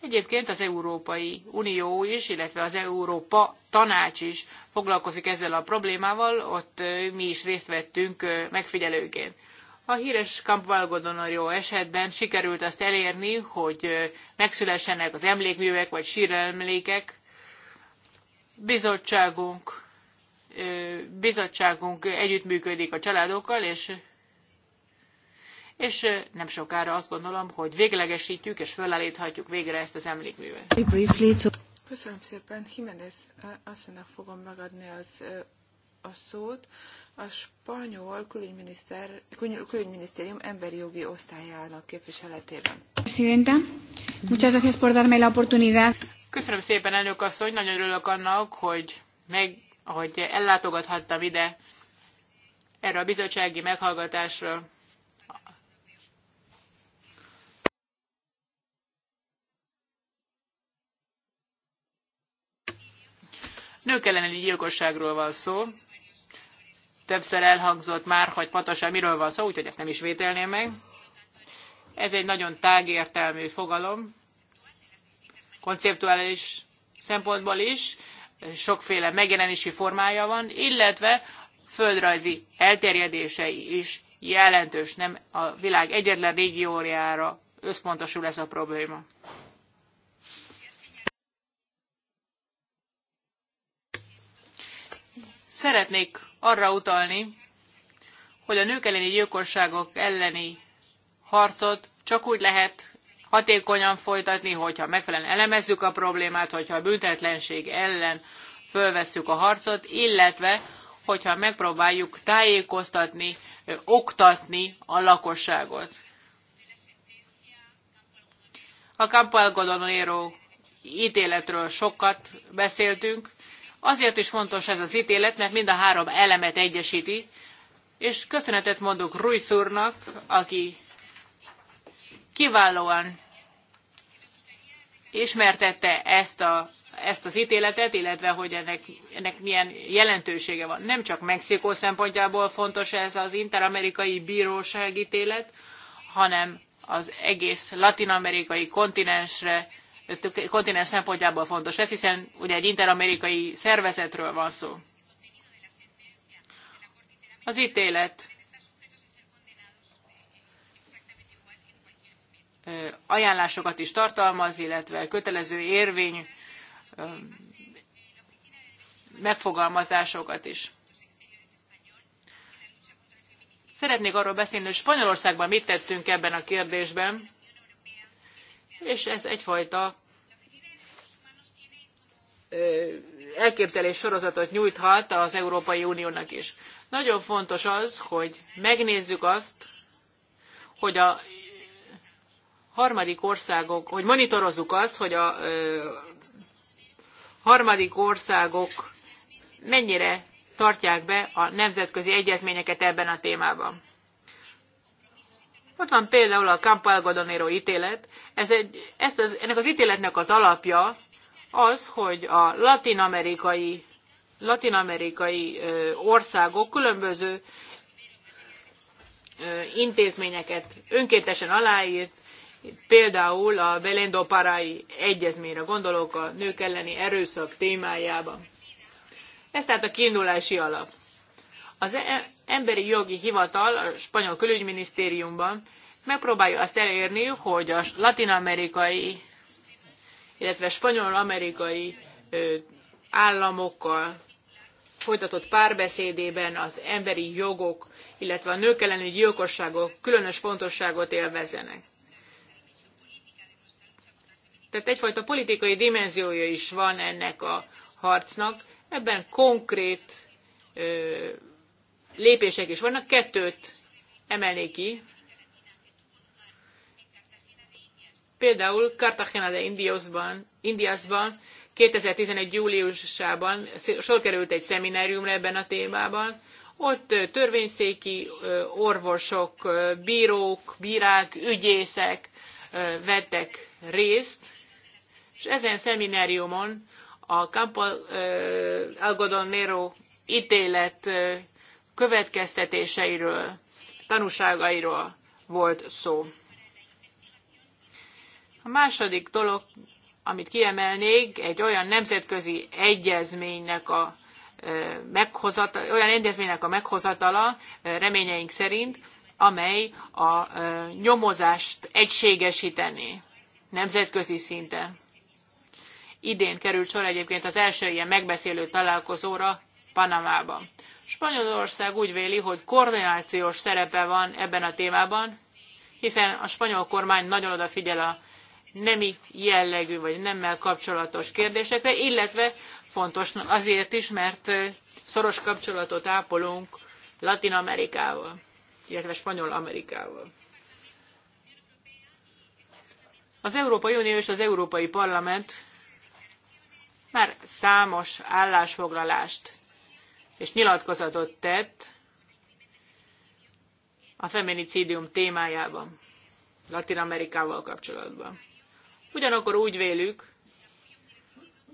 Egyébként az Európai Unió is, illetve az Európa Tanács is foglalkozik ezzel a problémával, ott mi is részt vettünk megfigyelőként. A híres campbell esetben sikerült azt elérni, hogy megszülessenek az emlékművek vagy síremlékek. Bizottságunk, bizottságunk együttműködik a családokkal, és és nem sokára azt gondolom, hogy véglegesítjük és fölállíthatjuk végre ezt az emlékművet. Köszönöm szépen. Jiménez asszonynak fogom megadni az, a szót. A spanyol külügyminiszter, külügyminisztérium emberi jogi osztályának képviseletében. Presidenta, muchas gracias Köszönöm szépen, elnök asszony, nagyon örülök annak, hogy, meg, ahogy ellátogathattam ide erre a bizottsági meghallgatásra Nők elleni gyilkosságról van szó. Többször elhangzott már, hogy pontosan miről van szó, úgyhogy ezt nem is vételném meg. Ez egy nagyon tágértelmű fogalom, konceptuális szempontból is, sokféle megjelenési formája van, illetve földrajzi elterjedései is jelentős, nem a világ egyetlen régiójára összpontosul ez a probléma. szeretnék arra utalni, hogy a nők elleni gyilkosságok elleni harcot csak úgy lehet hatékonyan folytatni, hogyha megfelelően elemezzük a problémát, hogyha a büntetlenség ellen fölvesszük a harcot, illetve hogyha megpróbáljuk tájékoztatni, oktatni a lakosságot. A Campo Algodonero ítéletről sokat beszéltünk, Azért is fontos ez az ítélet, mert mind a három elemet egyesíti, és köszönetet mondok Ruiz úrnak, aki kiválóan ismertette ezt, a, ezt az ítéletet, illetve hogy ennek, ennek milyen jelentősége van. Nem csak Mexikó szempontjából fontos ez az interamerikai bíróság ítélet, hanem az egész latinamerikai kontinensre kontinens szempontjából fontos lesz, hiszen ugye egy interamerikai szervezetről van szó. Az ítélet ajánlásokat is tartalmaz, illetve kötelező érvény megfogalmazásokat is. Szeretnék arról beszélni, hogy Spanyolországban mit tettünk ebben a kérdésben, és ez egyfajta elképzelés sorozatot nyújthat az Európai Uniónak is. Nagyon fontos az, hogy megnézzük azt, hogy a harmadik országok, hogy monitorozzuk azt, hogy a harmadik országok mennyire tartják be a nemzetközi egyezményeket ebben a témában. Ott van például a Campo Algodonero ítélet. Ez egy, ezt az, ennek az ítéletnek az alapja az, hogy a latin-amerikai latin-amerikai országok különböző intézményeket önkéntesen aláírt, például a Belendo Parai egyezményre gondolok a nők elleni erőszak témájában. Ez tehát a kiindulási alap. Az e- Emberi Jogi Hivatal a spanyol külügyminisztériumban megpróbálja azt elérni, hogy a latin-amerikai illetve spanyol-amerikai államokkal folytatott párbeszédében az emberi jogok, illetve a nők elleni gyilkosságok különös fontosságot élvezenek. Tehát egyfajta politikai dimenziója is van ennek a harcnak. Ebben konkrét ö, lépések is vannak. Kettőt emelnék ki. Például Cartagena de Indiosban, Indiasban 2011. júliusában sor került egy szemináriumra ebben a témában. Ott törvényszéki orvosok, bírók, bírák, ügyészek vettek részt, és ezen szemináriumon a Campo Nero ítélet következtetéseiről, tanúságairól volt szó. A második dolog, amit kiemelnék, egy olyan nemzetközi egyezménynek a meghozatala, olyan egyezménynek a meghozatala reményeink szerint, amely a nyomozást egységesíteni nemzetközi szinten. Idén került sor egyébként az első ilyen megbeszélő találkozóra Panamában. Spanyolország úgy véli, hogy koordinációs szerepe van ebben a témában, hiszen a spanyol kormány nagyon odafigyel a nemi jellegű vagy nemmel kapcsolatos kérdésekre, illetve fontos azért is, mert szoros kapcsolatot ápolunk Latin Amerikával, illetve Spanyol Amerikával. Az Európai Unió és az Európai Parlament már számos állásfoglalást és nyilatkozatot tett a feminicidium témájában, Latin Amerikával kapcsolatban. Ugyanakkor úgy vélük,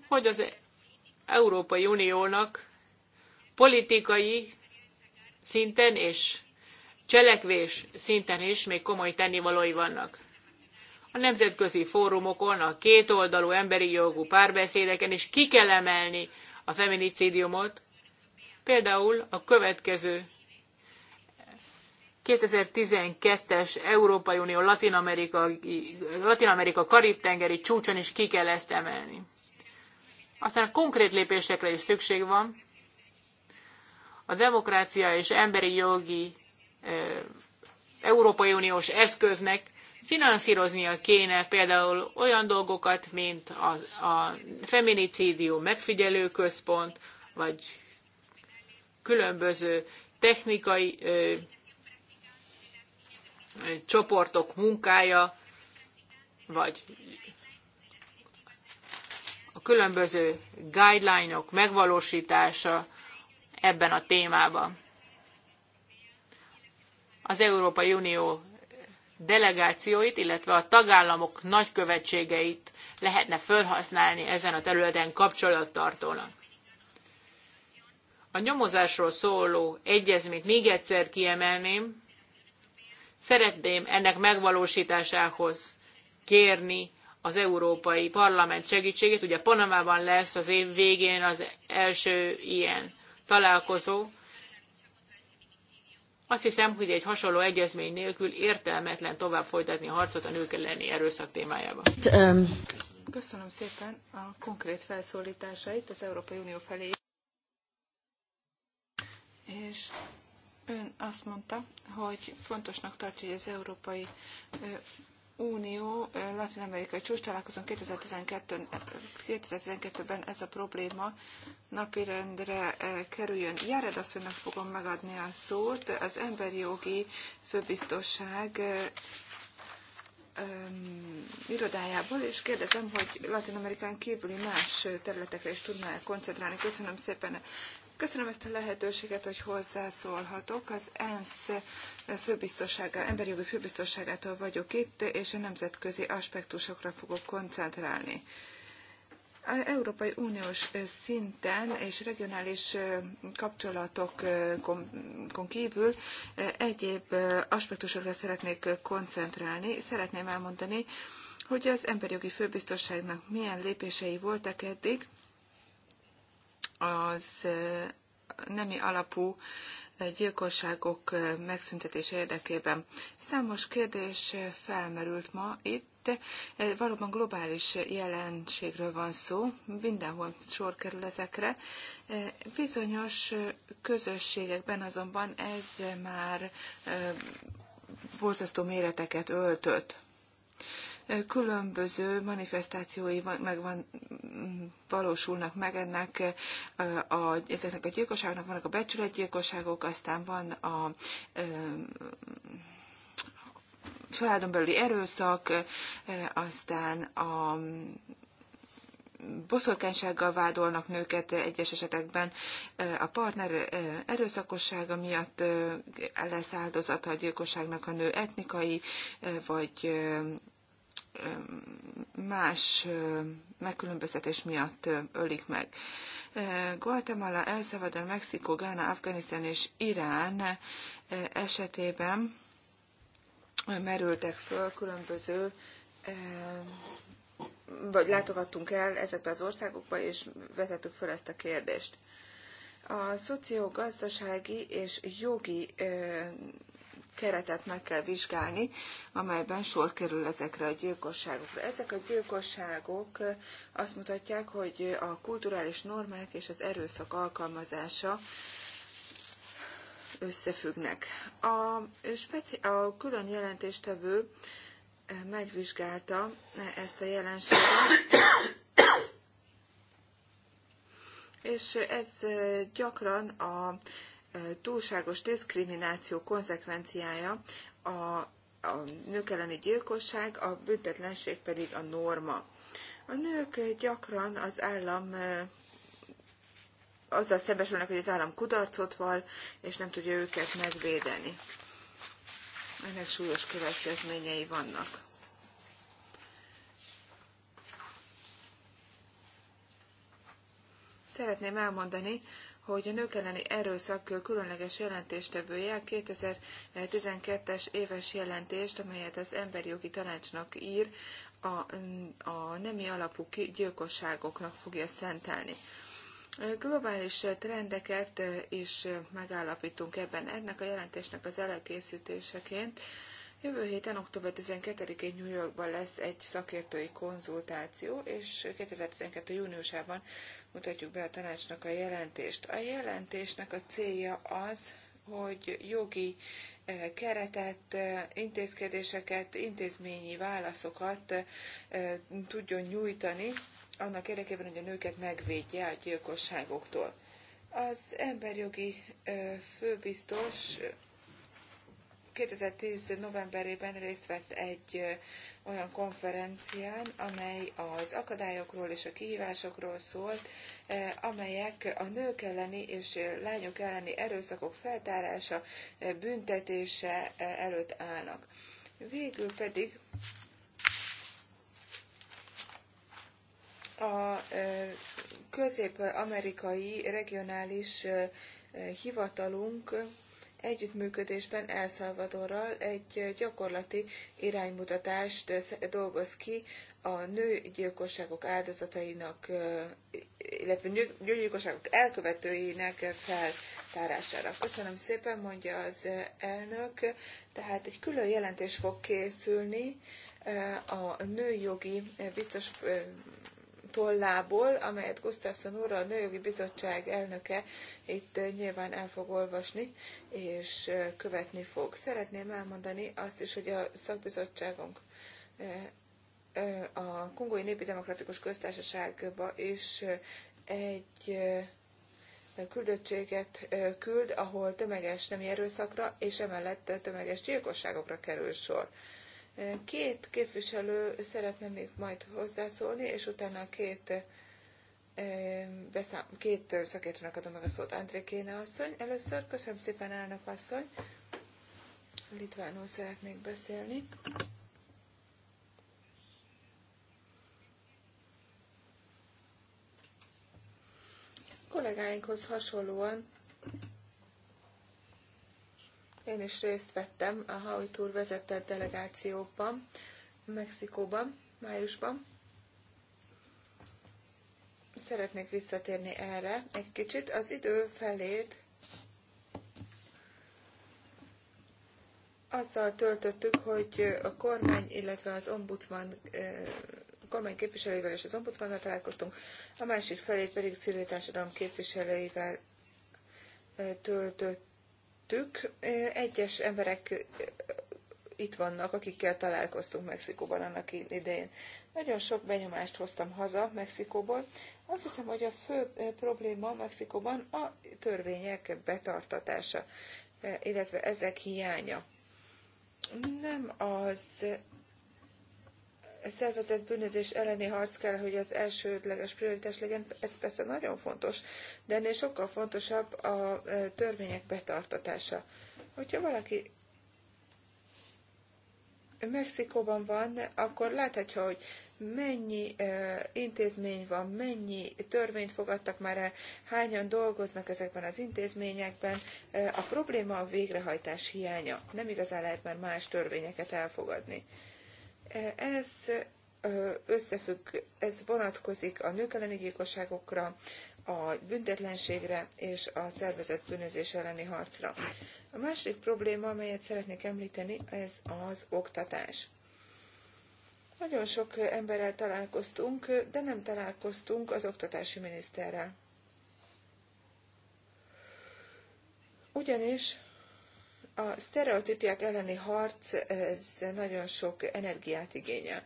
hogy az Európai Uniónak politikai szinten és cselekvés szinten is még komoly tennivalói vannak. A nemzetközi fórumokon, a kétoldalú emberi jogú párbeszédeken is ki kell emelni a feminicidiumot, például a következő 2012-es Európai Unió Latin Amerika, Karib-tengeri csúcson is ki kell ezt emelni. Aztán konkrét lépésekre is szükség van. A demokrácia és emberi jogi Európai Uniós eszköznek finanszíroznia kéne például olyan dolgokat, mint a, a megfigyelő megfigyelőközpont, vagy különböző technikai csoportok munkája, vagy a különböző guideline-ok megvalósítása ebben a témában. Az Európai Unió delegációit, illetve a tagállamok nagykövetségeit lehetne felhasználni ezen a területen kapcsolattartónak. A nyomozásról szóló egyezményt még egyszer kiemelném, Szeretném ennek megvalósításához kérni az Európai Parlament segítségét. Ugye Panamában lesz az év végén az első ilyen találkozó. Azt hiszem, hogy egy hasonló egyezmény nélkül értelmetlen tovább folytatni a harcot a nők elleni erőszak témájában. Köszönöm szépen a konkrét felszólításait az Európai Unió felé. És Ön azt mondta, hogy fontosnak tartja, hogy az Európai Unió latin-amerikai csúcs találkozón 2012, 2012-ben ez a probléma napirendre kerüljön. Jared asszonynak fogom megadni a szót. Az emberi jogi főbiztosság irodájából, és kérdezem, hogy Latin-Amerikán kívüli más területekre is tudná koncentrálni. Köszönöm szépen, Köszönöm ezt a lehetőséget, hogy hozzászólhatok. Az ENSZ főbiztosságá, emberi jogi főbiztosságától vagyok itt, és a nemzetközi aspektusokra fogok koncentrálni. A Európai Uniós szinten és regionális kapcsolatokon kívül egyéb aspektusokra szeretnék koncentrálni. Szeretném elmondani, hogy az emberi jogi főbiztosságnak milyen lépései voltak eddig, az nemi alapú gyilkosságok megszüntetése érdekében. Számos kérdés felmerült ma itt. Valóban globális jelenségről van szó, mindenhol sor kerül ezekre. Bizonyos közösségekben azonban ez már borzasztó méreteket öltött különböző manifestációi meg van, valósulnak meg ennek, a, ezeknek a gyilkosságnak vannak a becsületgyilkosságok, aztán van a családon belüli erőszak, aztán a boszorkánysággal vádolnak nőket egyes esetekben, a partner erőszakossága miatt lesz áldozata a gyilkosságnak a nő etnikai vagy más megkülönböztetés miatt ölik meg. Guatemala, El Salvador, Mexikó, Gána, Afganisztán és Irán esetében merültek föl különböző vagy látogattunk el ezekbe az országokba, és vetettük föl ezt a kérdést. A szociogazdasági és jogi keretet meg kell vizsgálni, amelyben sor kerül ezekre a gyilkosságokra. Ezek a gyilkosságok azt mutatják, hogy a kulturális normák és az erőszak alkalmazása összefüggnek. A, speci- a külön jelentéstevő megvizsgálta ezt a jelenséget, és ez gyakran a túlságos diszkrimináció konzekvenciája a, a nők elleni gyilkosság, a büntetlenség pedig a norma. A nők gyakran az állam azzal szembesülnek, hogy az állam kudarcot val, és nem tudja őket megvédeni. Ennek súlyos következményei vannak. Szeretném elmondani, hogy a nők elleni erőszak különleges jelentéstevője a 2012-es éves jelentést, amelyet az Emberi Jogi Tanácsnak ír, a, a nemi alapú gyilkosságoknak fogja szentelni. Globális trendeket is megállapítunk ebben. Ennek a jelentésnek az előkészítéseként Jövő héten, október 12-én New Yorkban lesz egy szakértői konzultáció, és 2012. júniusában mutatjuk be a tanácsnak a jelentést. A jelentésnek a célja az, hogy jogi eh, keretet, eh, intézkedéseket, intézményi válaszokat eh, tudjon nyújtani annak érdekében, hogy a nőket megvédje a gyilkosságoktól. Az emberjogi főbiztos 2010. novemberében részt vett egy olyan konferencián, amely az akadályokról és a kihívásokról szólt, amelyek a nők elleni és lányok elleni erőszakok feltárása, büntetése előtt állnak. Végül pedig a közép-amerikai regionális hivatalunk együttműködésben El Salvadorral egy gyakorlati iránymutatást dolgoz ki a nőgyilkosságok áldozatainak, illetve nőgyilkosságok elkövetőinek feltárására. Köszönöm szépen, mondja az elnök. Tehát egy külön jelentés fog készülni a nőjogi biztos tollából, amelyet Gustafsson úr, a Nőjogi Bizottság elnöke itt eh, nyilván el fog olvasni, és eh, követni fog. Szeretném elmondani azt is, hogy a szakbizottságunk eh, a Kongói Népi Demokratikus Köztársaságba is egy küldöttséget küld, ahol tömeges nem erőszakra és emellett tömeges gyilkosságokra kerül sor. Két képviselő szeretne még majd hozzászólni, és utána két, beszám, két szakértőnek adom meg a szót. André Kéne asszony, először köszönöm szépen, elnök asszony. Litvánul szeretnék beszélni. kollégáinkhoz hasonlóan én is részt vettem a Hajtúr vezetett delegációban, Mexikóban, májusban. Szeretnék visszatérni erre egy kicsit. Az idő felét azzal töltöttük, hogy a kormány, illetve az ombudsman a kormány képviselőivel és az ombudsmannal találkoztunk, a másik felét pedig civil társadalom képviselőivel töltött tettük. Egyes emberek itt vannak, akikkel találkoztunk Mexikóban annak idején. Nagyon sok benyomást hoztam haza Mexikóból. Azt hiszem, hogy a fő probléma Mexikóban a törvények betartatása, illetve ezek hiánya. Nem az szervezett bűnözés elleni harc kell, hogy az elsődleges prioritás legyen, ez persze nagyon fontos, de ennél sokkal fontosabb a e, törvények betartatása. Hogyha valaki Mexikóban van, akkor láthatja, hogy mennyi e, intézmény van, mennyi törvényt fogadtak már el, hányan dolgoznak ezekben az intézményekben. E, a probléma a végrehajtás hiánya. Nem igazán lehet már más törvényeket elfogadni. Ez összefügg, ez vonatkozik a nők elleni gyilkosságokra, a büntetlenségre és a szervezett bűnözés elleni harcra. A másik probléma, amelyet szeretnék említeni, ez az oktatás. Nagyon sok emberrel találkoztunk, de nem találkoztunk az oktatási miniszterrel. Ugyanis a sztereotípiák elleni harc, ez nagyon sok energiát igényel.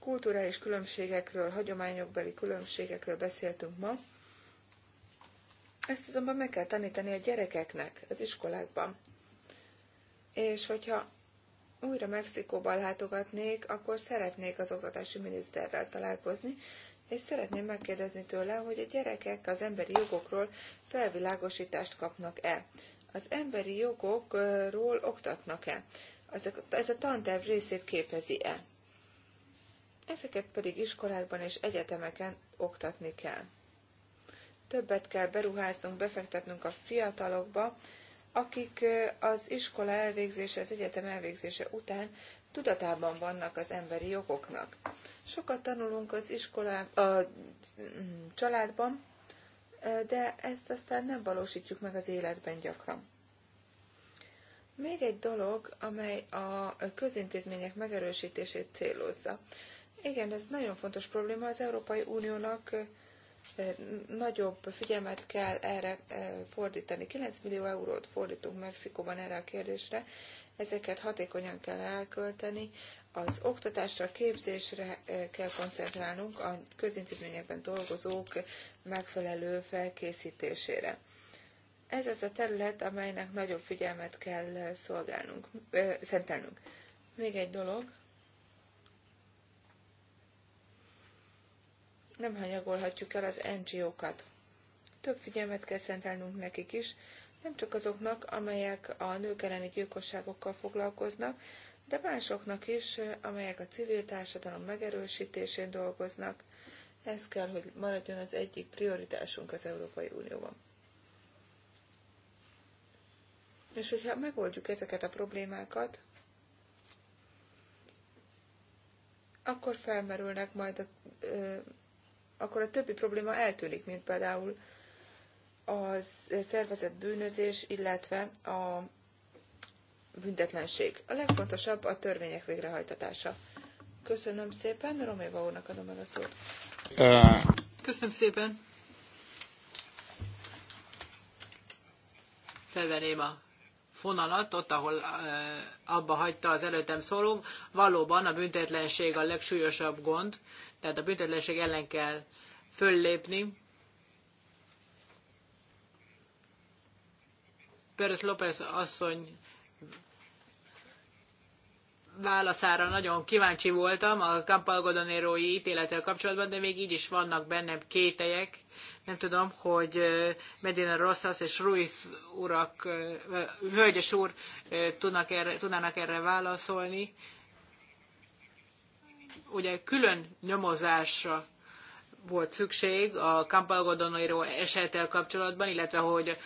Kulturális különbségekről, hagyományokbeli különbségekről beszéltünk ma. Ezt azonban meg kell tanítani a gyerekeknek az iskolákban. És hogyha újra Mexikóban látogatnék, akkor szeretnék az oktatási miniszterrel találkozni, és szeretném megkérdezni tőle, hogy a gyerekek az emberi jogokról felvilágosítást kapnak-e. Az emberi jogokról oktatnak-e? Ez a tanterv részét képezi-e? Ezeket pedig iskolákban és egyetemeken oktatni kell. Többet kell beruháznunk, befektetnünk a fiatalokba, akik az iskola elvégzése, az egyetem elvégzése után tudatában vannak az emberi jogoknak. Sokat tanulunk az iskola, a mm, családban, de ezt aztán nem valósítjuk meg az életben gyakran. Még egy dolog, amely a közintézmények megerősítését célozza. Igen, ez nagyon fontos probléma. Az Európai Uniónak nagyobb figyelmet kell erre fordítani. 9 millió eurót fordítunk Mexikóban erre a kérdésre. Ezeket hatékonyan kell elkölteni. Az oktatásra, képzésre kell koncentrálnunk, a közintézményekben dolgozók megfelelő felkészítésére. Ez az a terület, amelynek nagyobb figyelmet kell szolgálnunk, ö, szentelnünk. Még egy dolog. Nem hanyagolhatjuk el az NGO-kat. Több figyelmet kell szentelnünk nekik is, nem csak azoknak, amelyek a nők elleni gyilkosságokkal foglalkoznak, de másoknak is, amelyek a civil társadalom megerősítésén dolgoznak, ez kell, hogy maradjon az egyik prioritásunk az Európai Unióban. És hogyha megoldjuk ezeket a problémákat, akkor felmerülnek majd a, ö, akkor a többi probléma eltűnik, mint például a szervezett bűnözés, illetve a büntetlenség. A legfontosabb a törvények végrehajtatása. Köszönöm szépen, Roméva úrnak adom el a szót. Köszönöm szépen. Felveném a fonalat, ott, ahol eh, abba hagyta az előttem szóló. Valóban a büntetlenség a legsúlyosabb gond, tehát a büntetlenség ellen kell föllépni. Pérez López asszony válaszára nagyon kíváncsi voltam a Campalgodonérói ítélettel kapcsolatban, de még így is vannak bennem kételyek. Nem tudom, hogy Medina Rossas és Ruiz urak, hölgyes úr tudnak erre, tudnának erre válaszolni. Ugye külön nyomozásra volt szükség a Campalgodonero esettel kapcsolatban, illetve hogy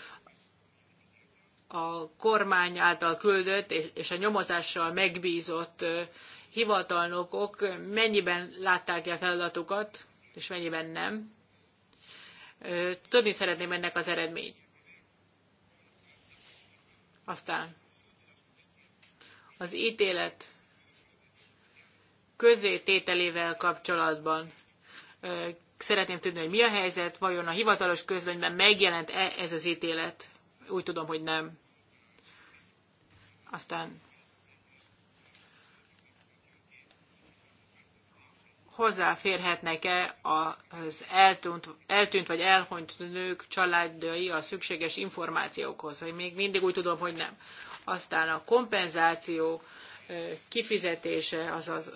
a kormány által küldött és a nyomozással megbízott hivatalnokok mennyiben látták el feladatukat, és mennyiben nem. Tudni szeretném ennek az eredményt. Aztán az ítélet közétételével kapcsolatban szeretném tudni, hogy mi a helyzet, vajon a hivatalos közlönyben megjelent-e ez az ítélet. Úgy tudom, hogy nem. Aztán hozzáférhetnek-e az eltűnt, eltűnt vagy elhunyt nők családjai a szükséges információkhoz. Én még mindig úgy tudom, hogy nem. Aztán a kompenzáció kifizetése, azaz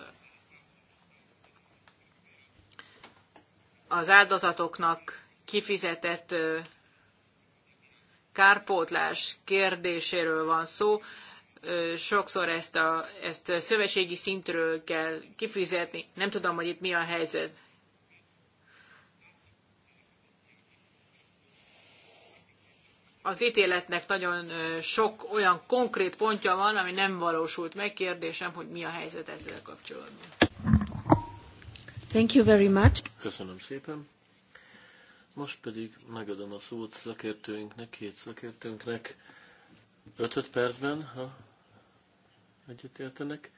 az áldozatoknak kifizetett kárpótlás kérdéséről van szó. Sokszor ezt a, ezt a szövetségi szintről kell kifizetni. Nem tudom, hogy itt mi a helyzet. Az ítéletnek nagyon sok olyan konkrét pontja van, ami nem valósult meg. Kérdésem, hogy mi a helyzet ezzel kapcsolatban. Thank you very much. Köszönöm szépen. Most pedig megadom a szót szakértőinknek, két szakértőnknek, 5 percben, ha egyetértenek.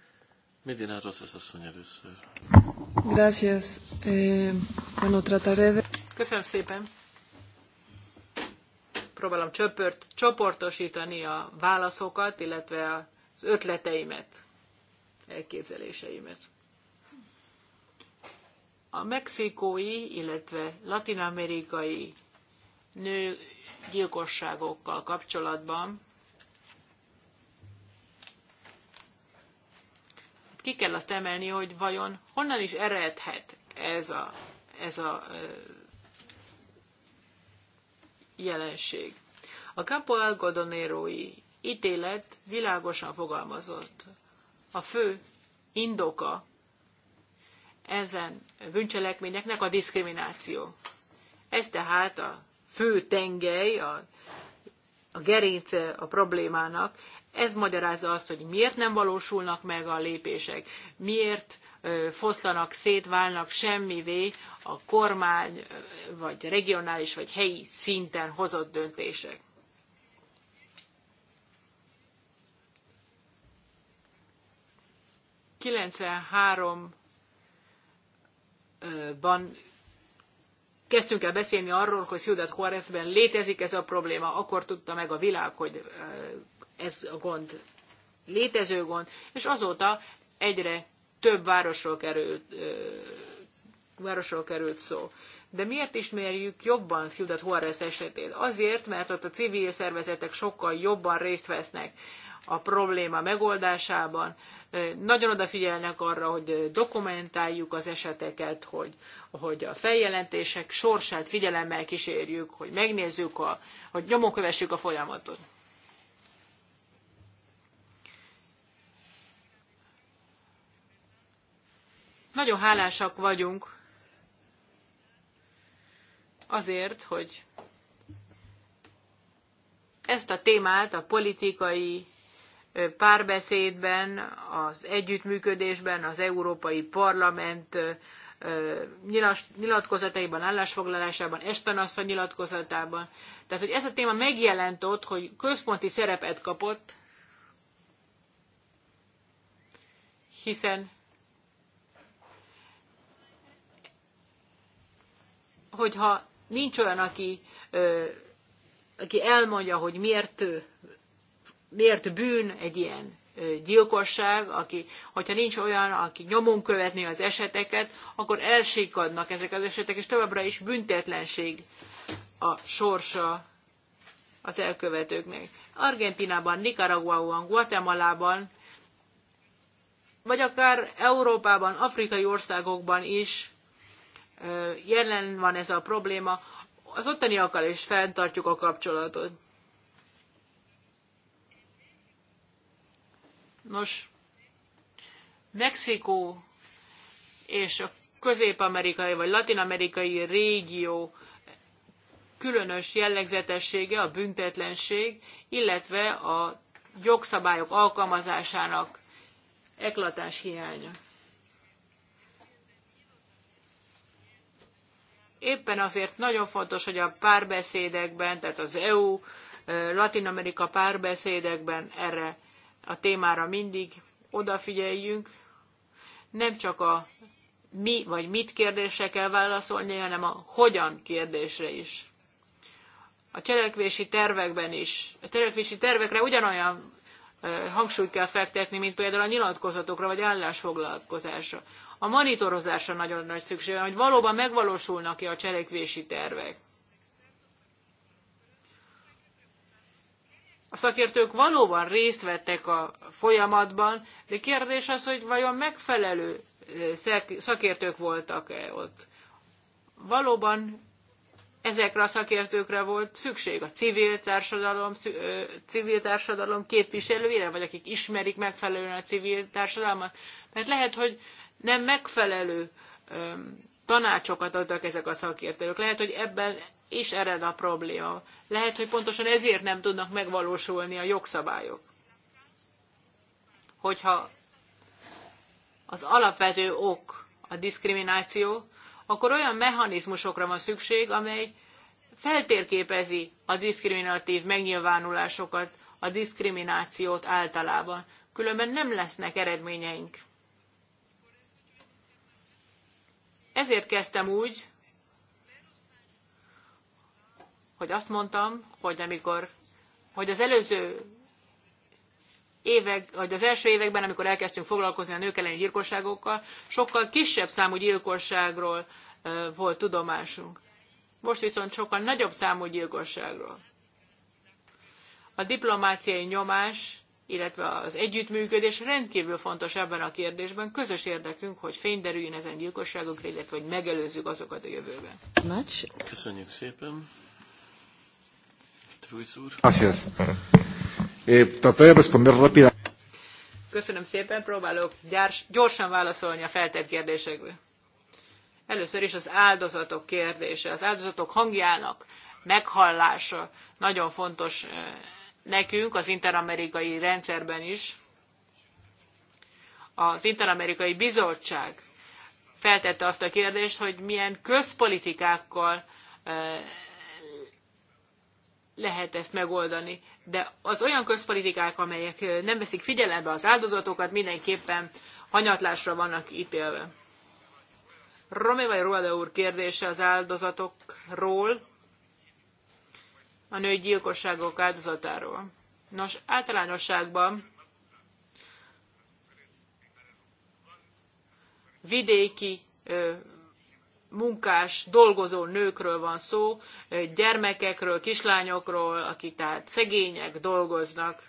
Medina Rosas asszony először. Gracias. Eh, bueno, trataré de... Köszönöm szépen. Próbálom csöpört, csoportosítani a válaszokat, illetve az ötleteimet, elképzeléseimet. A mexikói, illetve latinamerikai nőgyilkosságokkal kapcsolatban ki kell azt emelni, hogy vajon honnan is eredhet ez a, ez a jelenség. A Capo Algodonerói ítélet világosan fogalmazott. A fő indoka ezen bűncselekményeknek a diszkrimináció. Ez tehát a fő tengely, a, a gerince a problémának. Ez magyarázza azt, hogy miért nem valósulnak meg a lépések, miért foszlanak, szétválnak semmivé a kormány, vagy regionális, vagy helyi szinten hozott döntések. Kilencvenhárom ban kezdtünk el beszélni arról, hogy Ciudad Juárezben létezik ez a probléma, akkor tudta meg a világ, hogy eh, ez a gond létező gond, és azóta egyre több városról került, eh, városról került szó. De miért ismerjük jobban Ciudad Juarez esetét? Azért, mert ott a civil szervezetek sokkal jobban részt vesznek a probléma megoldásában. Nagyon odafigyelnek arra, hogy dokumentáljuk az eseteket, hogy, hogy a feljelentések sorsát figyelemmel kísérjük, hogy megnézzük, a, hogy nyomon kövessük a folyamatot. Nagyon hálásak vagyunk azért, hogy ezt a témát a politikai párbeszédben, az együttműködésben, az Európai Parlament nyilatkozataiban, állásfoglalásában, Espen asszony nyilatkozatában. Tehát, hogy ez a téma megjelent ott, hogy központi szerepet kapott, hiszen hogyha nincs olyan, aki, aki elmondja, hogy miért ő miért bűn egy ilyen gyilkosság, aki, hogyha nincs olyan, aki nyomon követni az eseteket, akkor elsikadnak ezek az esetek, és továbbra is büntetlenség a sorsa az elkövetőknek. Argentinában, Nicaraguaban, Guatemalában, vagy akár Európában, afrikai országokban is jelen van ez a probléma, az ottaniakkal is fenntartjuk a kapcsolatot. Nos, Mexikó és a közép-amerikai vagy latin-amerikai régió különös jellegzetessége a büntetlenség, illetve a jogszabályok alkalmazásának eklatás hiánya. Éppen azért nagyon fontos, hogy a párbeszédekben, tehát az EU, Latin Amerika párbeszédekben erre a témára mindig odafigyeljünk, nem csak a mi vagy mit kérdésre kell válaszolni, hanem a hogyan kérdésre is. A cselekvési tervekben is. A cselekvési tervekre ugyanolyan hangsúlyt kell fektetni, mint például a nyilatkozatokra vagy állásfoglalkozásra. A monitorozásra nagyon nagy szükség, van, hogy valóban megvalósulnak-e a cselekvési tervek. A szakértők valóban részt vettek a folyamatban, de kérdés az, hogy vajon megfelelő szakértők voltak -e ott. Valóban ezekre a szakértőkre volt szükség, a civil társadalom, civil társadalom képviselőire, vagy akik ismerik megfelelően a civil társadalmat. Mert lehet, hogy nem megfelelő tanácsokat adtak ezek a szakértők. Lehet, hogy ebben és ered a probléma. Lehet, hogy pontosan ezért nem tudnak megvalósulni a jogszabályok. Hogyha az alapvető ok a diszkrimináció, akkor olyan mechanizmusokra van szükség, amely feltérképezi a diszkriminatív megnyilvánulásokat, a diszkriminációt általában. Különben nem lesznek eredményeink. Ezért kezdtem úgy, hogy azt mondtam, hogy amikor, hogy az előző évek, vagy az első években, amikor elkezdtünk foglalkozni a nők elleni gyilkosságokkal, sokkal kisebb számú gyilkosságról volt tudomásunk. Most viszont sokkal nagyobb számú gyilkosságról. A diplomáciai nyomás, illetve az együttműködés rendkívül fontos ebben a kérdésben. Közös érdekünk, hogy fényderüljön ezen gyilkosságokra, illetve hogy megelőzzük azokat a jövőben. Köszönjük szépen! Eh, Köszönöm szépen, próbálok gyárs, gyorsan válaszolni a feltett kérdésekre. Először is az áldozatok kérdése, az áldozatok hangjának meghallása nagyon fontos eh, nekünk az interamerikai rendszerben is. Az interamerikai bizottság feltette azt a kérdést, hogy milyen közpolitikákkal eh, lehet ezt megoldani. De az olyan közpolitikák, amelyek nem veszik figyelembe az áldozatokat, mindenképpen hanyatlásra vannak ítélve. Romeva Ruada úr kérdése az áldozatokról, a női gyilkosságok áldozatáról. Nos, általánosságban vidéki munkás, dolgozó nőkről van szó, gyermekekről, kislányokról, akik tehát szegények, dolgoznak.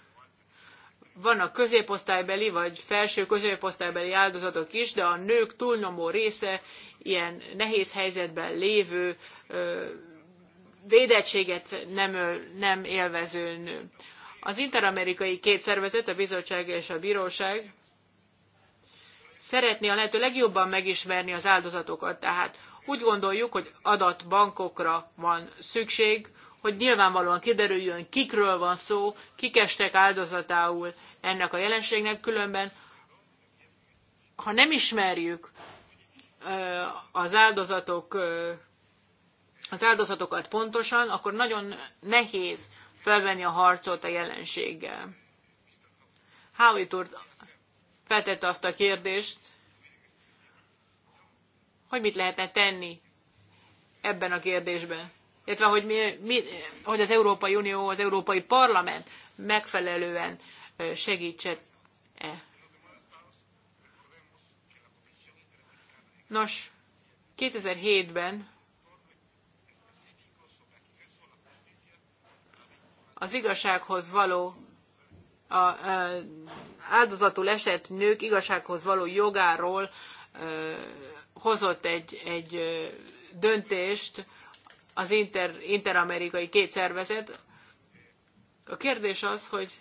Vannak középosztálybeli vagy felső középosztálybeli áldozatok is, de a nők túlnyomó része ilyen nehéz helyzetben lévő védettséget nem, nem élvező nő. Az interamerikai két szervezet, a bizottság és a bíróság szeretné a lehető legjobban megismerni az áldozatokat, tehát úgy gondoljuk, hogy adatbankokra van szükség, hogy nyilvánvalóan kiderüljön, kikről van szó, kik estek áldozatául ennek a jelenségnek, különben ha nem ismerjük az áldozatok az áldozatokat pontosan, akkor nagyon nehéz felvenni a harcot a jelenséggel. Howitt úr feltette azt a kérdést, hogy mit lehetne tenni ebben a kérdésben. Illetve, hogy, mi, mi, hogy az Európai Unió, az Európai Parlament megfelelően segítsen -e. Nos, 2007-ben az igazsághoz való a, a, áldozatul esett nők igazsághoz való jogáról hozott egy, egy döntést az inter, interamerikai két szervezet. A kérdés az, hogy,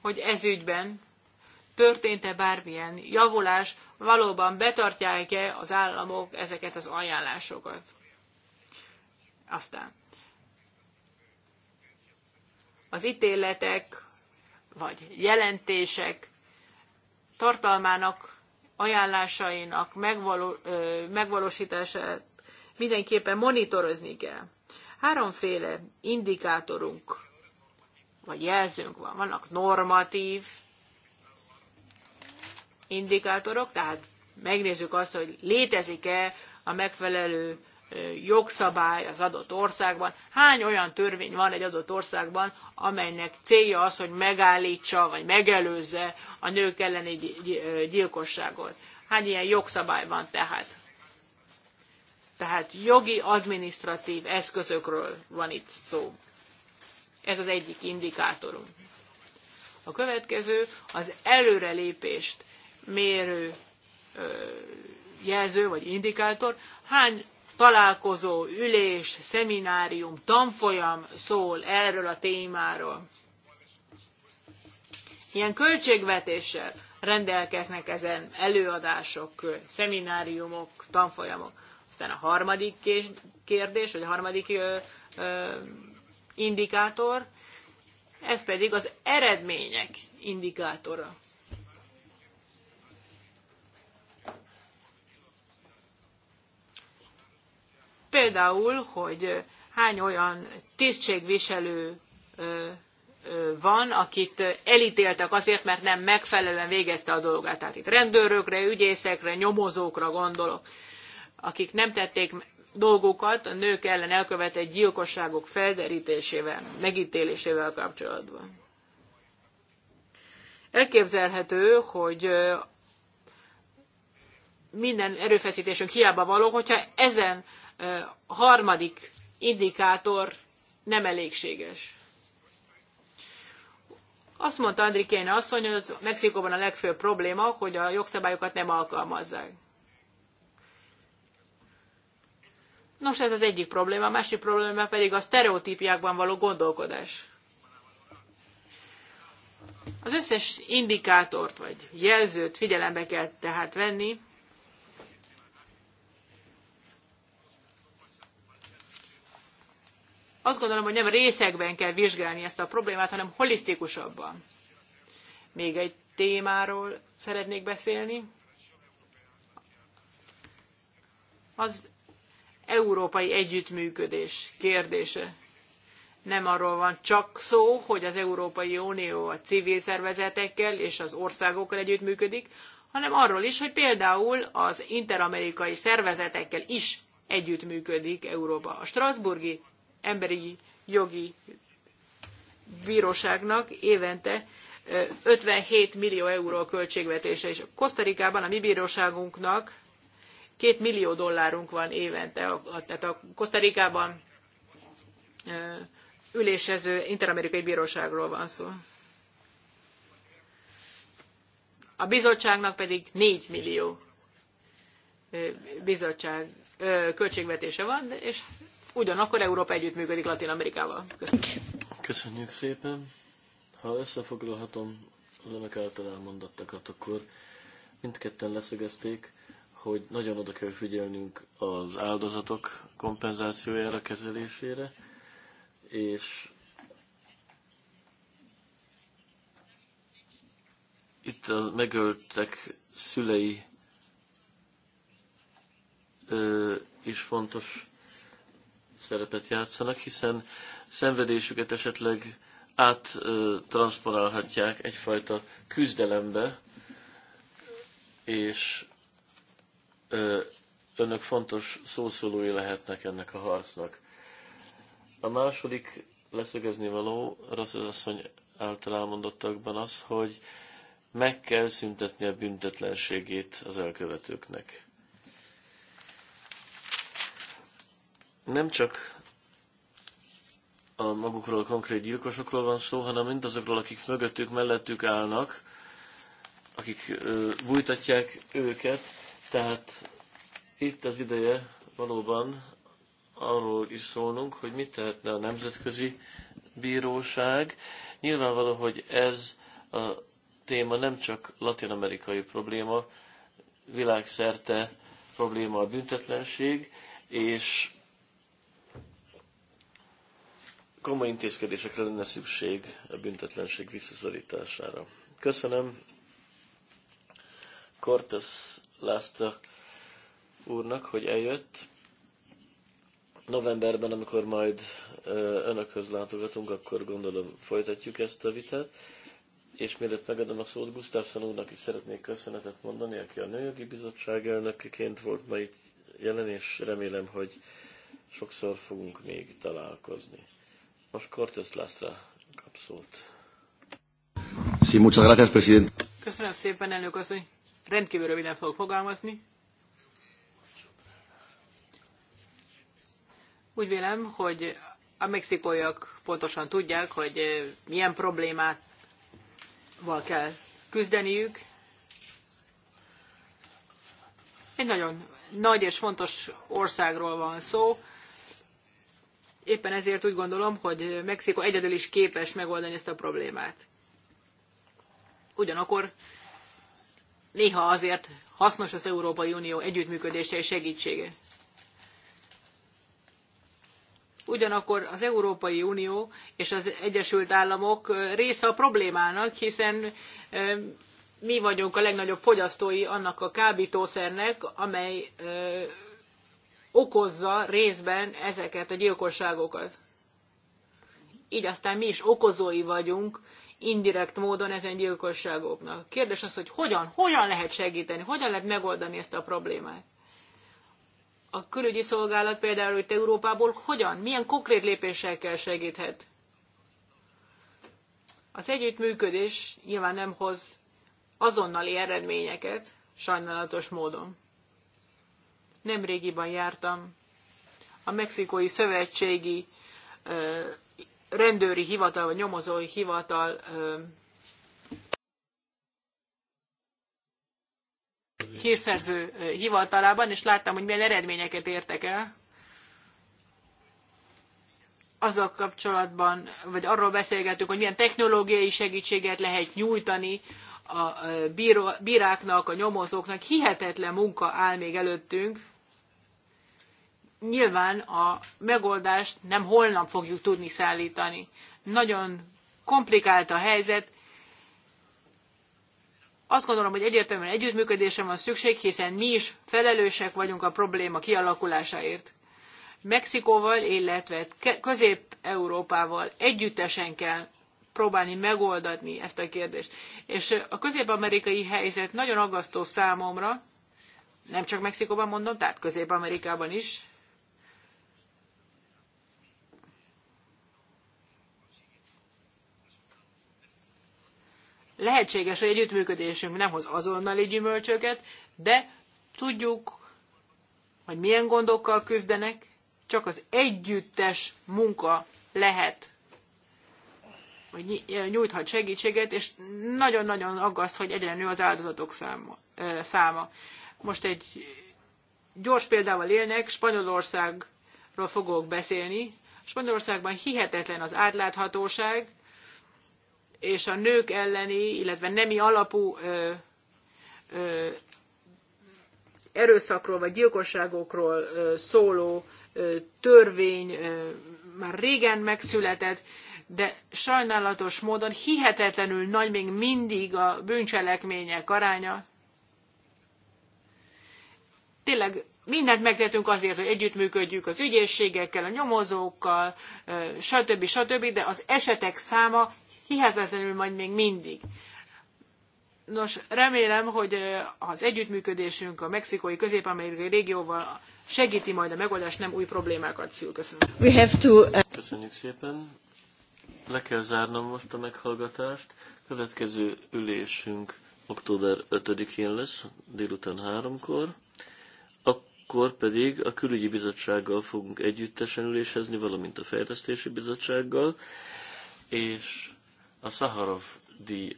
hogy ez ügyben történt-e bármilyen javulás, valóban betartják-e az államok ezeket az ajánlásokat. Aztán az ítéletek vagy jelentések tartalmának ajánlásainak megvaló, megvalósítását mindenképpen monitorozni kell. Háromféle indikátorunk vagy jelzőnk van. Vannak normatív indikátorok, tehát megnézzük azt, hogy létezik-e a megfelelő jogszabály az adott országban, hány olyan törvény van egy adott országban, amelynek célja az, hogy megállítsa vagy megelőzze a nők elleni gyilkosságot. Hány ilyen jogszabály van tehát? Tehát jogi, adminisztratív eszközökről van itt szó. Ez az egyik indikátorunk. A következő az előrelépést mérő jelző vagy indikátor. Hány találkozó, ülés, szeminárium, tanfolyam szól erről a témáról. Ilyen költségvetéssel rendelkeznek ezen előadások, szemináriumok, tanfolyamok. Aztán a harmadik kérdés, vagy a harmadik ö, ö, indikátor, ez pedig az eredmények indikátora. Például, hogy hány olyan tisztségviselő van, akit elítéltek azért, mert nem megfelelően végezte a dolgát. Tehát itt rendőrökre, ügyészekre, nyomozókra gondolok, akik nem tették dolgokat a nők ellen elkövetett gyilkosságok felderítésével, megítélésével kapcsolatban. Elképzelhető, hogy minden erőfeszítésünk hiába való, hogyha ezen harmadik indikátor nem elégséges. Azt mondta Andrikén asszony, hogy Mexikóban a legfőbb probléma, hogy a jogszabályokat nem alkalmazzák. Nos, ez az egyik probléma, a másik probléma pedig a sztereotípiákban való gondolkodás. Az összes indikátort vagy jelzőt figyelembe kell tehát venni, azt gondolom, hogy nem részekben kell vizsgálni ezt a problémát, hanem holisztikusabban. Még egy témáról szeretnék beszélni. Az európai együttműködés kérdése. Nem arról van csak szó, hogy az Európai Unió a civil szervezetekkel és az országokkal együttműködik, hanem arról is, hogy például az interamerikai szervezetekkel is együttműködik Európa. A Strasburgi emberi jogi bíróságnak évente 57 millió euró a költségvetése, és Kosztarikában a mi bíróságunknak 2 millió dollárunk van évente. Tehát a Kosztarikában ülésező interamerikai bíróságról van szó. A bizottságnak pedig 4 millió bizottság költségvetése van, és ugyanakkor Európa együttműködik Latin Amerikával. Köszönjük. Köszönjük szépen. Ha összefoglalhatom az önök által elmondottakat, akkor mindketten leszögezték, hogy nagyon oda kell figyelnünk az áldozatok kompenzációjára, kezelésére, és itt a megöltek szülei ö, is fontos szerepet játszanak, hiszen szenvedésüket esetleg áttranszponálhatják egyfajta küzdelembe, és önök fontos szószólói lehetnek ennek a harcnak. A második leszögezni való, Rasszony asszony által elmondottakban az, hogy meg kell szüntetni a büntetlenségét az elkövetőknek. nem csak a magukról a konkrét gyilkosokról van szó, hanem mindazokról, akik mögöttük, mellettük állnak, akik ö, bújtatják őket. Tehát itt az ideje valóban arról is szólnunk, hogy mit tehetne a Nemzetközi Bíróság. Nyilvánvaló, hogy ez a téma nem csak latin-amerikai probléma, világszerte probléma a büntetlenség, és komoly intézkedésekre lenne szükség a büntetlenség visszaszorítására. Köszönöm Cortes László úrnak, hogy eljött. Novemberben, amikor majd önökhöz látogatunk, akkor gondolom folytatjuk ezt a vitát. És mielőtt megadom a szót, Gustafsson úrnak is szeretnék köszönetet mondani, aki a Nőjogi Bizottság elnökeként volt ma itt jelen, és remélem, hogy sokszor fogunk még találkozni. Most Cortes Lastra kap szót. Sí, muchas gracias, president. Köszönöm szépen, elnök asszony. Rendkívül röviden fogok fogalmazni. Úgy vélem, hogy a mexikóiak pontosan tudják, hogy eh, milyen problémával kell küzdeniük. Egy nagyon nagy és fontos országról van szó, Éppen ezért úgy gondolom, hogy Mexikó egyedül is képes megoldani ezt a problémát. Ugyanakkor néha azért hasznos az Európai Unió együttműködése és segítsége. Ugyanakkor az Európai Unió és az Egyesült Államok része a problémának, hiszen mi vagyunk a legnagyobb fogyasztói annak a kábítószernek, amely okozza részben ezeket a gyilkosságokat. Így aztán mi is okozói vagyunk indirekt módon ezen gyilkosságoknak. Kérdés az, hogy hogyan, hogyan lehet segíteni, hogyan lehet megoldani ezt a problémát. A külügyi szolgálat például itt Európából hogyan, milyen konkrét lépésekkel segíthet? Az együttműködés nyilván nem hoz azonnali eredményeket, sajnálatos módon. Nemrégiban jártam a Mexikói Szövetségi Rendőri Hivatal, vagy Nyomozói Hivatal hírszerző hivatalában, és láttam, hogy milyen eredményeket értek el. Azzal kapcsolatban, vagy arról beszélgettük, hogy milyen technológiai segítséget lehet nyújtani a bíró, bíráknak, a nyomozóknak. Hihetetlen munka áll még előttünk nyilván a megoldást nem holnap fogjuk tudni szállítani. Nagyon komplikált a helyzet. Azt gondolom, hogy egyértelműen együttműködésre van szükség, hiszen mi is felelősek vagyunk a probléma kialakulásáért. Mexikóval, illetve Közép-Európával együttesen kell próbálni megoldatni ezt a kérdést. És a közép-amerikai helyzet nagyon aggasztó számomra, nem csak Mexikóban mondom, tehát Közép-Amerikában is, Lehetséges, hogy együttműködésünk nem hoz azonnali gyümölcsöket, de tudjuk, hogy milyen gondokkal küzdenek, csak az együttes munka lehet, hogy nyújthat segítséget, és nagyon-nagyon aggaszt, hogy egyre nő az áldozatok száma. száma. Most egy gyors példával élnek, Spanyolországról fogok beszélni. Spanyolországban hihetetlen az átláthatóság, és a nők elleni, illetve nemi alapú ö, ö, erőszakról vagy gyilkosságokról ö, szóló ö, törvény ö, már régen megszületett, de sajnálatos módon hihetetlenül nagy még mindig a bűncselekmények aránya. Tényleg mindent megtettünk azért, hogy együttműködjük az ügyészségekkel, a nyomozókkal, stb. stb., de az esetek száma hihetetlenül majd még mindig. Nos, remélem, hogy az együttműködésünk a mexikói közép-amerikai régióval segíti majd a megoldást, nem új problémákat szül. Köszönöm. We have to, uh, Köszönjük szépen. Le kell zárnom most a meghallgatást. Következő ülésünk október 5-én lesz, délután 3-kor. Akkor pedig a külügyi bizottsággal fogunk együttesen ülésezni, valamint a fejlesztési bizottsággal, és a Szaharov díj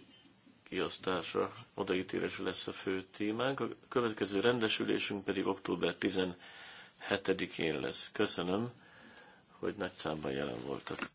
kiosztása odaítélése lesz a fő témánk. A következő rendesülésünk pedig október 17-én lesz. Köszönöm, hogy nagy számban jelen voltak.